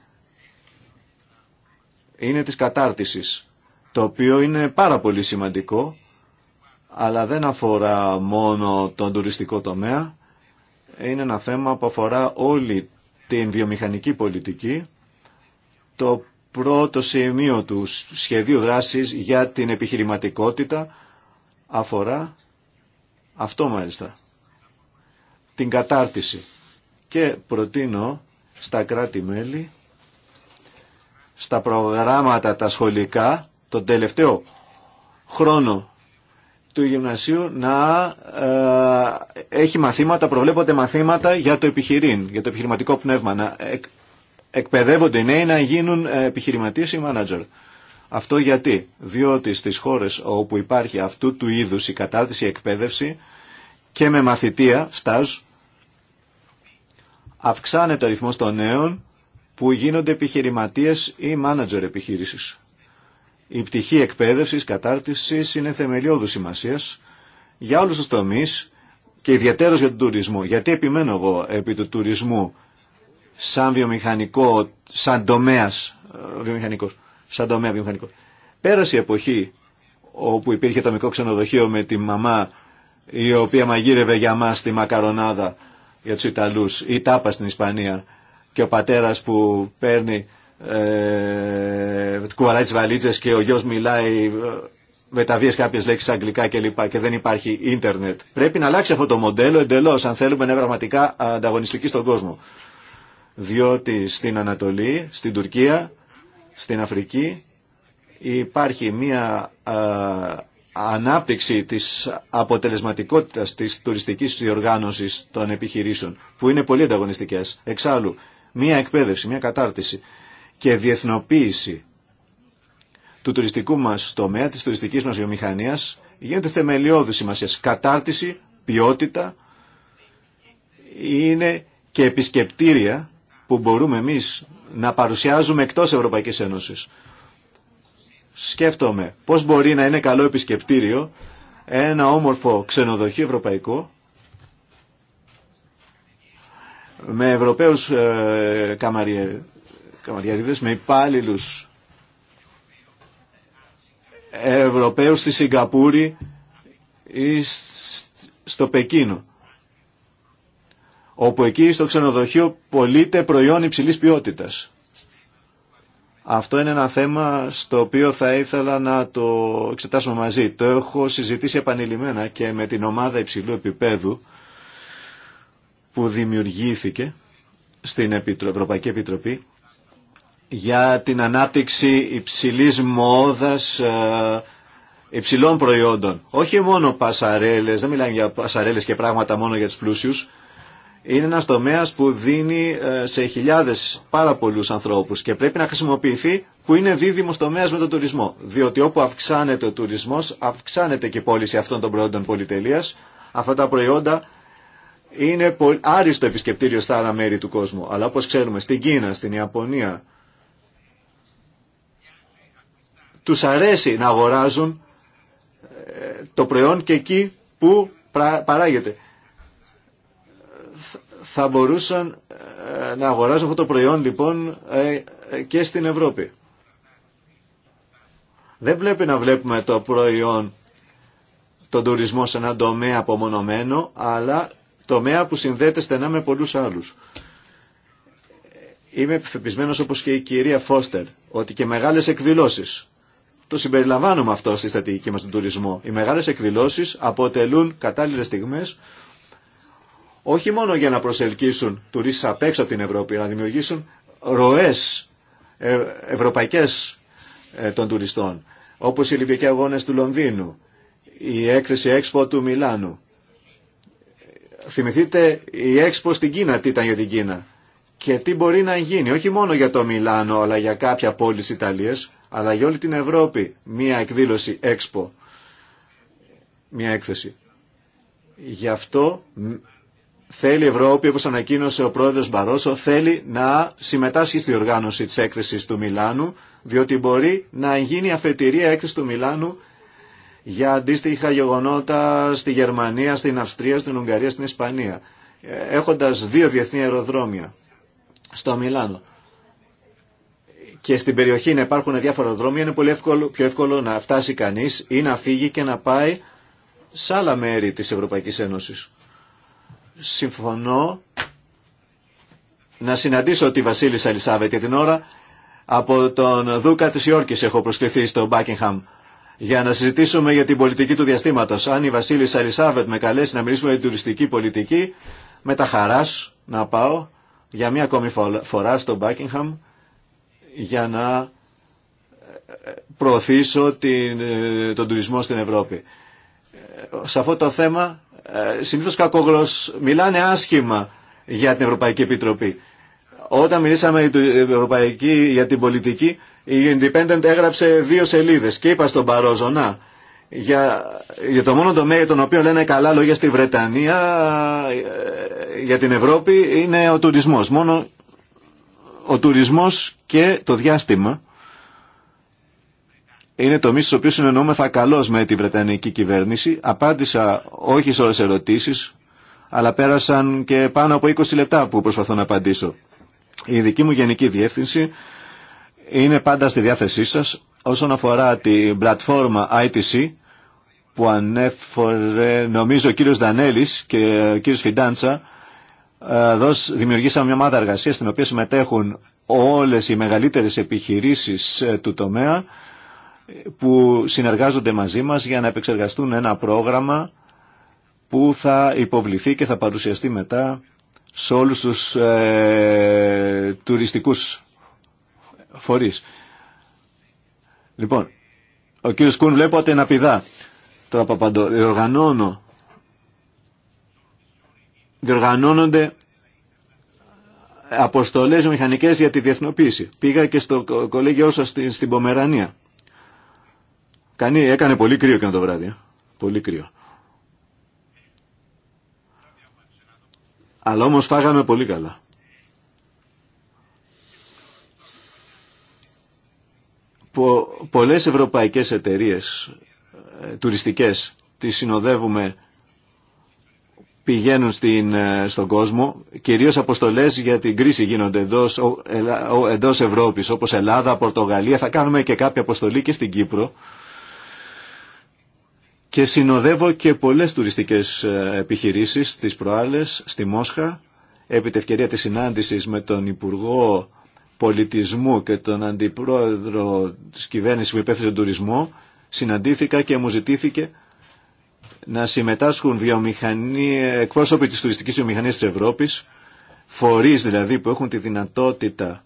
είναι της κατάρτισης, το οποίο είναι πάρα πολύ σημαντικό, αλλά δεν αφορά μόνο τον τουριστικό τομέα, είναι ένα θέμα που αφορά όλη την βιομηχανική πολιτική, το πρώτο σημείο του σχεδίου δράσης για την επιχειρηματικότητα αφορά αυτό μάλιστα, την κατάρτιση και προτείνω στα κράτη-μέλη, στα προγράμματα τα σχολικά, τον τελευταίο χρόνο του γυμνασίου να ε, έχει μαθήματα, προβλέπονται μαθήματα για το επιχειρήν, για το επιχειρηματικό πνεύμα, να εκπαιδεύονται οι νέοι να γίνουν ε, επιχειρηματίες ή manager. Αυτό γιατί, διότι στις χώρες όπου υπάρχει αυτού του είδους η κατάρτιση, η εκπαίδευση και με μαθητεία, στάζ, αυξάνεται ο αριθμό των νέων που γίνονται επιχειρηματίες ή μάνατζερ επιχείρησης. Η μανατζερ επιχειρηση εκπαίδευσης, κατάρτισης είναι θεμελιώδου σημασίας για όλους τους τομείς και ιδιαίτερω για τον τουρισμό. Γιατί επιμένω εγώ επί του τουρισμού σαν βιομηχανικό, σαν τομέας ε, σαν τομέα βιομηχανικό. Πέρασε η εποχή όπου υπήρχε το μικρό ξενοδοχείο με τη μαμά η οποία μαγείρευε για μας τη μακαρονάδα για τους Ιταλούς ή τάπα στην Ισπανία και ο πατέρας που παίρνει ε, κουβαλάει τις βαλίτσες και ο γιος μιλάει ε, με τα βίες κάποιες λέξεις αγγλικά και λοιπά και δεν υπάρχει ίντερνετ. Πρέπει να αλλάξει αυτό το μοντέλο εντελώς αν θέλουμε να είναι πραγματικά ανταγωνιστική στον κόσμο. Διότι στην Ανατολή, στην Τουρκία, στην Αφρική υπάρχει μια ανάπτυξη της αποτελεσματικότητας της τουριστικής διοργάνωσης των επιχειρήσεων, που είναι πολύ ανταγωνιστικές. Εξάλλου, μία εκπαίδευση, μία κατάρτιση και διεθνοποίηση του τουριστικού μας τομέα, της τουριστικής μας βιομηχανίας, γίνεται θεμελιώδη σημασία. Κατάρτιση, ποιότητα, είναι και επισκεπτήρια που μπορούμε εμείς να παρουσιάζουμε εκτός Ευρωπαϊκής Ένωσης σκέφτομαι πώς μπορεί να είναι καλό επισκεπτήριο ένα όμορφο ξενοδοχείο ευρωπαϊκό με Ευρωπαίους ε, καμαριε, καμαριαρίδες, με υπάλληλου Ευρωπαίους στη Σιγκαπούρη ή στο Πεκίνο όπου εκεί στο ξενοδοχείο πωλείται προϊόν υψηλής ποιότητας. Αυτό είναι ένα θέμα στο οποίο θα ήθελα να το εξετάσουμε μαζί. Το έχω συζητήσει επανειλημμένα και με την ομάδα υψηλού επίπεδου που δημιουργήθηκε στην Ευρωπαϊκή Επιτροπή για την ανάπτυξη υψηλής μόδας ε, υψηλών προϊόντων. Όχι μόνο πασαρέλες, δεν μιλάμε για πασαρέλες και πράγματα μόνο για τους πλούσιους, είναι ένας τομέας που δίνει ε, σε χιλιάδες πάρα πολλούς ανθρώπους και πρέπει να χρησιμοποιηθεί που είναι δίδυμος τομέας με τον τουρισμό. Διότι όπου αυξάνεται ο τουρισμός, αυξάνεται και η πώληση αυτών των προϊόντων πολυτελείας. Αυτά τα προϊόντα είναι άριστο επισκεπτήριο στα άλλα μέρη του κόσμου. Αλλά όπως ξέρουμε, στην Κίνα, στην Ιαπωνία, τους αρέσει να αγοράζουν ε, το προϊόν και εκεί που παράγεται θα μπορούσαν ε, να αγοράζουν αυτό το προϊόν λοιπόν ε, ε, και στην Ευρώπη. Δεν βλέπει να βλέπουμε το προϊόν, τον τουρισμό σε έναν τομέα απομονωμένο, αλλά τομέα που συνδέεται στενά με πολλούς άλλους. Είμαι επιφεπισμένος όπως και η κυρία Φώστερ, ότι και μεγάλες εκδηλώσεις, το συμπεριλαμβάνουμε αυτό στη στατική μας του τουρισμό, οι μεγάλες εκδηλώσεις αποτελούν κατάλληλες στιγμές όχι μόνο για να προσελκύσουν τουρίστες απ' έξω από την Ευρώπη, αλλά να δημιουργήσουν ροές ε, ευρωπαϊκές ε, των τουριστών, όπως οι Ολυμπιακοί Αγώνες του Λονδίνου, η έκθεση Expo του Μιλάνου. Θυμηθείτε η Expo στην Κίνα, τι ήταν για την Κίνα και τι μπορεί να γίνει, όχι μόνο για το Μιλάνο, αλλά για κάποια πόλη τη Ιταλίας, αλλά για όλη την Ευρώπη, μία εκδήλωση Expo, μία έκθεση. Γι' αυτό Θέλει η Ευρώπη, όπως ανακοίνωσε ο πρόεδρος Μπαρόσο, θέλει να συμμετάσχει στη οργάνωση της έκθεσης του Μιλάνου, διότι μπορεί να γίνει αφετηρία έκθεση του Μιλάνου για αντίστοιχα γεγονότα στη Γερμανία, στην Αυστρία, στην Ουγγαρία, στην Ισπανία, έχοντας δύο διεθνή αεροδρόμια στο Μιλάνο. Και στην περιοχή να υπάρχουν διάφορα αεροδρόμια είναι πολύ εύκολο, πιο εύκολο να φτάσει κανείς ή να φύγει και να πάει σε άλλα μέρη της Ευρωπαϊκής Ένωσης συμφωνώ να συναντήσω τη Βασίλισσα Ελισάβετ για την ώρα. Από τον Δούκα της Ιόρκης έχω προσκληθεί στο Buckingham για να συζητήσουμε για την πολιτική του διαστήματος. Αν η Βασίλισσα Ελισάβετ με καλέσει να μιλήσουμε για την τουριστική πολιτική, με τα χαράς να πάω για μία ακόμη φορά στο Buckingham για να ε, προωθήσω την, ε, τον τουρισμό στην Ευρώπη. Ε, σε αυτό το θέμα ε, συνήθως κακογλωσσ... μιλάνε άσχημα για την Ευρωπαϊκή Επιτροπή. Όταν μιλήσαμε για την, ε, Ευρωπαϊκή, για την πολιτική, η Independent έγραψε δύο σελίδες και είπα στον Παρόζο, να, για, για το μόνο τομέα για τον οποίο λένε καλά λόγια στη Βρετανία, ε, για την Ευρώπη, είναι ο τουρισμός. Μόνο ο τουρισμός και το διάστημα είναι τομεί στου οποίου συνεννοούμεθα καλώ με τη Βρετανική κυβέρνηση. Απάντησα όχι σε όλε τι ερωτήσει, αλλά πέρασαν και πάνω από 20 λεπτά που προσπαθώ να απαντήσω. Η δική μου γενική διεύθυνση είναι πάντα στη διάθεσή σας όσον αφορά την πλατφόρμα ITC που ανέφερε νομίζω ο κύριος Δανέλης και ο κύριος Φιντάντσα ε, δημιουργήσαμε μια ομάδα εργασία στην οποία συμμετέχουν όλες οι μεγαλύτερες επιχειρήσεις ε, του τομέα που συνεργάζονται μαζί μας για να επεξεργαστούν ένα πρόγραμμα που θα υποβληθεί και θα παρουσιαστεί μετά σε όλους τους ε, τουριστικούς φορείς. Λοιπόν, ο κύριος Κούν βλέπω ότι αναπηδά. Τώρα παπαντώ. Διοργανώνονται αποστολές μηχανικές για τη διεθνοποίηση. Πήγα και στο κολέγιο σας στην Πομερανία. Κάνει, έκανε πολύ κρύο και το βράδυ. Πολύ κρύο. Αλλά όμως φάγαμε πολύ καλά. Πο, πολλές ευρωπαϊκές εταιρείες ε, τουριστικές τις συνοδεύουμε πηγαίνουν στην, ε, στον κόσμο. Κυρίως αποστολές για την κρίση γίνονται εντός, εντός Ευρώπης, όπως Ελλάδα, Πορτογαλία. Θα κάνουμε και κάποια αποστολή και στην Κύπρο και συνοδεύω και πολλές τουριστικές ε, επιχειρήσεις τις προάλλες στη Μόσχα επί τη ευκαιρία της συνάντησης με τον Υπουργό Πολιτισμού και τον Αντιπρόεδρο της Κυβέρνησης που υπέφερε τον τουρισμό συναντήθηκα και μου ζητήθηκε να συμμετάσχουν εκπρόσωποι της τουριστικής βιομηχανίας της Ευρώπης φορείς δηλαδή που έχουν τη δυνατότητα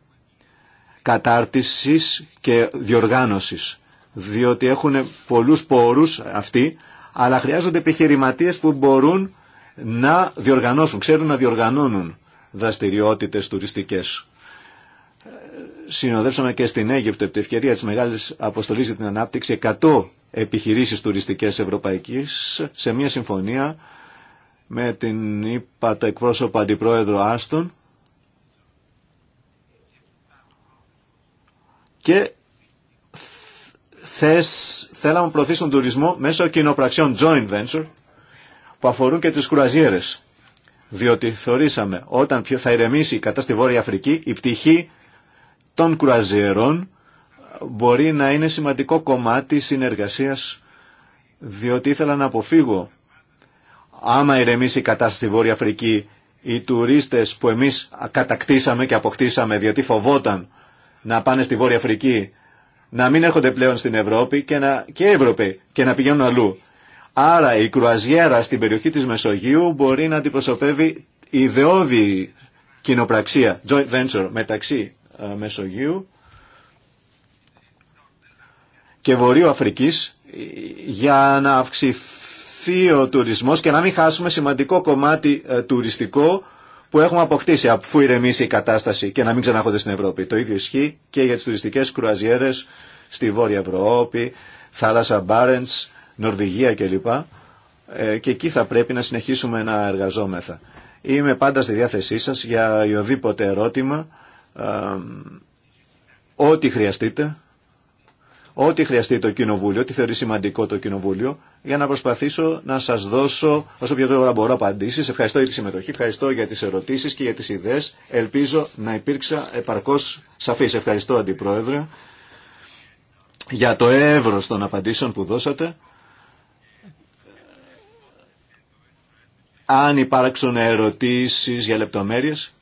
κατάρτισης και διοργάνωσης διότι έχουν πολλούς πόρους αυτοί, αλλά χρειάζονται επιχειρηματίες που μπορούν να διοργανώσουν, ξέρουν να διοργανώνουν δραστηριότητες τουριστικές. Συνοδεύσαμε και στην Αίγυπτο επί τη ευκαιρία της Μεγάλης Αποστολής για την Ανάπτυξη 100 επιχειρήσεις τουριστικές ευρωπαϊκής σε μια συμφωνία με την είπα το εκπρόσωπο αντιπρόεδρο Άστον και θες, θέλαμε να προωθήσουμε τον τουρισμό μέσω κοινοπραξιών joint venture που αφορούν και τις κρουαζιέρες Διότι θεωρήσαμε όταν θα ηρεμήσει κατά στη Βόρεια Αφρική η πτυχή των κρουαζιερών μπορεί να είναι σημαντικό κομμάτι συνεργασίας διότι ήθελα να αποφύγω άμα ηρεμήσει η κατάσταση στη Βόρεια Αφρική οι τουρίστες που εμείς κατακτήσαμε και αποκτήσαμε διότι φοβόταν να πάνε στη Βόρεια Αφρική να μην έρχονται πλέον στην Ευρώπη και, να, και και να πηγαίνουν αλλού. Άρα η κρουαζιέρα στην περιοχή της Μεσογείου μπορεί να αντιπροσωπεύει ιδεώδη κοινοπραξία, joint venture μεταξύ ε, Μεσογείου και Βορείου Αφρικής ε, για να αυξηθεί ο τουρισμός και να μην χάσουμε σημαντικό κομμάτι ε, τουριστικό που έχουμε αποκτήσει αφού ηρεμήσει η κατάσταση και να μην ξανάρχονται στην Ευρώπη. Το ίδιο ισχύει και για τις τουριστικές κρουαζιέρες στη Βόρεια Ευρώπη, θάλασσα Μπάρεντς, Νορβηγία κλπ. Ε, και εκεί θα πρέπει να συνεχίσουμε να εργαζόμεθα. Είμαι πάντα στη διάθεσή σας για οδήποτε ερώτημα, ε, ό,τι χρειαστείτε ό,τι χρειαστεί το Κοινοβούλιο, ό,τι θεωρεί σημαντικό το Κοινοβούλιο, για να προσπαθήσω να σα δώσω όσο πιο γρήγορα μπορώ απαντήσει. Ευχαριστώ για τη συμμετοχή, ευχαριστώ για τι ερωτήσει και για τι ιδέε. Ελπίζω να υπήρξα επαρκώ σαφή. Ευχαριστώ, Αντιπρόεδρε, για το εύρο των απαντήσεων που δώσατε. Αν υπάρξουν ερωτήσεις για λεπτομέρειες,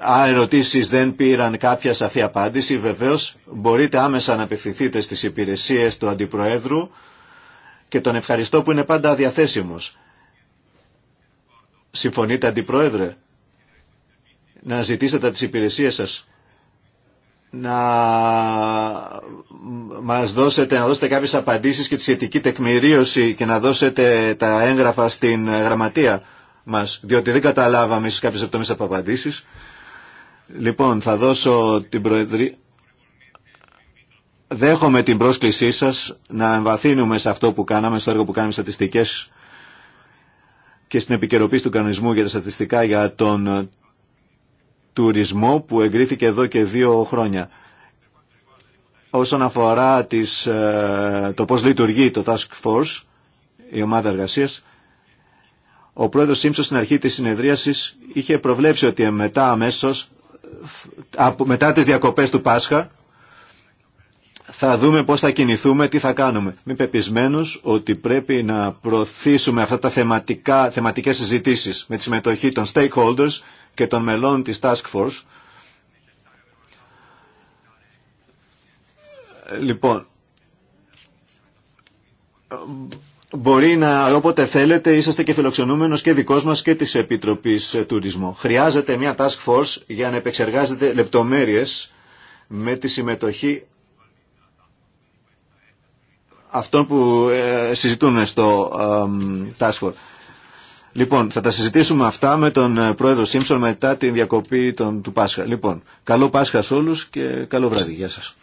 αν ερωτήσεις δεν πήραν κάποια σαφή απάντηση, βεβαίως μπορείτε άμεσα να απευθυνθείτε στις υπηρεσίες του Αντιπροέδρου και τον ευχαριστώ που είναι πάντα διαθέσιμος. Συμφωνείτε Αντιπρόεδρε να ζητήσετε τις υπηρεσίες σας να μας δώσετε, να δώσετε κάποιες απαντήσεις και τη σχετική τεκμηρίωση και να δώσετε τα έγγραφα στην γραμματεία μας, διότι δεν καταλάβαμε ίσως κάποιες από από απαντήσεις. Λοιπόν, θα δώσω την Προεδρία. Δέχομαι την πρόσκλησή σας να εμβαθύνουμε σε αυτό που κάναμε, στο έργο που κάναμε στατιστικές και στην επικαιροποίηση του κανονισμού για τα στατιστικά για τον τουρισμό που εγκρίθηκε εδώ και δύο χρόνια. Όσον αφορά τις, ε, το πώς λειτουργεί το Task Force, η ομάδα εργασίας, ο πρόεδρος Σίμψος στην αρχή της συνεδρίασης είχε προβλέψει ότι μετά αμέσως μετά τις διακοπές του Πάσχα θα δούμε πώς θα κινηθούμε, τι θα κάνουμε. Μην πεπισμένους ότι πρέπει να προωθήσουμε αυτά τα θεματικά, θεματικές συζητήσεις με τη συμμετοχή των stakeholders και των μελών της Task Force. Λοιπόν, μπορεί να, όποτε θέλετε, είσαστε και φιλοξενούμενο και δικός μας και τη Επιτροπής Τουρισμού. Χρειάζεται μια task force για να επεξεργάζεται λεπτομέρειες με τη συμμετοχή αυτών που ε, συζητούν στο task force. Λοιπόν, θα τα συζητήσουμε αυτά με τον ε, πρόεδρο Σίμψον μετά την διακοπή των, του Πάσχα. Λοιπόν, καλό Πάσχα σε όλους και καλό βράδυ. Γεια σας.